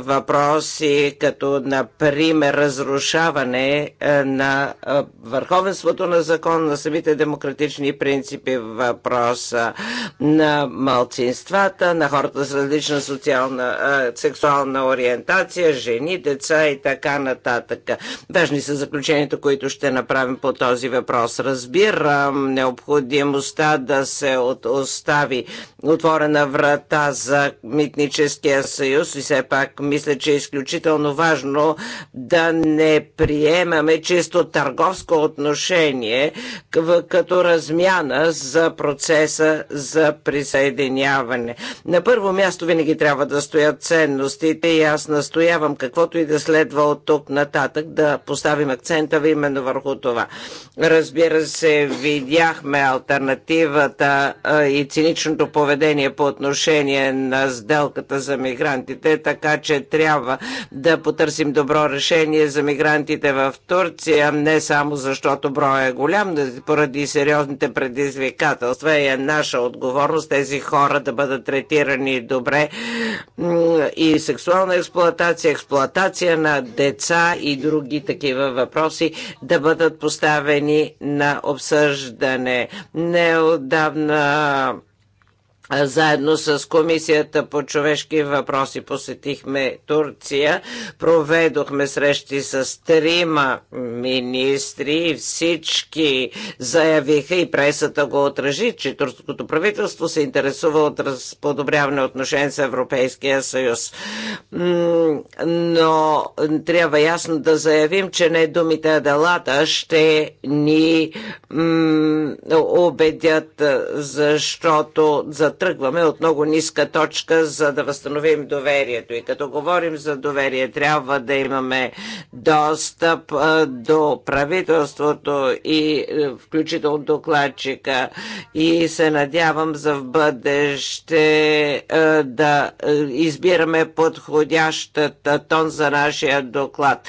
Speaker 4: въпроси, като например разрушаване е, на е, върховенството на закон, на самите демократични принципи, въпроса на малцинствата, на хората с различна социална, е, сексуална ориентация, жени, деца и така нататък. Важни са заключенията, които ще направим по този въпрос. Разбирам необходимостта да се остави отворена врата за митническия съюз и все пак мисля, че е изключително важно да не приемаме чисто търговско отношение като размяна за процеса за присъединяване. На първо място винаги трябва да стоят ценностите и аз настоявам каквото и да следва от тук нататък да поставим акцента именно върху това. Разбира се, видяхме альтернативата и циничното поведение поведение по отношение на сделката за мигрантите, така че трябва да потърсим добро решение за мигрантите в Турция, не само защото броя е голям, но поради сериозните предизвикателства и е наша отговорност тези хора да бъдат третирани добре и сексуална експлоатация, експлоатация на деца и други такива въпроси да бъдат поставени на обсъждане. Неодавна заедно с Комисията по човешки въпроси посетихме Турция, проведохме срещи с трима министри, всички заявиха и пресата го отражи, че турското правителство се интересува от подобряване отношение с Европейския съюз. Но трябва ясно да заявим, че не думите Аделата ще ни убедят, защото за тръгваме от много ниска точка, за да възстановим доверието. И като говорим за доверие, трябва да имаме достъп до правителството и е, включително докладчика. И се надявам за в бъдеще е, да е, избираме подходящата тон за нашия доклад.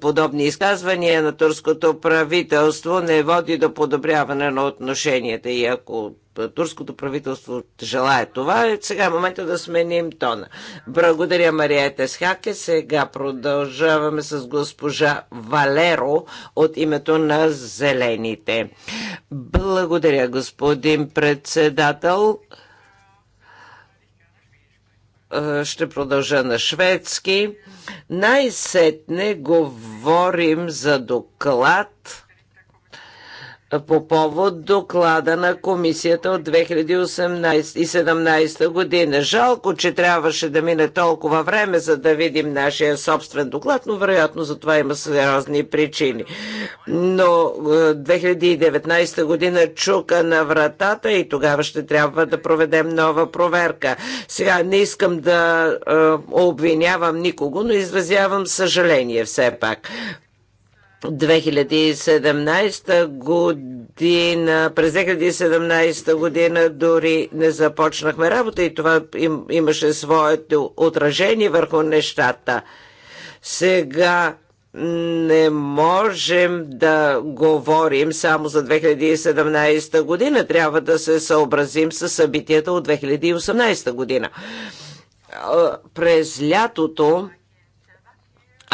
Speaker 4: Подобни изказвания на турското правителство не води до подобряване на отношенията и ако турското правителство желая това. Е сега е момента да сменим тона. Благодаря, Мария Тесхаке. Сега продължаваме с госпожа Валеро от името на Зелените. Благодаря, господин председател. Е, ще продължа на шведски. Най-сетне говорим за доклад по повод доклада на комисията от 2017 година. Жалко, че трябваше да мине толкова време, за да видим нашия собствен доклад, но вероятно за това има сериозни причини. Но 2019 е, година чука на вратата и тогава ще трябва да проведем нова проверка. Сега не искам да е, обвинявам никого, но изразявам съжаление все пак. 2017 година, през 2017 година дори не започнахме работа и това им, имаше своето отражение върху нещата. Сега не можем да говорим само за 2017 година, трябва да се съобразим с събитията от 2018 година. През лятото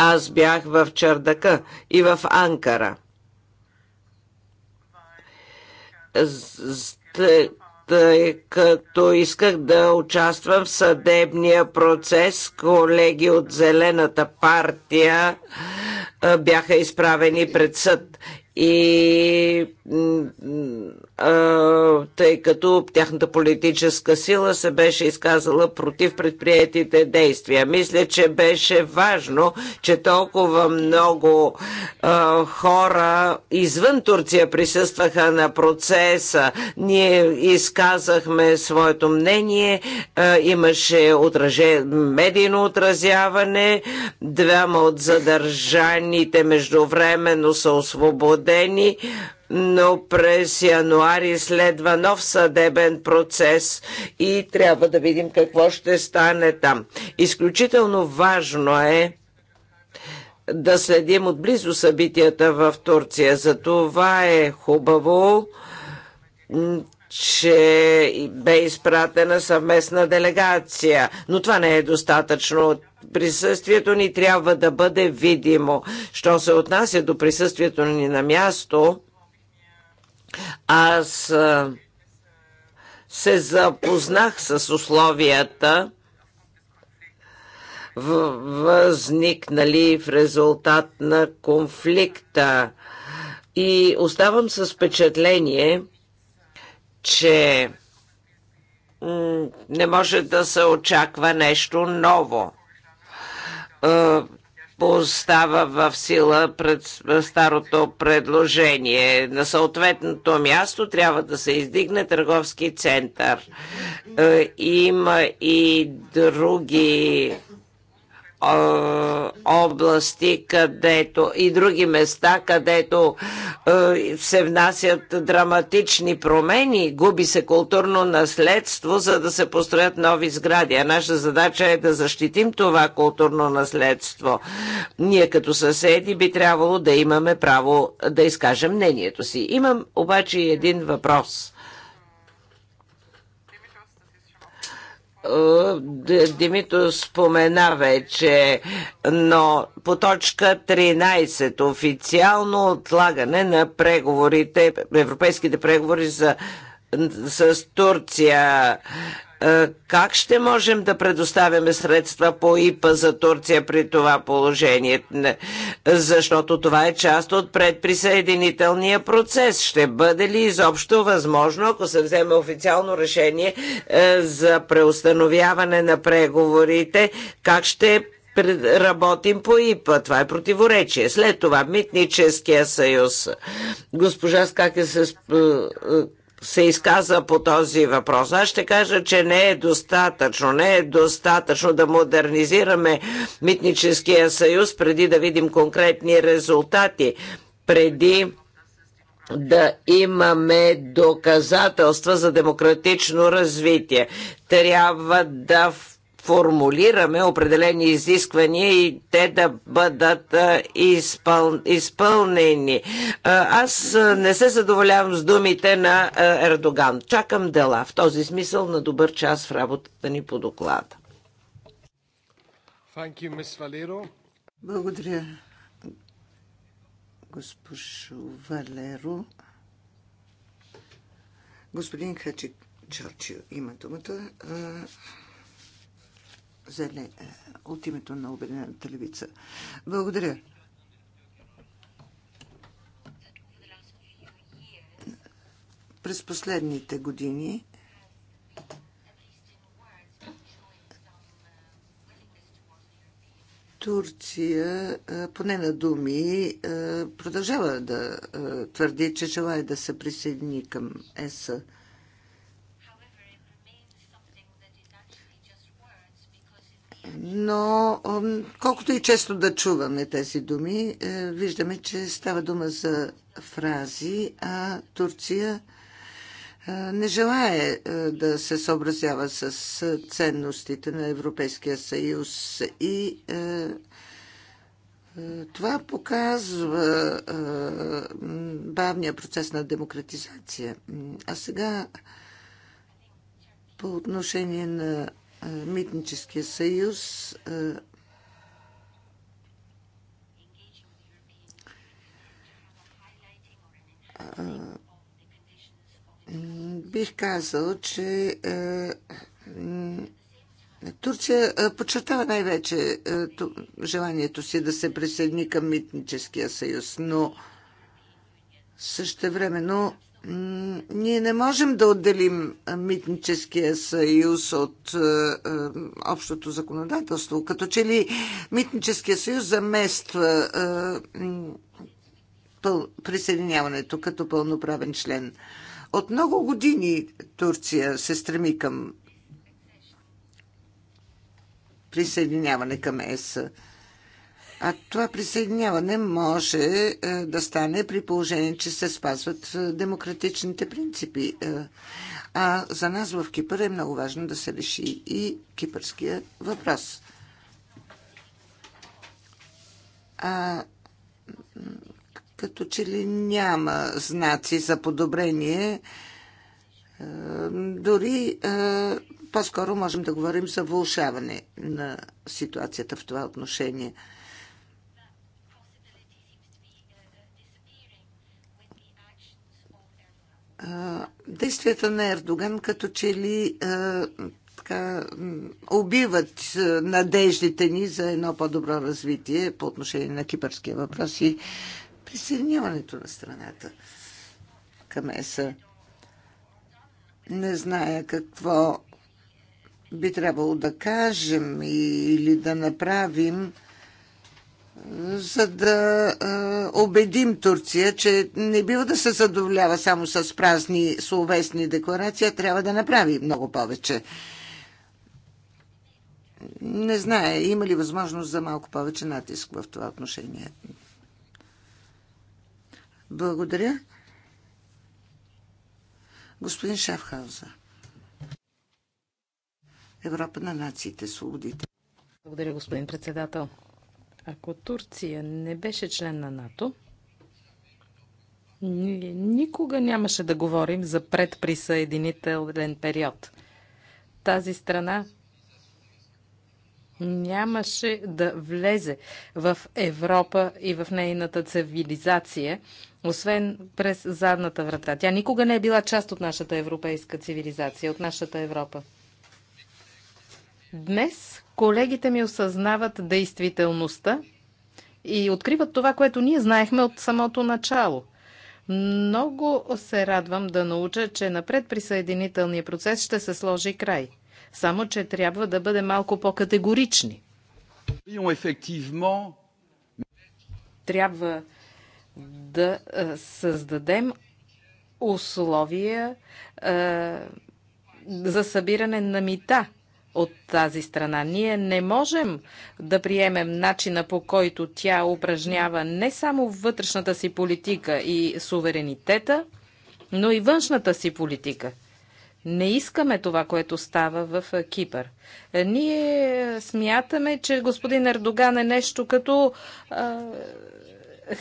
Speaker 4: аз бях в Чардака и в Анкара. Тъй, като исках да участвам в съдебния процес, колеги от Зелената партия бяха изправени пред съд и тъй като тяхната политическа сила се беше изказала против предприятите действия. Мисля, че беше важно, че толкова много а, хора извън Турция присъстваха на процеса. Ние изказахме своето мнение, а, имаше отраже, медийно отразяване, двама от задържаните междувременно са освободени но през януари следва нов съдебен процес и трябва да видим какво ще стане там. Изключително важно е да следим отблизо събитията в Турция. За това е хубаво, че бе изпратена съвместна делегация. Но това не е достатъчно. Присъствието ни трябва да бъде видимо. Що се отнася до присъствието ни на място, аз се запознах с условията, възникнали в резултат на конфликта. И оставам с впечатление, че не може да се очаква нещо ново остава в сила пред старото предложение. На съответното място трябва да се издигне търговски център. Е, има и други области, където и други места, където се внасят драматични промени, губи се културно наследство, за да се построят нови сгради. А наша задача е да защитим това културно наследство. Ние като съседи би трябвало да имаме право да изкажем мнението си. Имам обаче и един въпрос – Димито спомена вече, но по точка 13 официално отлагане на преговорите, европейските преговори за с Турция е, как ще можем да предоставяме средства по ИПА за Турция при това положение? Защото това е част от предприсъединителния процес. Ще бъде ли изобщо възможно, ако се вземе официално решение е, за преустановяване на преговорите, как ще работим по ИПА. Това е противоречие. След това Митническия съюз. Госпожа Скаке се е, се изказа по този въпрос. Аз ще кажа, че не е достатъчно. Не е достатъчно да модернизираме митническия съюз преди да видим конкретни резултати, преди да имаме доказателства за демократично развитие. Трябва да формулираме определени изисквания и те да бъдат изпъл... изпълнени. Аз не се задоволявам с думите на Ердоган. Чакам дела. В този смисъл на добър час в работата ни по доклада.
Speaker 2: You,
Speaker 1: Благодаря, госпожо Валеро. Господин Хачи Чорчио има думата зеле, е, от името на Обединената левица. Благодаря. През последните години Турция, е, поне на думи, е, продължава да твърди, че желая да се присъедини към ЕСА. Но колкото и често да чуваме тези думи, е, виждаме, че става дума за фрази, а Турция е, не желае е, да се съобразява с ценностите на Европейския съюз и това показва бавния процес на демократизация. А сега по отношение на е, митническия съюз е, е, бих казал, че Турция подчертава най-вече желанието си да се присъедини към Митническия съюз, но същевременно ние не можем да отделим митническия съюз от е, е, общото законодателство. Като че ли митническия съюз замества е, пъл, присъединяването като пълноправен член. От много години Турция се стреми към присъединяване към ЕС. А това присъединяване може е, да стане при положение, че се спазват е, демократичните принципи. Е, а за нас в Кипър е много важно да се реши и кипърския въпрос. А, като че ли няма знаци за подобрение, дори по-скоро можем да говорим за вълшаване на ситуацията в това отношение – действията на Ердоган като че ли така, убиват надеждите ни за едно по-добро развитие по отношение на кипърския въпрос и присъединяването на страната към ЕСА. Не зная какво би трябвало да кажем или да направим за да е, убедим Турция, че не бива да се задоволява само с празни словесни декларации, а трябва да направи много повече. Не знае, има ли възможност за малко повече натиск в това отношение. Благодаря. Господин Шафхауза. Европа на нациите, свободите. Благодаря,
Speaker 3: господин председател. Ако Турция не беше член на НАТО, ние никога нямаше да говорим за предприсъединителен период. Тази страна нямаше да влезе в Европа и в нейната цивилизация, освен през задната врата. Тя никога не е била част от нашата европейска цивилизация, от нашата Европа. Днес колегите ми осъзнават действителността и откриват това, което ние знаехме от самото начало. Много се радвам да науча, че напред присъединителния процес ще се сложи край. Само, че трябва да бъде малко по-категорични. Трябва да е, създадем условия е, за събиране на мита от тази страна. Ние не можем да приемем начина по който тя упражнява не само вътрешната си политика и суверенитета, но и външната си политика. Не искаме това, което става в Кипър. Ние смятаме, че господин Ердоган е нещо като а,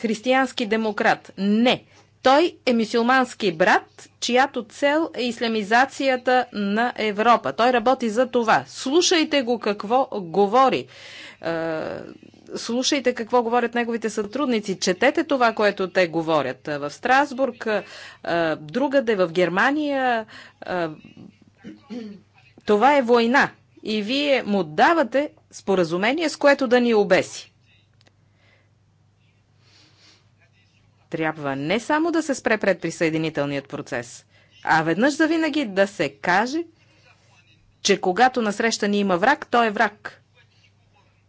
Speaker 3: християнски демократ. Не. Той е мисюлмански брат, чиято цел е ислямизацията на Европа. Той работи за това. Слушайте го какво говори. Е, слушайте какво говорят неговите сътрудници. Четете това, което те говорят. Е, в Страсбург, е, другаде, в Германия. Това е война. И вие му давате споразумение, с което да ни обеси. трябва не само да се спре пред присъединителният процес, а веднъж завинаги да се каже, че когато насреща ни има враг, той е враг.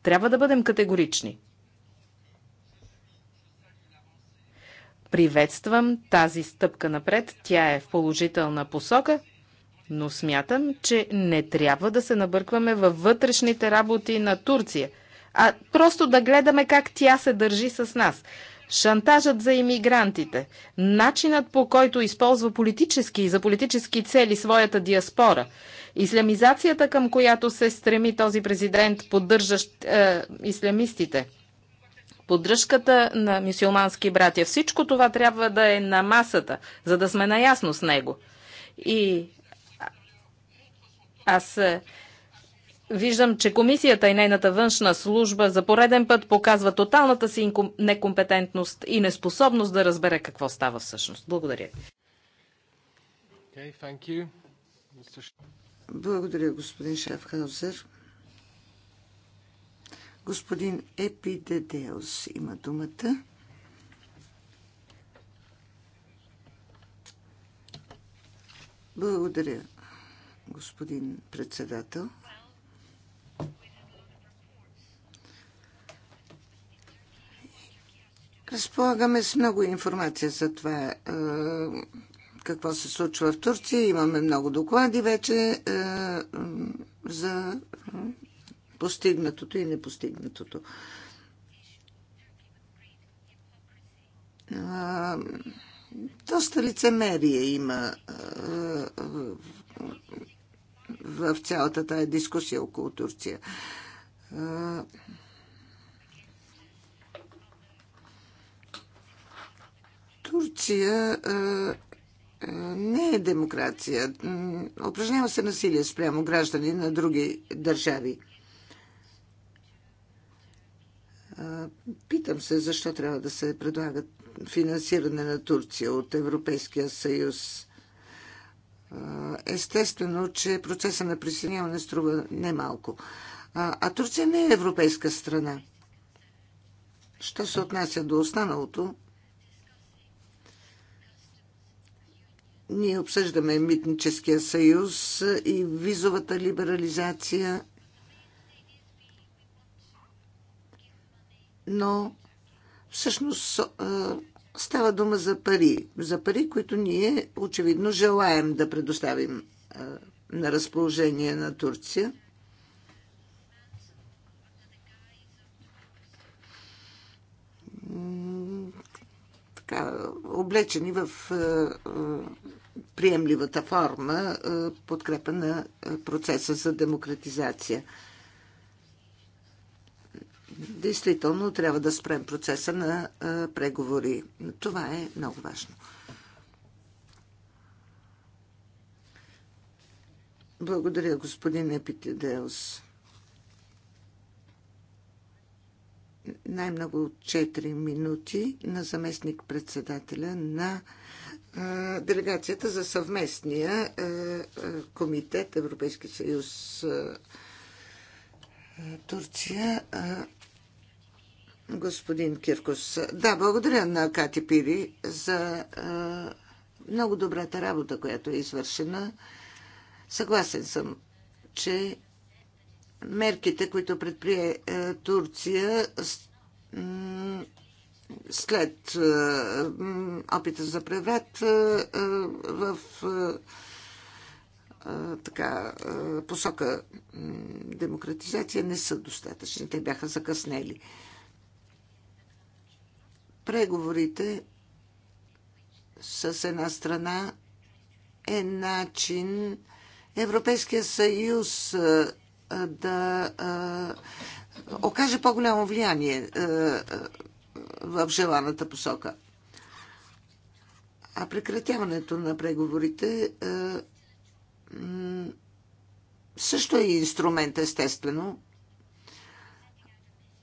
Speaker 3: Трябва да бъдем категорични. Приветствам тази стъпка напред. Тя е в положителна посока, но смятам, че не трябва да се набъркваме във вътрешните работи на Турция, а просто да гледаме как тя се държи с нас. Шантажът за иммигрантите, начинът по който използва политически и за политически цели своята диаспора, ислямизацията към която се стреми този президент, поддържащ е, ислямистите, поддръжката на мюсюлмански братя, всичко това трябва да е на масата, за да сме наясно с него. И аз е, Виждам, че комисията и нейната външна служба за пореден път показва тоталната си некомпетентност и неспособност да разбере какво става всъщност. Благодаря.
Speaker 2: Okay,
Speaker 1: Благодаря, господин Шефхаузер. Господин Епидедеус има думата. Благодаря, господин председател. Разполагаме с много информация за това е, какво се случва в Турция. Имаме много доклади вече е, за постигнатото и непостигнатото. Е, доста лицемерие има в цялата тая дискусия около Турция. Турция не е демокрация. Упражнява се насилие спрямо граждани на други държави. Питам се защо трябва да се предлага финансиране на Турция от Европейския съюз. Естествено, че процеса на присъединяване струва немалко. А Турция не е европейска страна. Що се отнася до останалото, Ние обсъждаме митническия съюз и визовата либерализация, но всъщност става дума за пари. За пари, които ние очевидно желаем да предоставим на разположение на Турция. облечени в приемливата форма е, подкрепа на е, процеса за демократизация. Действително трябва да спрем процеса на е, преговори. Това е много важно. Благодаря, господин Епитедеус. Най-много 4 минути на заместник председателя на делегацията за съвместния комитет Европейски съюз Турция. Господин Киркос. Да, благодаря на Кати Пири за много добрата работа, която е извършена. Съгласен съм, че мерките, които предприе Турция, след е, опита за преврат е, е, в така, посока демократизация не са достатъчни. Те бяха закъснели. Преговорите с една страна е начин Европейския съюз да окаже по-голямо влияние в желаната посока. А прекратяването на преговорите е, също е инструмент, естествено.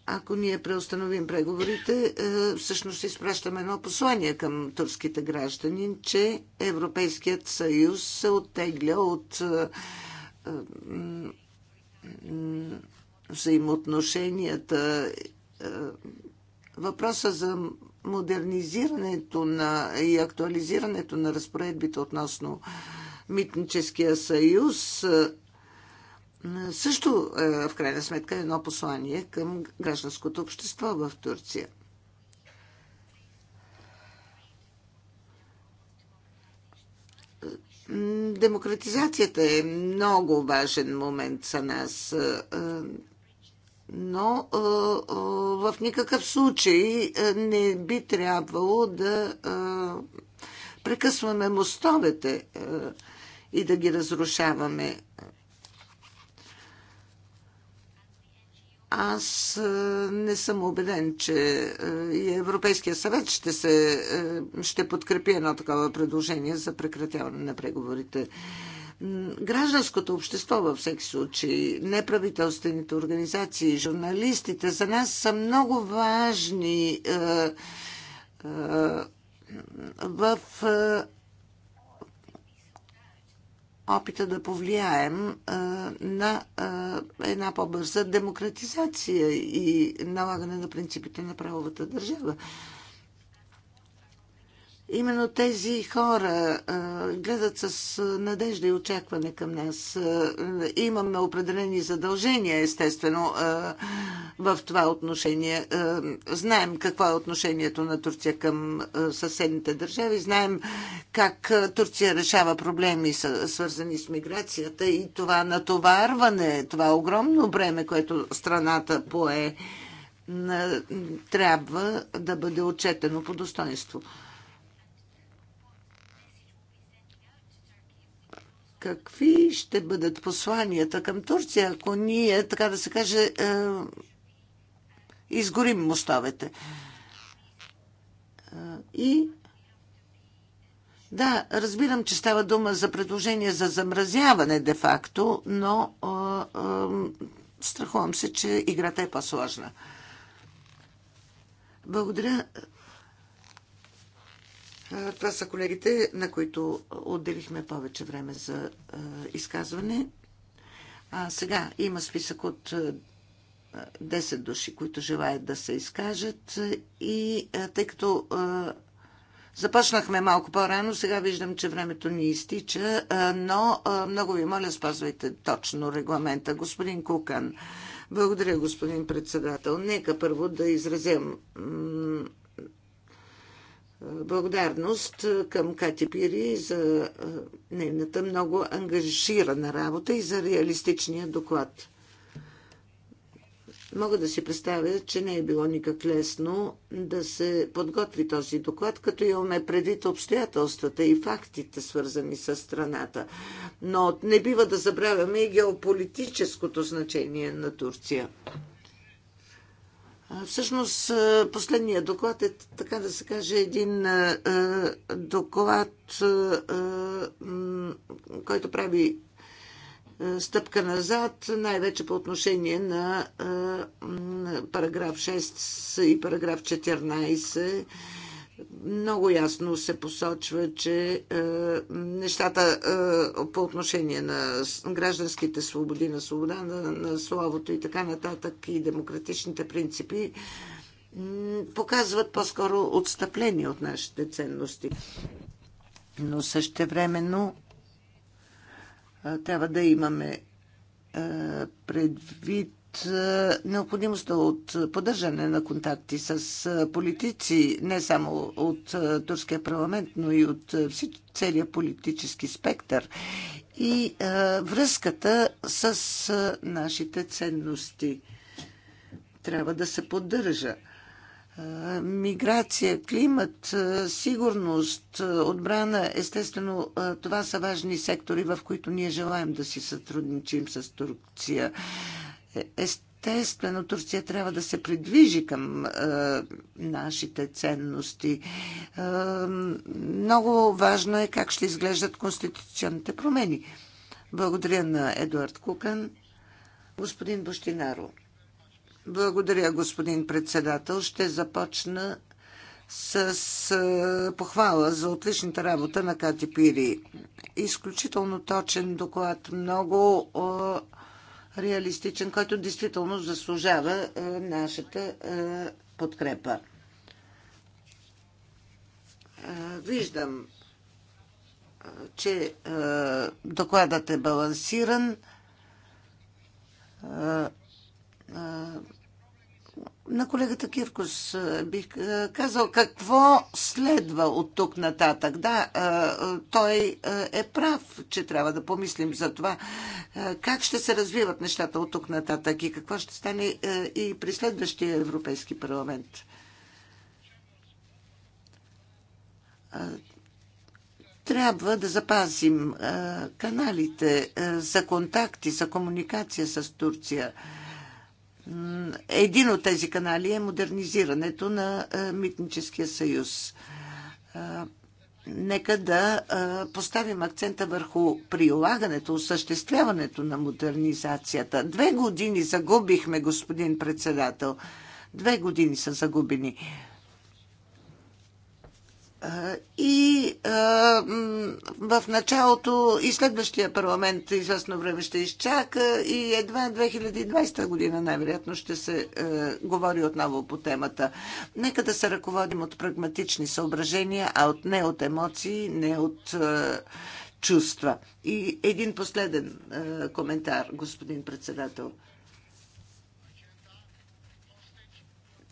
Speaker 1: Ако ние преустановим преговорите, е, всъщност изпращаме едно послание към турските граждани, че Европейският съюз се оттегля от е, взаимоотношенията въпроса за модернизирането на и актуализирането на разпоредбите относно Митническия съюз е, също е, в крайна сметка е едно послание към гражданското общество в Турция. Демократизацията е много важен момент за нас. Е, но в никакъв случай не би трябвало да прекъсваме мостовете и да ги разрушаваме. Аз не съм убеден, че и Европейския съвет ще, се, ще подкрепи едно такова предложение за прекратяване на преговорите гражданското общество във всеки случай, неправителствените организации, журналистите за нас са много важни е, е, в е, опита да повлияем е, на е, една по-бърза демократизация и налагане на принципите на правовата държава. Именно тези хора а, гледат с надежда и очакване към нас. А, имаме определени задължения, естествено, а, в това отношение. А, знаем какво е отношението на Турция към а, съседните държави. Знаем как а, Турция решава проблеми, с, свързани с миграцията и това натоварване, това огромно бреме, което страната пое, а, трябва да бъде отчетено по достоинство. какви ще бъдат посланията към Турция, ако ние, така да се каже, е, изгорим мостовете. Е, и да, разбирам, че става дума за предложение за замразяване де-факто, но е, страхувам се, че играта е по-сложна. Благодаря това са колегите, на които отделихме повече време за изказване. А сега има списък от 10 души, които желаят да се изкажат. И тъй като започнахме малко по-рано, сега виждам, че времето ни изтича, но много ви моля, спазвайте точно регламента. Господин Кукан, благодаря, господин председател. Нека първо да изразям благодарност към Кати Пири за нейната много ангажирана работа и за реалистичния доклад. Мога да си представя, че не е било никак лесно да се подготви този доклад, като имаме предвид обстоятелствата и фактите, свързани с страната. Но не бива да забравяме и геополитическото значение на Турция. Всъщност последният доклад е, така да се каже, един доклад, който прави стъпка назад, най-вече по отношение на параграф 6 и параграф 14 много ясно се посочва, че е, нещата е, по отношение на гражданските свободи, на свобода на, на словото и така нататък и демократичните принципи показват по-скоро отстъпление от нашите ценности. Но същевременно е, трябва да имаме е, предвид е, необходимостта от поддържане на контакти с е, политици, не само от е, турския парламент, но и от целият политически спектър и връзката с нашите ценности трябва да се поддържа. Миграция, климат, сигурност, отбрана, естествено, това са важни сектори, в които ние желаем да си сътрудничим с Турция. Естествено, Турция трябва да се придвижи към е, нашите ценности. Е, много важно е как ще изглеждат конституционните промени. Благодаря на Едуард Кукан. Господин Бощинаро. Благодаря, господин председател. Ще започна с е, похвала за отличната работа на Кати Пири. Изключително точен доклад, много е, реалистичен, който действително заслужава е, нашата е, подкрепа. Е, виждам, че докладът е балансиран на колегата Киркос бих казал какво следва от тук нататък. Да, той е прав, че трябва да помислим за това как ще се развиват нещата от тук нататък и какво ще стане и при следващия Европейски парламент. Трябва да запазим каналите за контакти, за комуникация с Турция. Един от тези канали е модернизирането на е, Митническия съюз. Е, нека да е, поставим акцента върху прилагането, осъществяването на модернизацията. Две години загубихме, господин председател. Две години са загубени и а, в началото и следващия парламент известно време ще изчака и едва 2020 година най-вероятно ще се а, говори отново по темата. Нека да се ръководим от прагматични съображения, а от не от емоции, не от а, чувства. И един последен а, коментар, господин председател.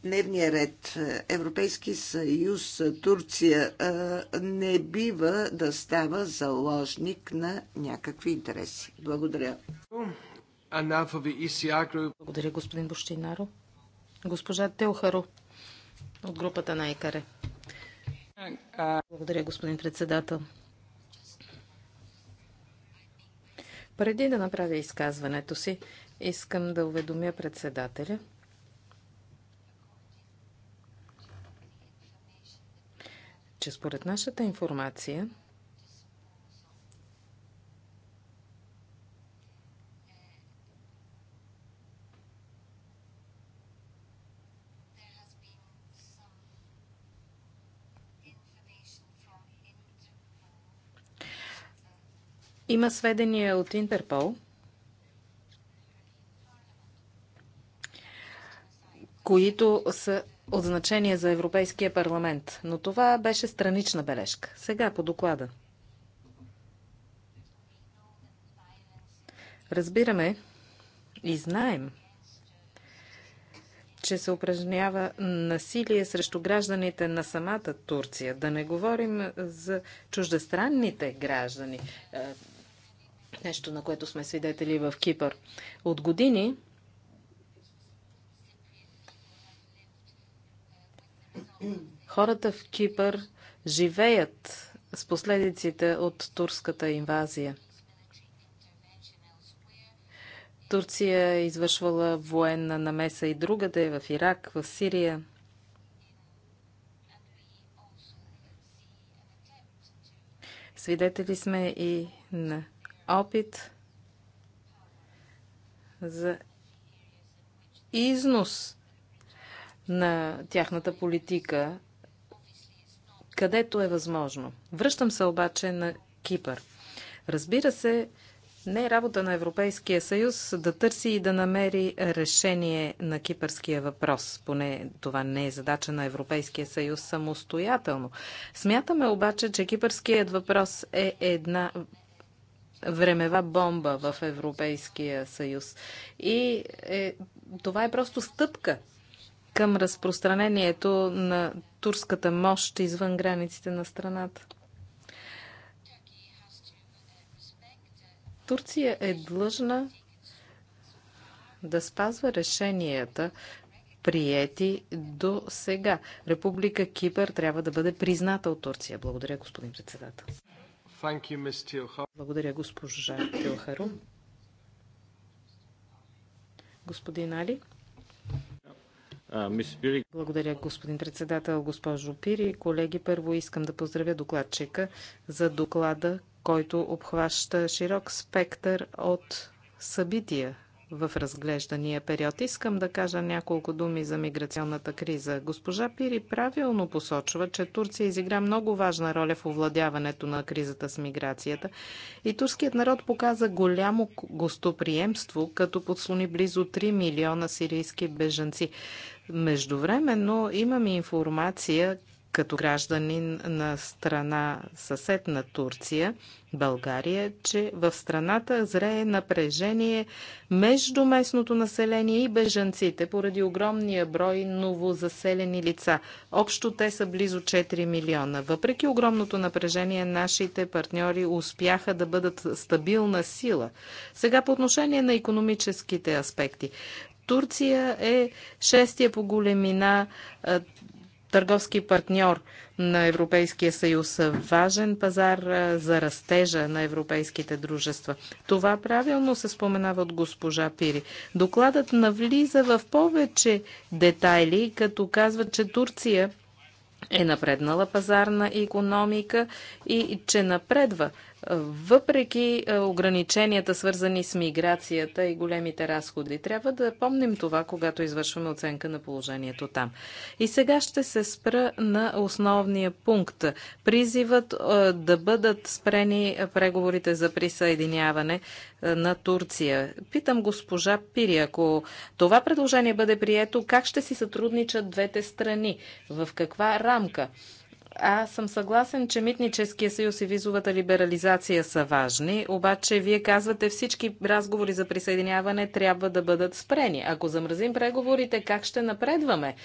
Speaker 1: дневния ред Европейски съюз, Турция не бива да става заложник на някакви интереси. Благодаря.
Speaker 2: E Благодаря, господин Бощинаро.
Speaker 3: Госпожа Телхаро от групата на ЕКАРЕ. Благодаря, господин председател. Преди да направя изказването си, искам да уведомя председателя – че според нашата информация Има сведения от Интерпол, които са от значение за Европейския парламент, но това беше странична бележка. Сега по доклада. Разбираме и знаем, че се упражнява насилие срещу гражданите на самата Турция. Да не говорим за чуждестранните граждани. Е, нещо, на което сме свидетели в Кипър. От години Хората в Кипър живеят с последиците от турската инвазия. Турция е извършвала военна намеса и другаде, в Ирак, в Сирия. Свидетели сме и на опит за износ на тяхната политика, където е възможно. Връщам се обаче на Кипър. Разбира се, не е работа на Европейския съюз да търси и да намери решение на кипърския въпрос. Поне това не е задача на Европейския съюз самостоятелно. Смятаме обаче, че кипърският въпрос е една времева бомба в Европейския съюз. И е, това е просто стъпка към разпространението на турската мощ извън границите на страната. Турция е длъжна да спазва решенията, приети до сега. Република Кипър трябва да бъде призната от Турция. Благодаря, господин председател.
Speaker 2: You, Благодаря, госпожа Тилхару.
Speaker 3: Господин Али. Благодаря, господин председател, госпожо Пири. Колеги, първо искам да поздравя докладчика за доклада, който обхваща широк спектър от събития в разглеждания период. Искам да кажа няколко думи за миграционната криза. Госпожа Пири правилно посочва, че Турция изигра много важна роля в овладяването на кризата с миграцията и турският народ показа голямо гостоприемство, като подслони близо 3 милиона сирийски бежанци. Междувременно имам информация като гражданин на страна съсед на Турция, България, че в страната зрее напрежение между местното население и бежанците поради огромния брой новозаселени лица. Общо те са близо 4 милиона. Въпреки огромното напрежение, нашите партньори успяха да бъдат стабилна сила. Сега по отношение на економическите аспекти. Турция е шестия по големина търговски партньор на Европейския съюз, важен пазар за растежа на европейските дружества. Това правилно се споменава от госпожа Пири. Докладът навлиза в повече детайли, като казва, че Турция е напреднала пазарна економика и че напредва въпреки е, ограниченията, свързани с миграцията и големите разходи, трябва да помним това, когато извършваме оценка на положението там. И сега ще се спра на основния пункт. Призивът е, да бъдат спрени преговорите за присъединяване е, на Турция. Питам госпожа Пири, ако това предложение бъде прието, как ще си сътрудничат двете страни? В каква рамка? Аз съм съгласен, че Митническия съюз и визовата либерализация са важни, обаче вие казвате всички разговори за присъединяване трябва да бъдат спрени. Ако замразим преговорите, как ще напредваме?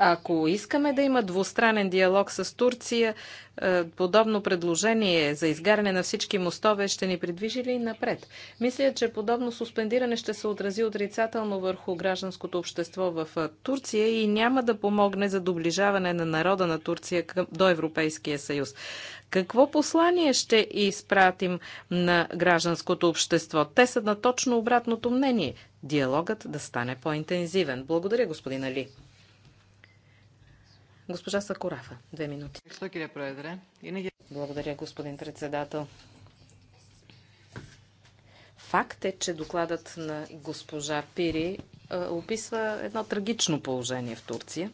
Speaker 3: Ако искаме да има двустранен диалог с Турция, е, подобно предложение за изгаряне на всички мостове ще ни придвижи ли напред? Мисля, че подобно суспендиране ще се отрази отрицателно върху гражданското общество в е, Турция и няма да помогне за доближаване на народа на Турция до Европейския съюз. Какво послание ще изпратим на гражданското общество? Те са на точно обратното мнение. Диалогът да стане по-интензивен. Благодаря, господин Али. Госпожа Сакорафа, две минути. Благодаря, господин председател. Факт е, че докладът на госпожа Пири е, описва едно трагично положение в Турция.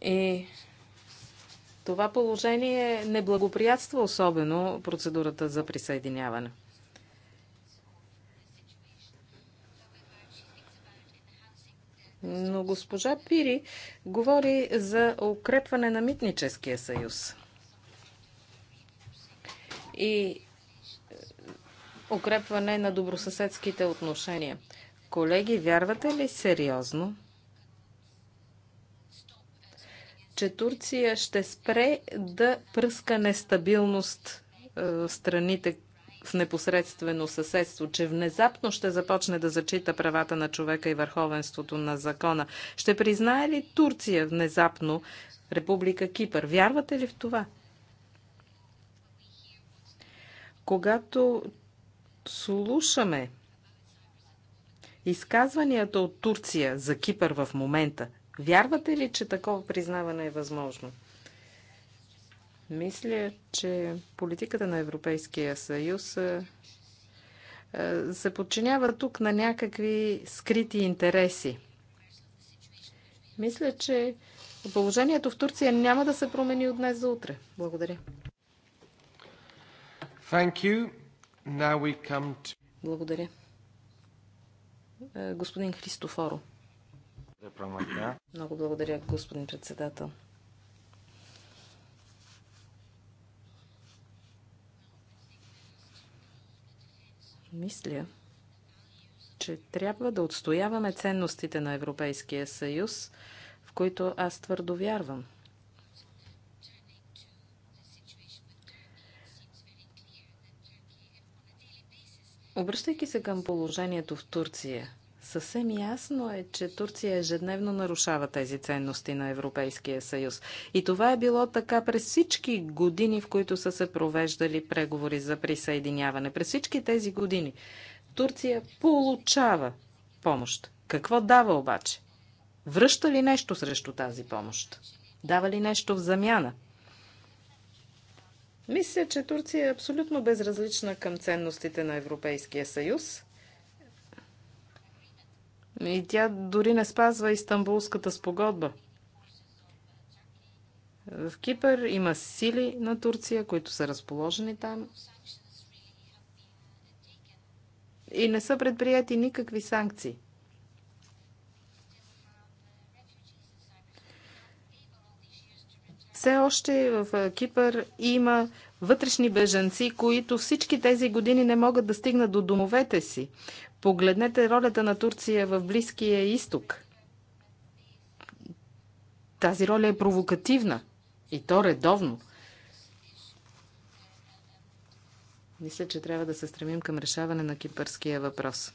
Speaker 3: И това положение е не благоприятства особено процедурата за присъединяване. Но госпожа Пири говори за укрепване на митническия съюз. И укрепване на добросъседските отношения. Колеги, вярвате ли сериозно, че Турция ще спре да пръска нестабилност е, в страните, в непосредствено съседство, че внезапно ще започне да зачита правата на човека и върховенството на закона. Ще признае ли Турция внезапно Република Кипър? Вярвате ли в това? Когато слушаме изказванията от Турция за Кипър в момента, вярвате ли, че такова признаване е възможно? Мисля, че политиката на Европейския съюз е, е, се подчинява тук на някакви скрити интереси. Мисля, че положението в Турция няма да се промени от днес за утре. Благодаря.
Speaker 2: Thank you. Now we come to...
Speaker 3: Благодаря. Е, господин
Speaker 2: Христофоро.
Speaker 3: Много благодаря, господин председател. Мисля, че трябва да отстояваме ценностите на Европейския съюз, в които аз твърдо вярвам. Обръщайки се към положението в Турция – Съвсем ясно е, че Турция ежедневно нарушава тези ценности на Европейския съюз. И това е било така през всички години, в които са се провеждали преговори за присъединяване. През всички тези години Турция получава помощ. Какво дава обаче? Връща ли нещо срещу тази помощ? Дава ли нещо в замяна? Мисля, че Турция е абсолютно безразлична към ценностите на Европейския съюз и тя дори не спазва Истанбулската спогодба. В Кипър има сили на Турция, които са разположени там. И не са предприяти никакви санкции. все още в Кипър има вътрешни бежанци, които всички тези години не могат да стигнат до домовете си. Погледнете ролята на Турция в Близкия изток. Тази роля е провокативна и то редовно. Мисля, че трябва да се стремим към решаване на кипърския въпрос.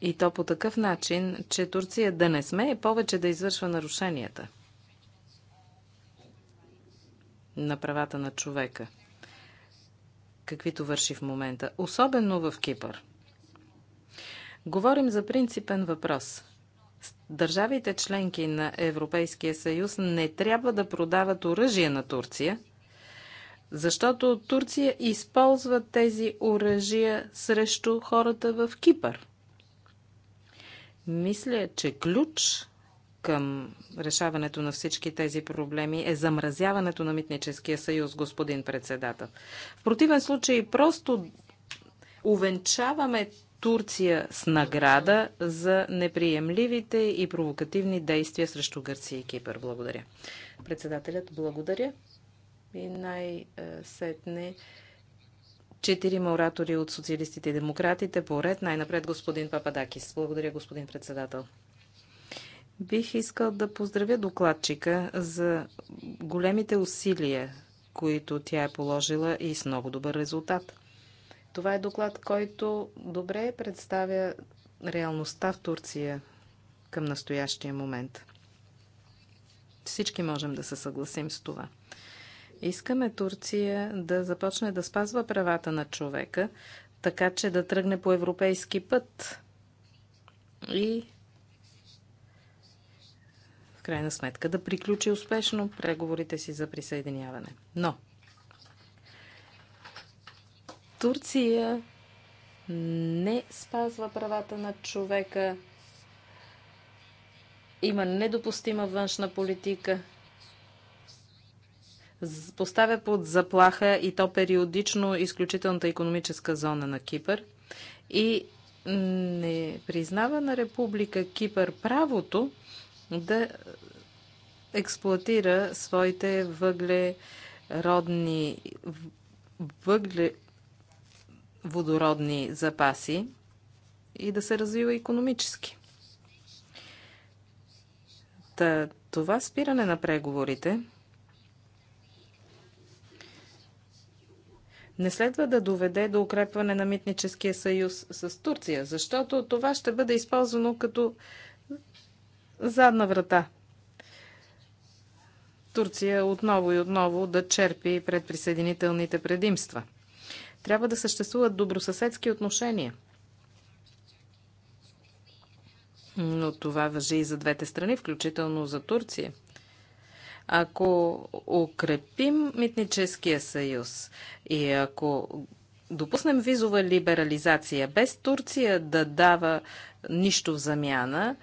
Speaker 3: И то по такъв начин, че Турция да не смее повече да извършва нарушенията на правата на човека – каквито върши в момента, особено в Кипър. Говорим за принципен въпрос. Държавите членки на Европейския съюз не трябва да продават оръжие на Турция, защото Турция използва тези оръжия срещу хората в Кипър. Мисля, че ключ към решаването на всички тези проблеми е замразяването на Митническия съюз, господин председател. В противен случай просто увенчаваме Турция с награда за неприемливите и провокативни действия срещу Гърция и Кипър. Благодаря. Председателят, благодаря. И най-сетне четирима оратори от социалистите и демократите. Поред най-напред господин Пападакис. Благодаря, господин председател. Бих искал да поздравя докладчика за големите усилия, които тя е положила и с много добър резултат. Това е доклад, който добре представя реалността в Турция към настоящия момент. Всички можем да се съгласим с това. Искаме Турция да започне да спазва правата на човека, така че да тръгне по европейски път и крайна сметка да приключи успешно преговорите си за присъединяване. Но Турция не спазва правата на човека, има недопустима външна политика, поставя под заплаха и то периодично изключителната економическа зона на Кипър и не признава на Република Кипър правото да експлуатира своите въглеродни въгле, водородни запаси и да се развива економически. Та, това спиране на преговорите не следва да доведе до укрепване на митническия съюз с Турция, защото това ще бъде използвано като задна врата. Турция отново и отново да черпи предприсъединителните предимства. Трябва да съществуват добросъседски отношения. Но това въжи и за двете страни, включително за Турция. Ако укрепим митническия съюз и ако допуснем визова либерализация без Турция да дава нищо в замяна,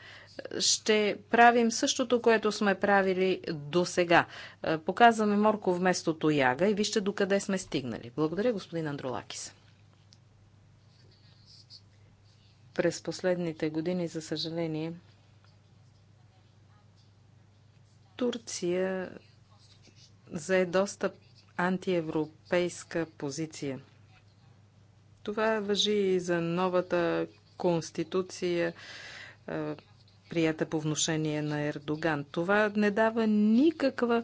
Speaker 3: ще правим същото, което сме правили до сега. Е, показваме морко вместо тояга и вижте докъде сме стигнали. Благодаря, господин Андролакис. През последните години, за съжаление, Турция зае доста антиевропейска позиция. Това въжи и за новата конституция е, прията по вношение на Ердоган. Това не дава никаква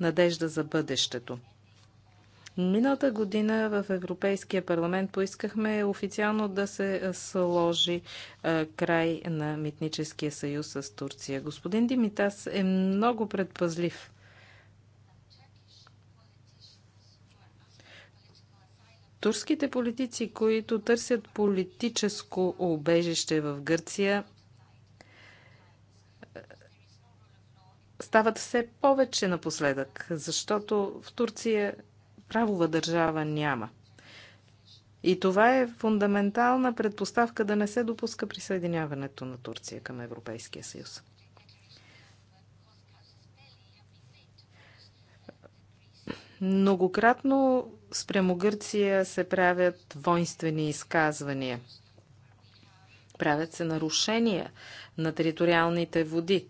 Speaker 3: надежда за бъдещето. Миналата година в Европейския парламент поискахме официално да се сложи е, край на митническия съюз с Турция. Господин Димитас е много предпазлив. Турските политици, които търсят политическо убежище в Гърция, стават все повече напоследък, защото в Турция правова държава няма. И това е фундаментална предпоставка да не се допуска присъединяването на Турция към Европейския съюз. Многократно спрямо Гърция се правят воинствени изказвания. Правят се нарушения на териториалните води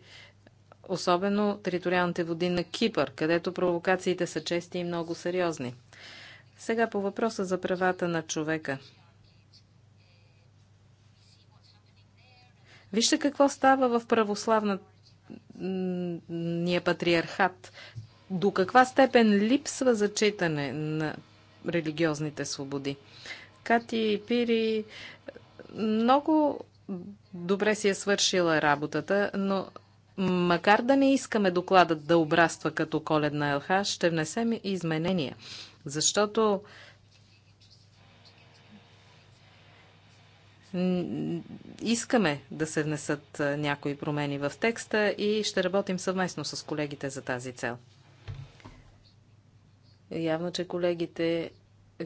Speaker 3: особено териториалните води на Кипър, където провокациите са чести и много сериозни. Сега по въпроса за правата на човека. Вижте какво става в православния патриархат. До каква степен липсва зачитане на религиозните свободи. Кати Пири много добре си е свършила работата, но Макар да не искаме докладът да обраства като коледна ЛХ, ще внесем изменения, защото искаме да се внесат някои промени в текста и ще работим съвместно с колегите за тази цел. Явно, че колегите,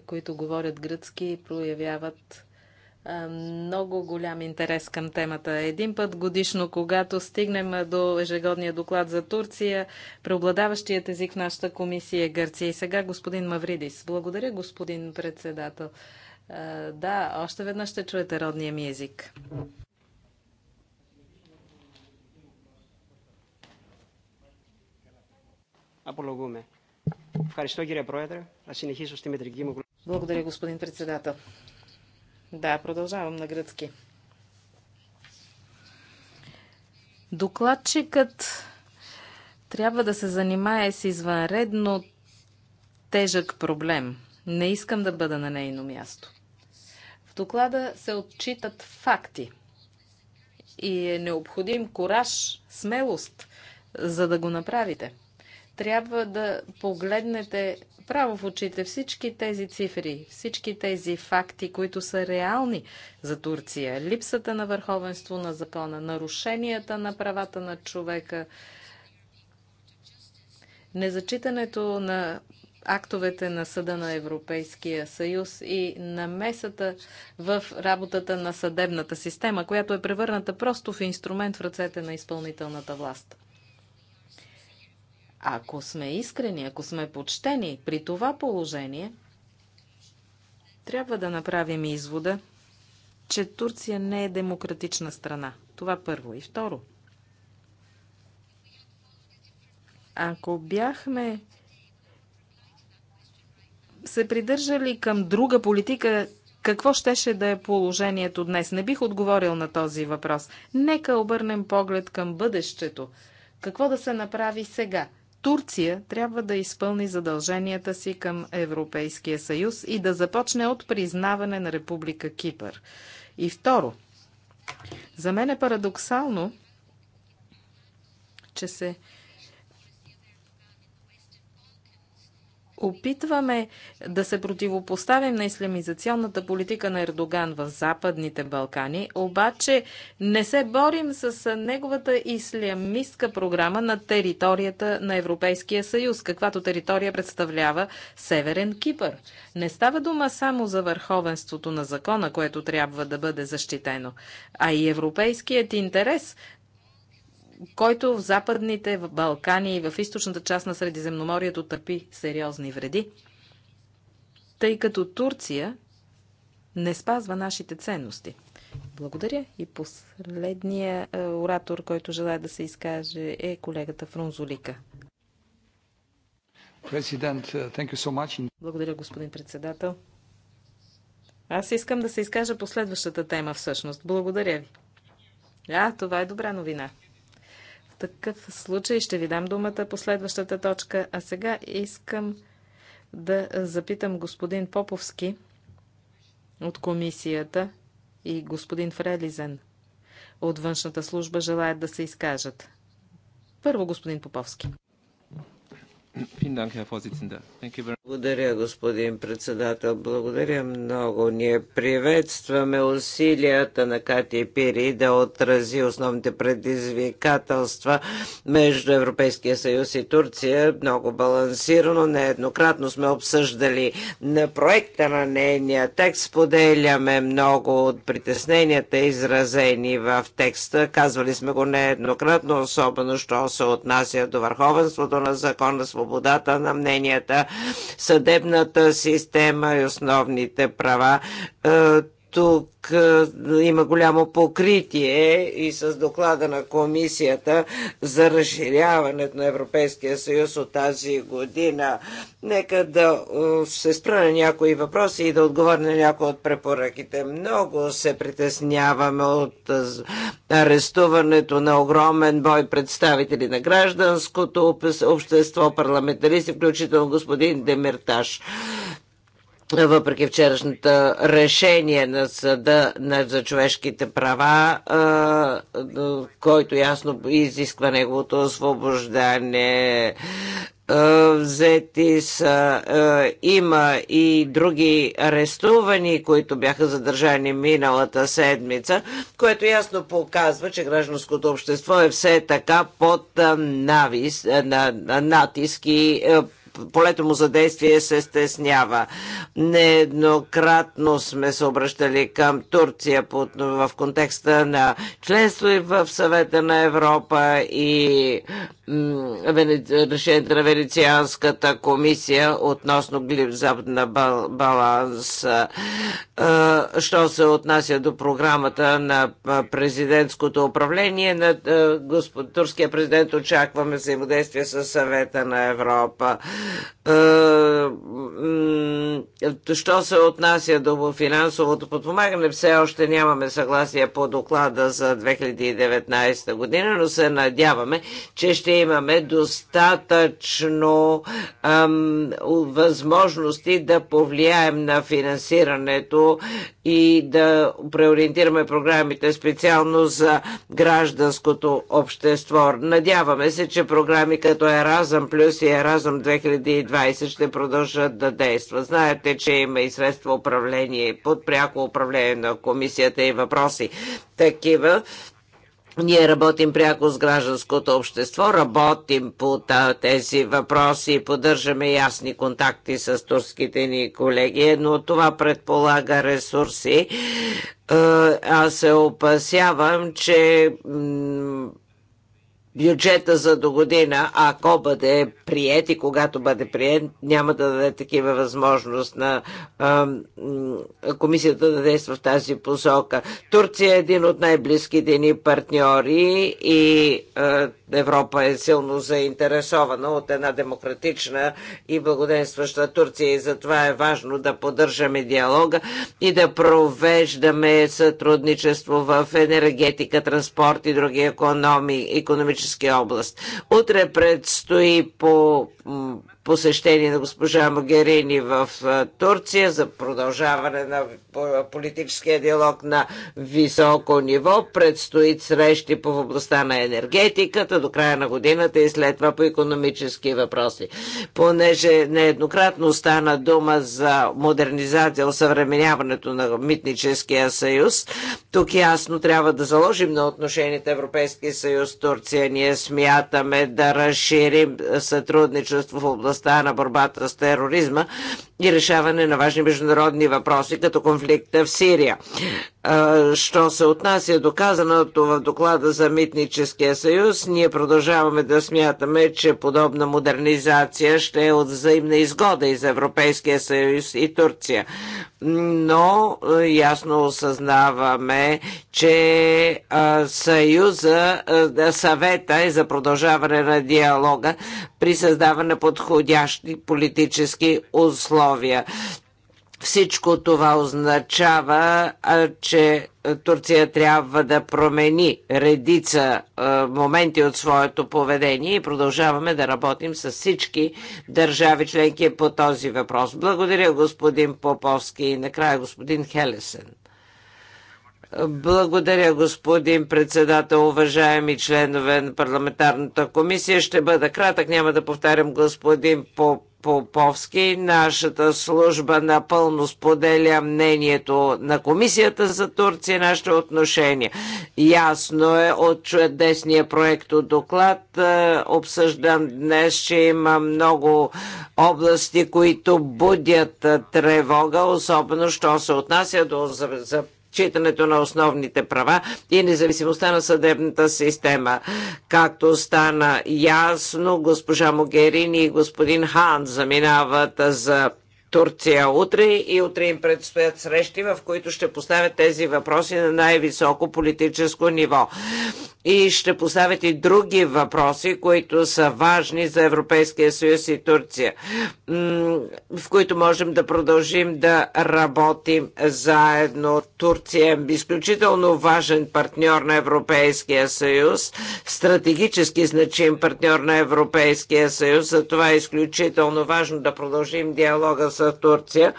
Speaker 3: които говорят гръцки, проявяват е, много голям интерес към темата. Един път годишно, когато стигнем до ежегодния доклад за Турция, преобладаващият език в нашата комисия е Гърция. И сега господин Мавридис. Благодаря, господин председател. Е, да, още веднъж ще чуете родния ми език. Благодаря, господин председател. Да, продължавам на гръцки. Докладчикът трябва да се занимае с извънредно тежък проблем. Не искам да бъда на нейно място. В доклада се отчитат факти и е необходим кораж, смелост, за да го направите. Трябва да погледнете право в очите всички тези цифри, всички тези факти, които са реални за Турция. Липсата на върховенство на закона, нарушенията на правата на човека, незачитането на актовете на Съда на Европейския съюз и намесата в работата на съдебната система, която е превърната просто в инструмент в ръцете на изпълнителната власт. Ако сме искрени, ако сме почтени при това положение, трябва да направим извода, че Турция не е демократична страна. Това първо. И второ, ако бяхме се придържали към друга политика, какво щеше да е положението днес? Не бих отговорил на този въпрос. Нека обърнем поглед към бъдещето. Какво да се направи сега? Турция трябва да изпълни задълженията си към Европейския съюз и да започне от признаване на Република Кипър. И второ, за мен е парадоксално, че се опитваме да се противопоставим на ислямизационната политика на Ердоган в Западните Балкани, обаче не се борим с неговата ислямистка програма на територията на Европейския съюз, каквато територия представлява Северен Кипър. Не става дума само за върховенството на закона, което трябва да бъде защитено, а и европейският интерес който в Западните в Балкани и в източната част на Средиземноморието търпи сериозни вреди, тъй като Турция не спазва нашите ценности. Благодаря. И последния е, оратор, който желая да се изкаже, е колегата Фрунзолика.
Speaker 2: Е,
Speaker 3: Благодаря, господин председател. Аз искам да се изкажа по следващата тема всъщност. Благодаря ви. А, това е добра новина такъв случай ще ви дам думата по следващата точка. А сега искам да запитам господин Поповски от комисията и господин Фрелизен от външната служба желаят да се изкажат. Първо господин Поповски.
Speaker 4: Благодаря, господин председател. Благодаря много. Ние приветстваме усилията на Кати Пири да отрази основните предизвикателства между Европейския съюз и Турция. Много балансирано. Нееднократно сме обсъждали на проекта на нейния текст. Поделяме много от притесненията, изразени в текста. Казвали сме го нееднократно, особено що се отнася до върховенството на закона, свободата на мненията, съдебната система и основните права. Е, тук е, има голямо покритие и с доклада на комисията за разширяването на Европейския съюз от тази година. Нека да е, се спра на някои въпроси и да отговоря на някои от препоръките. Много се притесняваме от е, арестуването на огромен бой представители на гражданското общество, парламентаристи, включително господин Демирташ въпреки вчерашната решение на съда за човешките права, който ясно изисква неговото освобождане взети са, има и други арестувани, които бяха задържани миналата седмица, което ясно показва, че гражданското общество е все така под навис, на, на натиски полето му за действие се стеснява. Нееднократно сме се обръщали към Турция в контекста на членство и в съвета на Европа и решението на Венецианската комисия относно глибзап на баланс. Що се отнася до програмата на президентското управление на турския президент, очакваме взаимодействие с съвета на Европа. Е, що се отнася до финансовото подпомагане, все още нямаме съгласие по доклада за 2019 година, но се надяваме, че ще имаме достатъчно ам, възможности да повлияем на финансирането и да преориентираме програмите специално за гражданското общество. Надяваме се, че програми като Еразъм Плюс и Еразъм 2020 ще продължат да действат. Знаете, че има и средства управление, под пряко управление на комисията и въпроси такива ние работим пряко с гражданското общество, работим по тези въпроси и поддържаме ясни контакти с турските ни колеги, но това предполага ресурси. Е, аз се опасявам, че бюджета за до година, ако бъде прият и когато бъде прият, няма да даде такива възможност на а, комисията да действа в тази посока. Турция е един от най-близките ни партньори и а, Европа е силно заинтересована от една демократична и благоденстваща Турция и затова е важно да поддържаме диалога и да провеждаме сътрудничество в енергетика, транспорт и други економи, економически област. Утре предстои по посещение на госпожа Могерини в Турция за продължаване на политическия диалог на високо ниво. Предстоит срещи по областта на енергетиката до края на годината и след това по економически въпроси. Понеже нееднократно стана дума за модернизация, осъвременяването на митническия съюз, тук ясно трябва да заложим на отношенията Европейски съюз-Турция. Ние смятаме да разширим сътрудничество в областта областта на борбата с тероризма и решаване на важни международни въпроси, като конфликта в Сирия. Що се отнася до казаното в доклада за Митническия съюз, ние продължаваме да смятаме, че подобна модернизация ще е от взаимна изгода и за Европейския съюз и Турция. Но ясно осъзнаваме, че съюза, съвета е за продължаване на диалога при създаване подходящи политически условия. Всичко това означава, че Турция трябва да промени редица моменти от своето поведение и продължаваме да работим с всички държави членки по този въпрос. Благодаря господин Поповски и накрая господин Хелесен. Благодаря, господин председател, уважаеми членове на парламентарната комисия. Ще бъда кратък, няма да повтарям господин Поп Поповски. Нашата служба напълно споделя мнението на Комисията за Турция, нашите отношения. Ясно е от чудесния проект от доклад. Е, обсъждам днес, че има много области, които будят е, тревога, особено що се отнася до отчитането на основните права и независимостта на съдебната система. Както стана ясно, госпожа Могерини и господин Хан заминават за Турция утре и утре им предстоят срещи, в които ще поставят тези въпроси на най-високо политическо ниво. И ще поставят и други въпроси, които са важни за Европейския съюз и Турция, в които можем да продължим да работим заедно. Турция е изключително важен партньор на Европейския съюз, стратегически значим партньор на Европейския съюз, затова е изключително важно да продължим диалога с Турция,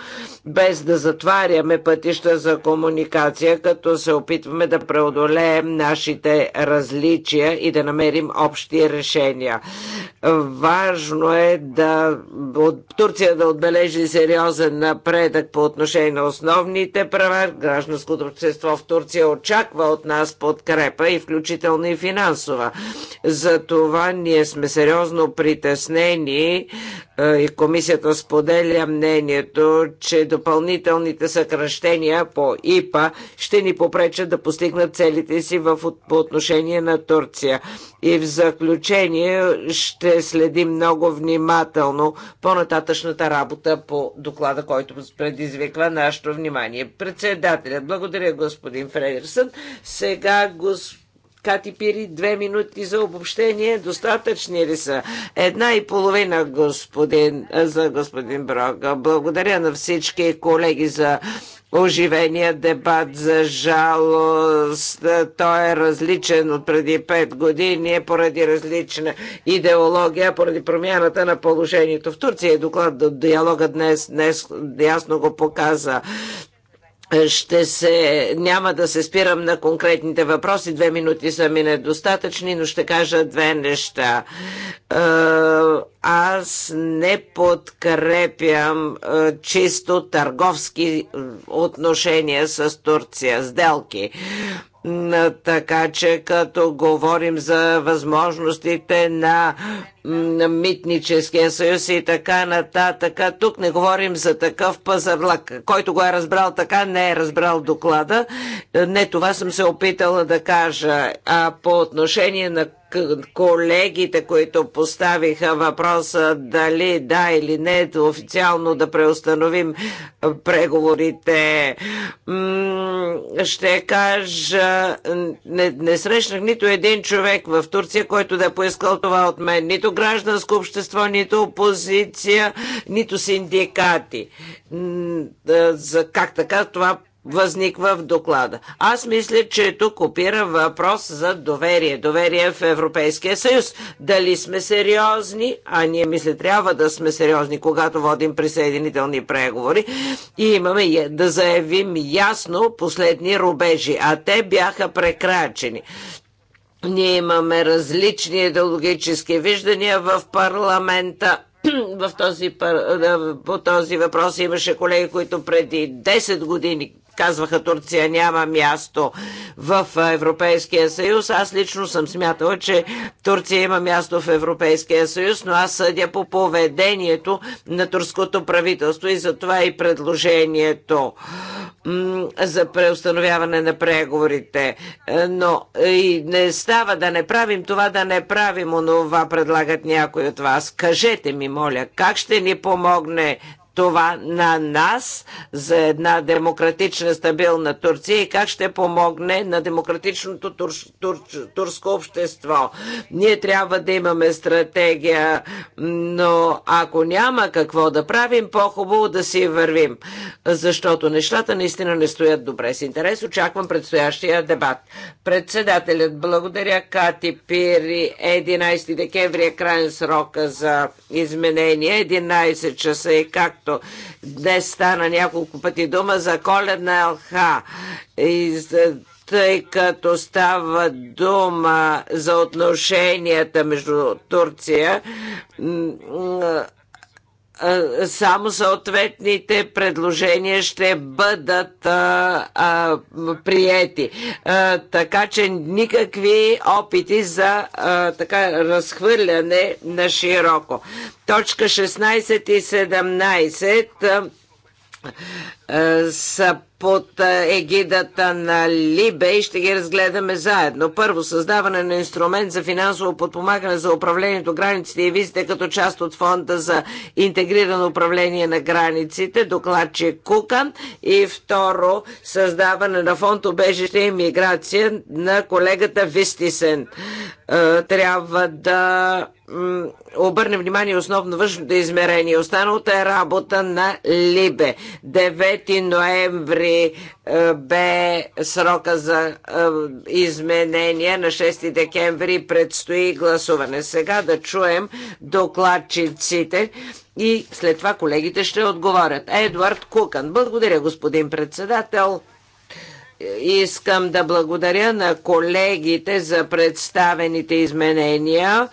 Speaker 4: без да затваряме пътища за комуникация, като се опитваме да преодолеем нашите различия и да намерим общи решения. Важно е да Турция да отбележи сериозен напредък по отношение на основните права. Гражданското общество в Турция очаква от нас подкрепа и включително и финансова. За това ние сме сериозно притеснени е, и комисията споделя мнение мнението, че допълнителните съкръщения по ИПА ще ни попречат да постигнат целите си в, по отношение на Турция. И в заключение ще следим много внимателно по-нататъчната работа по доклада, който предизвиква нашето внимание. Председателят, благодаря господин Фрейерсън. Сега господин Кати Пири, две минути за обобщение. Достатъчни ли са? Една и половина, господин, за господин Брога. Благодаря на всички колеги за оживения дебат за жалост. Той е различен от преди 5 години е поради различна идеология, поради промяната на положението в Турция. Е доклад до диалога днес, днес ясно го показа ще се, няма да се спирам на конкретните въпроси, две минути са ми недостатъчни, но ще кажа две неща. Е, аз не подкрепям е, чисто търговски е, отношения с Турция, сделки. Така че като говорим за възможностите на, на митническия съюз и така нататък, тук не говорим за такъв пазарлък. Който го е разбрал така, не е разбрал доклада. Не това съм се опитала да кажа. А по отношение на колегите, които поставиха въпроса дали да или не официално да преустановим преговорите. Ще кажа, не, не срещнах нито един човек в Турция, който да е поискал това от мен. Нито гражданско общество, нито опозиция, нито синдикати. За как така това възниква в доклада. Аз мисля, че тук опира въпрос за доверие. Доверие в Европейския съюз. Дали сме сериозни, а ние мисля трябва да сме сериозни, когато водим присъединителни преговори и имаме да заявим ясно последни рубежи, а те бяха прекрачени. Ние имаме различни идеологически виждания в парламента, в този, по този въпрос имаше колеги, които преди 10 години казваха Турция няма място в Европейския съюз. Аз лично съм смятала, че Турция има място в Европейския съюз, но аз съдя по поведението на турското правителство и за това и предложението за преустановяване на преговорите. Е, но е, и не става да не правим това, да не правим онова, предлагат някои от вас. Кажете ми, моля, как ще ни помогне това на нас за една демократична, стабилна Турция и как ще помогне на демократичното тур, тур, турско общество. Ние трябва да имаме стратегия, но ако няма какво да правим, по-хубаво да си вървим, защото нещата наистина не стоят добре. С интерес очаквам предстоящия дебат. Председателят, благодаря Кати Пири, 11 декември е крайен срока за изменение, 11 часа и е, както както днес стана няколко пъти дума за коледна ЛХ. И за тъй като става дума за отношенията между Турция само съответните предложения ще бъдат а, а, приети. А, така че никакви опити за а, така разхвърляне на широко. Точка 16 и 17 е, са под е, егидата на Либе и ще ги разгледаме заедно. Първо, създаване на инструмент за финансово подпомагане за управлението границите и визите като част от фонда за интегрирано управление на границите, Докладче Кукан. И второ, създаване на фонд обежище и миграция на колегата Вистисен. Е, трябва да обърнем внимание основно външното измерение. Останалото е работа на Либе. Девет. 3 ноември е, бе срока за е, изменение. На 6 декември предстои гласуване. Сега да чуем докладчиците и след това колегите ще отговорят. Едвард Кукан. Благодаря, господин председател. Искам да благодаря на колегите за представените изменения.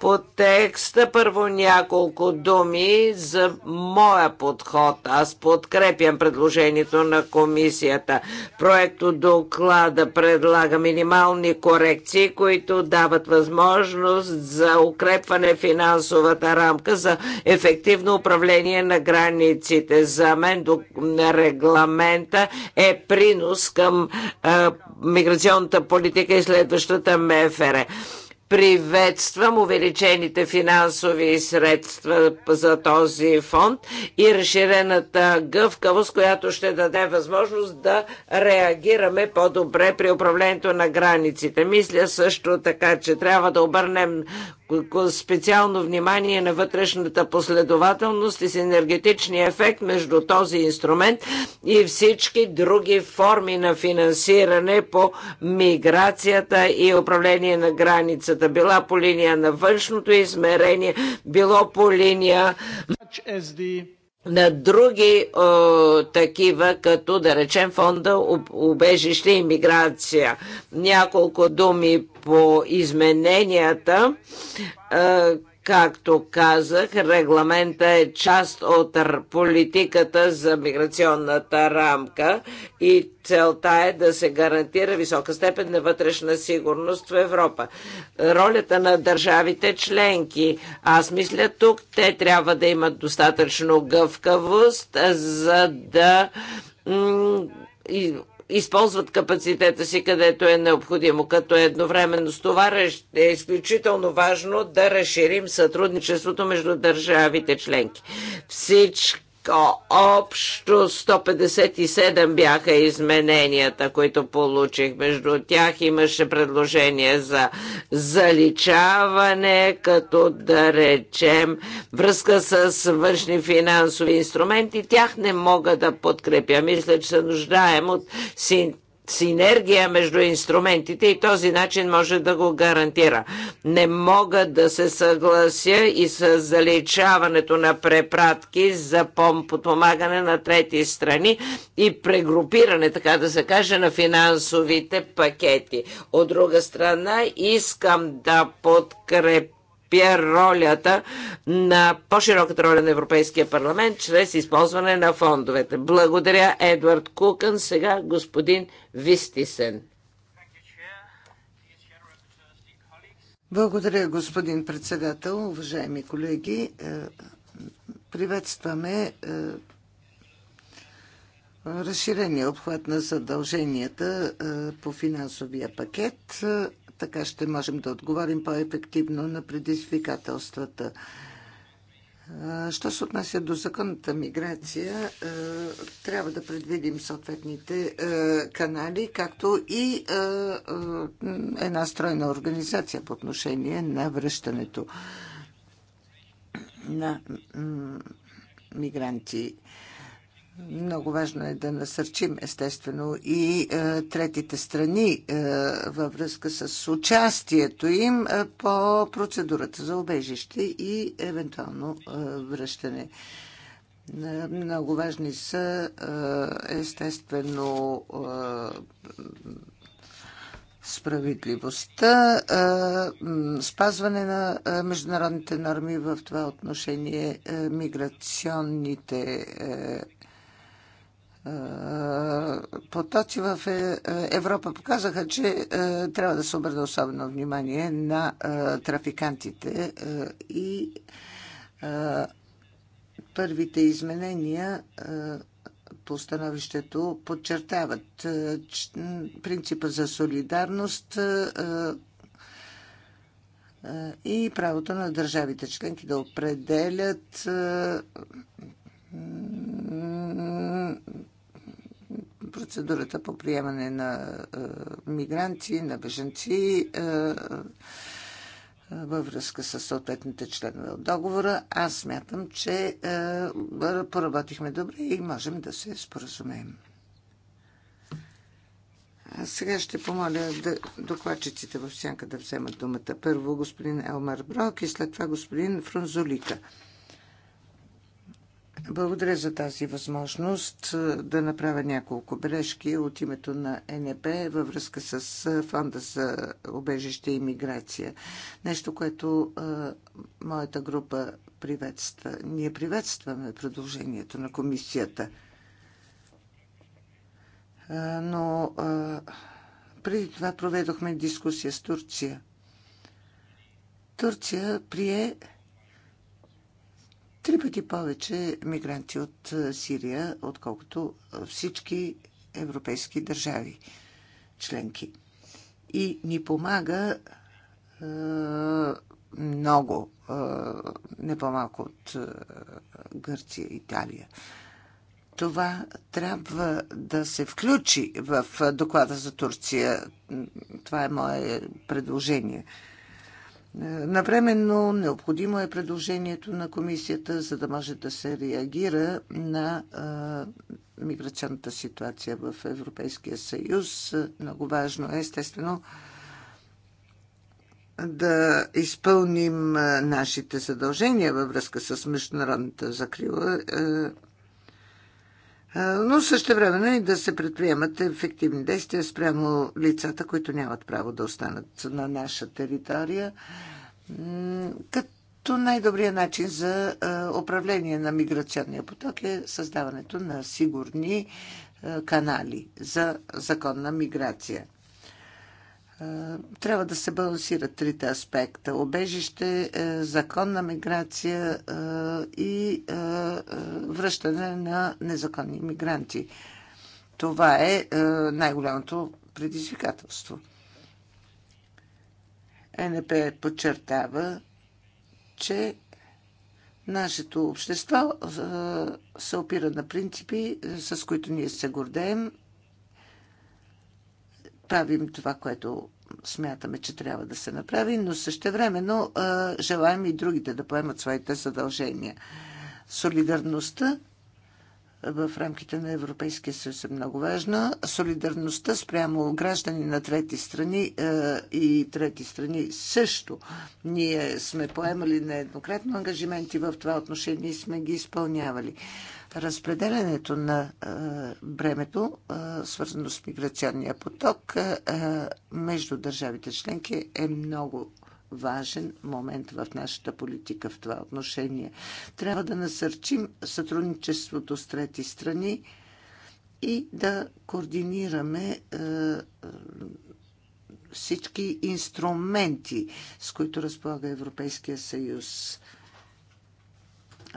Speaker 4: По текста първо няколко думи за моя подход. Аз подкрепям предложението на комисията. Проекто доклада предлага минимални корекции, които дават възможност за укрепване финансовата рамка за ефективно управление на границите. За мен регламента е принос към миграционната политика и следващата МФР. Приветствам увеличените финансови средства за този фонд и разширената гъвкавост, която ще даде възможност да реагираме по-добре при управлението на границите. Мисля също така, че трябва да обърнем специално внимание на вътрешната последователност и синергетичния ефект между този инструмент и всички други форми на финансиране по миграцията и управление на границата. Била по линия на външното измерение, било по линия на други о, такива, като да речем фонда убежище и миграция. Няколко думи по измененията, е, Както казах, регламента е част от политиката за миграционната рамка и целта е да се гарантира висока степен на вътрешна сигурност в Европа. Ролята на държавите членки. Аз мисля тук, те трябва да имат достатъчно гъвкавост, за да използват капацитета си където е необходимо. Като едновременно с това е изключително важно да разширим сътрудничеството между държавите членки. Всички Общо 157 бяха измененията, които получих. Между тях имаше предложение за заличаване, като да речем връзка с външни финансови инструменти. Тях не мога да подкрепя. Мисля, че се нуждаем от синтез синергия между инструментите и този начин може да го гарантира. Не мога да се съглася и с заличаването на препратки за подпомагане на трети страни и прегрупиране, така да се каже, на финансовите пакети. От друга страна, искам да подкрепя подкрепя ролята на по-широката роля на Европейския парламент чрез използване на фондовете. Благодаря, Едвард Кукън. Сега господин Вистисен.
Speaker 1: Благодаря, господин председател, уважаеми колеги. Е, приветстваме е, разширения обхват на задълженията е, по финансовия пакет така ще можем да отговорим по-ефективно на предизвикателствата. Що се отнася до законната миграция, трябва да предвидим съответните канали, както и една стройна организация по отношение на връщането на мигранти. Много важно е да насърчим, естествено, и е, третите страни е, във връзка с участието им е, по процедурата за обежище и евентуално е, връщане. Е, много важни са, е, естествено, е, справедливостта, спазване на международните норми в това отношение, миграционните потоци в е, е, Европа показаха, че е, трябва да се обърне особено внимание на трафикантите и първите изменения по становището подчертават принципа за солидарност и правото на държавите членки да определят процедурата по приемане на е, мигранти, на беженци е, е, във връзка с съответните членове от договора. Аз смятам, че поработихме добре и можем да се споразумеем. А сега ще помоля да, докладчиците в сянка да вземат думата. Първо господин Елмар Брок и след това господин Фрунзолика. Благодаря за тази възможност е, да направя няколко бележки от името на НП във връзка с е, Фонда за обежище и миграция. Нещо, което а, е, моята група приветства. Ние приветстваме предложението на комисията. А, но а, преди това проведохме дискусия с Турция. Турция прие три пъти повече мигранти от е, Сирия, отколкото е, всички европейски държави членки. И ни помага е, много, е, не по-малко от е, Гърция, Италия. Това трябва да се включи в е, доклада за Турция. Това е мое предложение. Е, Навременно необходимо е предложението на комисията, за да може да се реагира на миграционната ситуация в Европейския съюз. Много важно е, естествено, да изпълним нашите задължения във връзка с международната закрила но също време и да се предприемат ефективни действия спрямо лицата, които нямат право да останат на наша територия. Като най-добрият начин за управление на миграционния поток е създаването на сигурни канали за законна миграция трябва да се балансират трите аспекта. Обежище, е, законна миграция е, и е, връщане на незаконни мигранти. Това е най-голямото предизвикателство. НП подчертава, че нашето общество се опира на принципи, с които ние се гордеем правим това, което смятаме, че трябва да се направи, но същевременно а, желаем и другите да поемат своите задължения. Солидарността в рамките на Европейския съюз е много важна. Солидарността спрямо граждани на трети страни и трети страни също. Ние сме поемали нееднократно ангажименти в това отношение и сме ги изпълнявали разпределянето на е, бремето, е, свързано с миграционния поток е, между държавите членки, е много важен момент в нашата политика в това отношение. Трябва да насърчим сътрудничеството с трети страни и да координираме всички инструменти, с които разполага Европейския съюз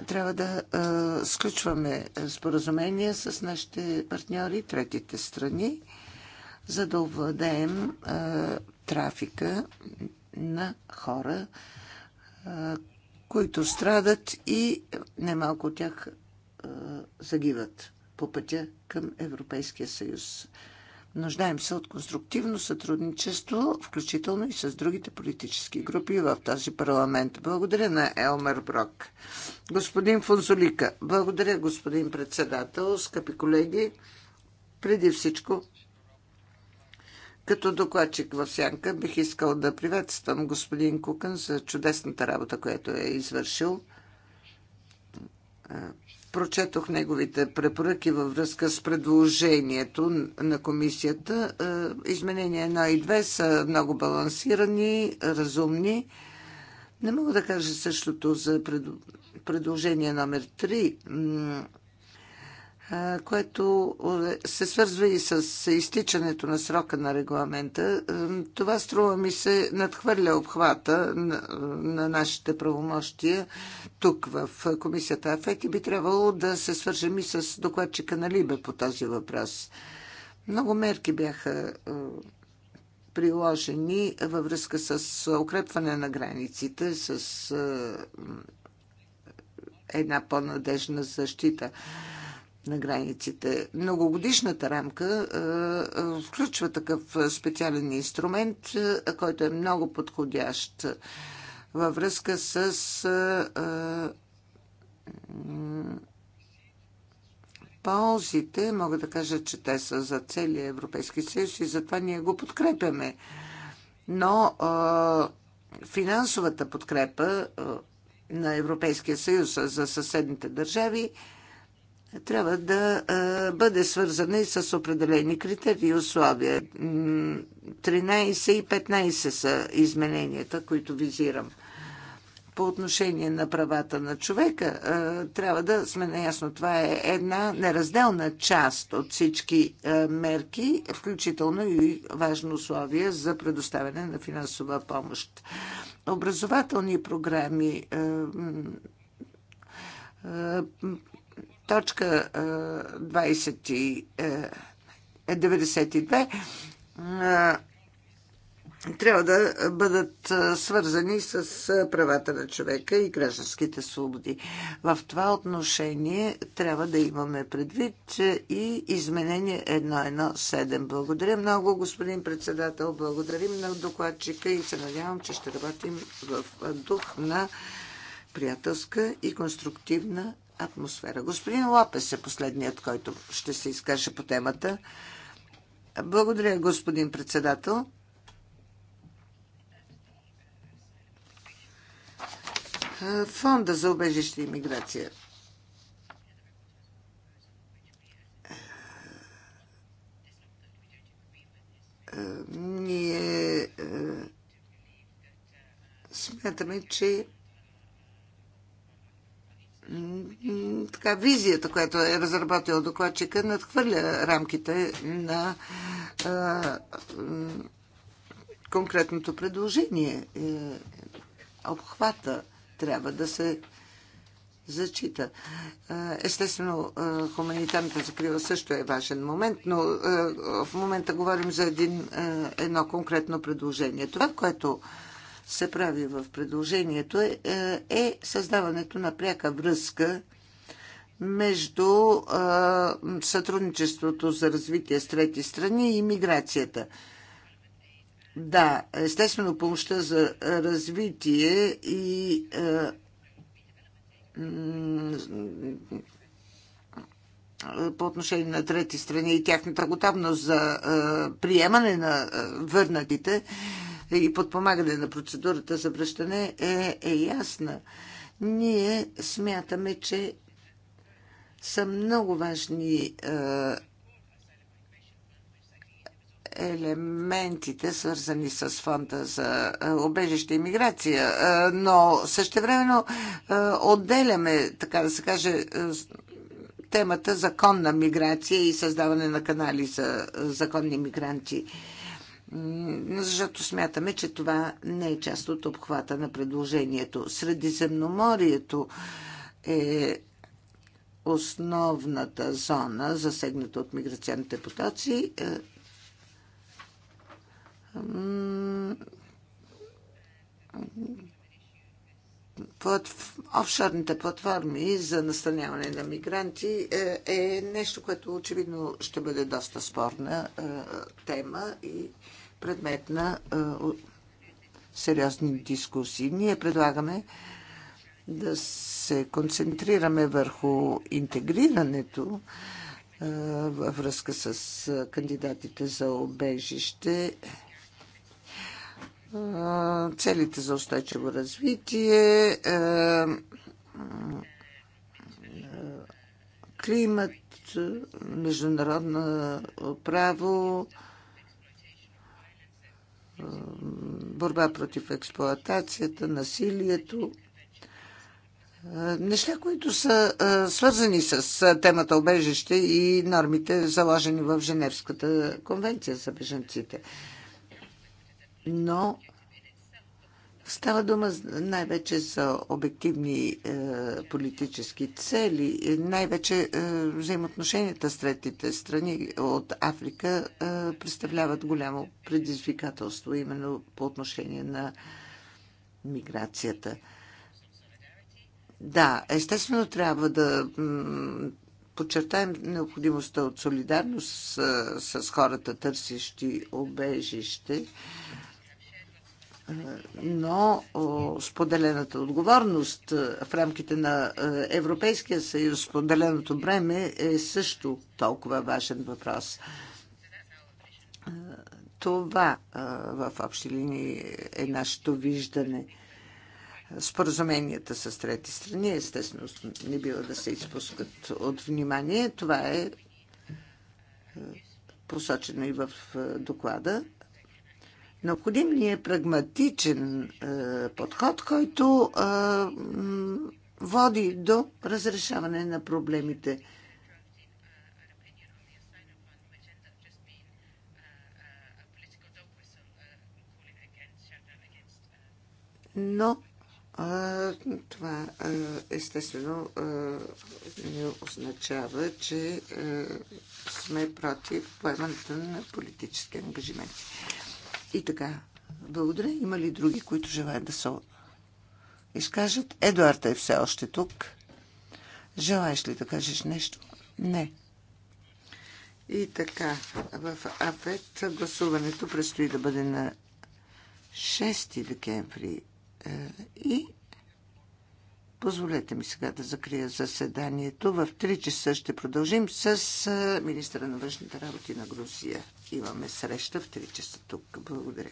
Speaker 1: трябва да а, сключваме споразумения с нашите партньори, третите страни, за да овладеем а, трафика на хора, а, които страдат и немалко от тях а, загиват по пътя към Европейския съюз. Нуждаем се от конструктивно сътрудничество, включително и с другите политически групи в този парламент. Благодаря на Елмер Брок. Господин Фонзолика, благодаря, господин председател, скъпи колеги. Преди всичко, като докладчик в Сянка, бих искал да приветствам господин Кукън за чудесната работа, която е извършил прочетох неговите препоръки във връзка с предложението на комисията. Е, изменения 1 и 2 са много балансирани, разумни. Не мога да кажа същото за предложение номер 3 което е, се свързва и с изтичането на срока на регламента. Е, това струва ми се надхвърля обхвата на е, нашите правомощия тук в комисията АФЕК и би трябвало да се свържем и с докладчика на Либе по този въпрос. Много мерки бяха приложени във връзка с укрепване на границите, с една по-надежна защита на границите. Многогодишната рамка е, е, включва такъв е, специален инструмент, който е много подходящ във връзка с ползите. Мога да кажа, че те са за целия Европейски съюз и затова ние го подкрепяме. Но финансовата подкрепа на Европейския съюз за съседните държави трябва да бъде свързана и с определени критерии и условия. 13 и 15 са измененията, които визирам. По отношение на правата на човека, трябва да сме наясно. Това е една неразделна част от всички мерки, включително и важно условие за предоставяне на финансова помощ. Образователни програми Точка 92 е, трябва да бъдат свързани с правата на човека и гражданските свободи. В това отношение трябва да имаме предвид и изменение 1.1.7. Благодаря много, господин председател. Благодарим на докладчика и се надявам, че ще работим в дух на приятелска и конструктивна атмосфера. Господин Лопес е последният, който ще се изкаже по темата. Благодаря, господин председател. Фонда за убежище и миграция. Ние е, смятаме, че така, визията, която е разработил докладчика, надхвърля рамките на а, конкретното предложение. Е, обхвата трябва да се зачита. Естествено, хуманитарната закрива също е важен момент, но в момента говорим за един, едно конкретно предложение. Това, което се прави в предложението е, е създаването на пряка връзка между сътрудничеството за развитие с трети страни и миграцията. Да, естествено помощта за развитие и по отношение на трети страни и тяхната готовност за приемане на върнатите и подпомагане на процедурата за връщане е, е ясна. Ние смятаме, че са много важни е, елементите, свързани с фонда за е, обежище и миграция, е, но същевременно отделяме, така да се каже, темата законна миграция и създаване на канали за законни мигранти защото смятаме, че това не е част от обхвата на предложението. Средиземноморието е основната зона, засегната от миграционните потоци. Е, офшорните платформи за настаняване на мигранти е, е нещо, което очевидно ще бъде доста спорна е, тема и предмет на сериозни дискусии. Ние предлагаме да се концентрираме върху интегрирането във връзка с кандидатите за обежище, целите за устойчиво развитие, климат, международно право, борба против експлоатацията, насилието. Е, неща, които са е, свързани с е, темата обежище и нормите, заложени в Женевската конвенция за бежанците. Но Става дума най-вече за обективни е, политически цели, най-вече е, взаимоотношенията с третите страни от Африка е, представляват голямо предизвикателство именно по отношение на миграцията. Да, естествено трябва да подчертаем необходимостта от солидарност с, е, с хората, търсещи обежище но споделената отговорност е, в рамките на е, Европейския съюз, споделеното бреме е също толкова важен въпрос. Е, това в общи линии е нашето виждане. Споразуменията с трети страни, естествено, не бива да се изпускат от внимание. Това е посочено и в доклада. Необходим ни е прагматичен е, подход, който е, води до разрешаване на проблемите. Но а, е, това а, естествено а, не означава, че а, сме против поемането на политически ангажименти. И така, благодаря. Има ли други, които желаят да се изкажат? Едуард е все още тук. Желаеш ли да кажеш нещо? Не. И така, в АФЕТ гласуването предстои да бъде на 6 декември. Е, и позволете ми сега да закрия заседанието. В 3 часа ще продължим с е, министра на външните работи на Грузия. Имаме среща в 3 часа тук. Благодаря.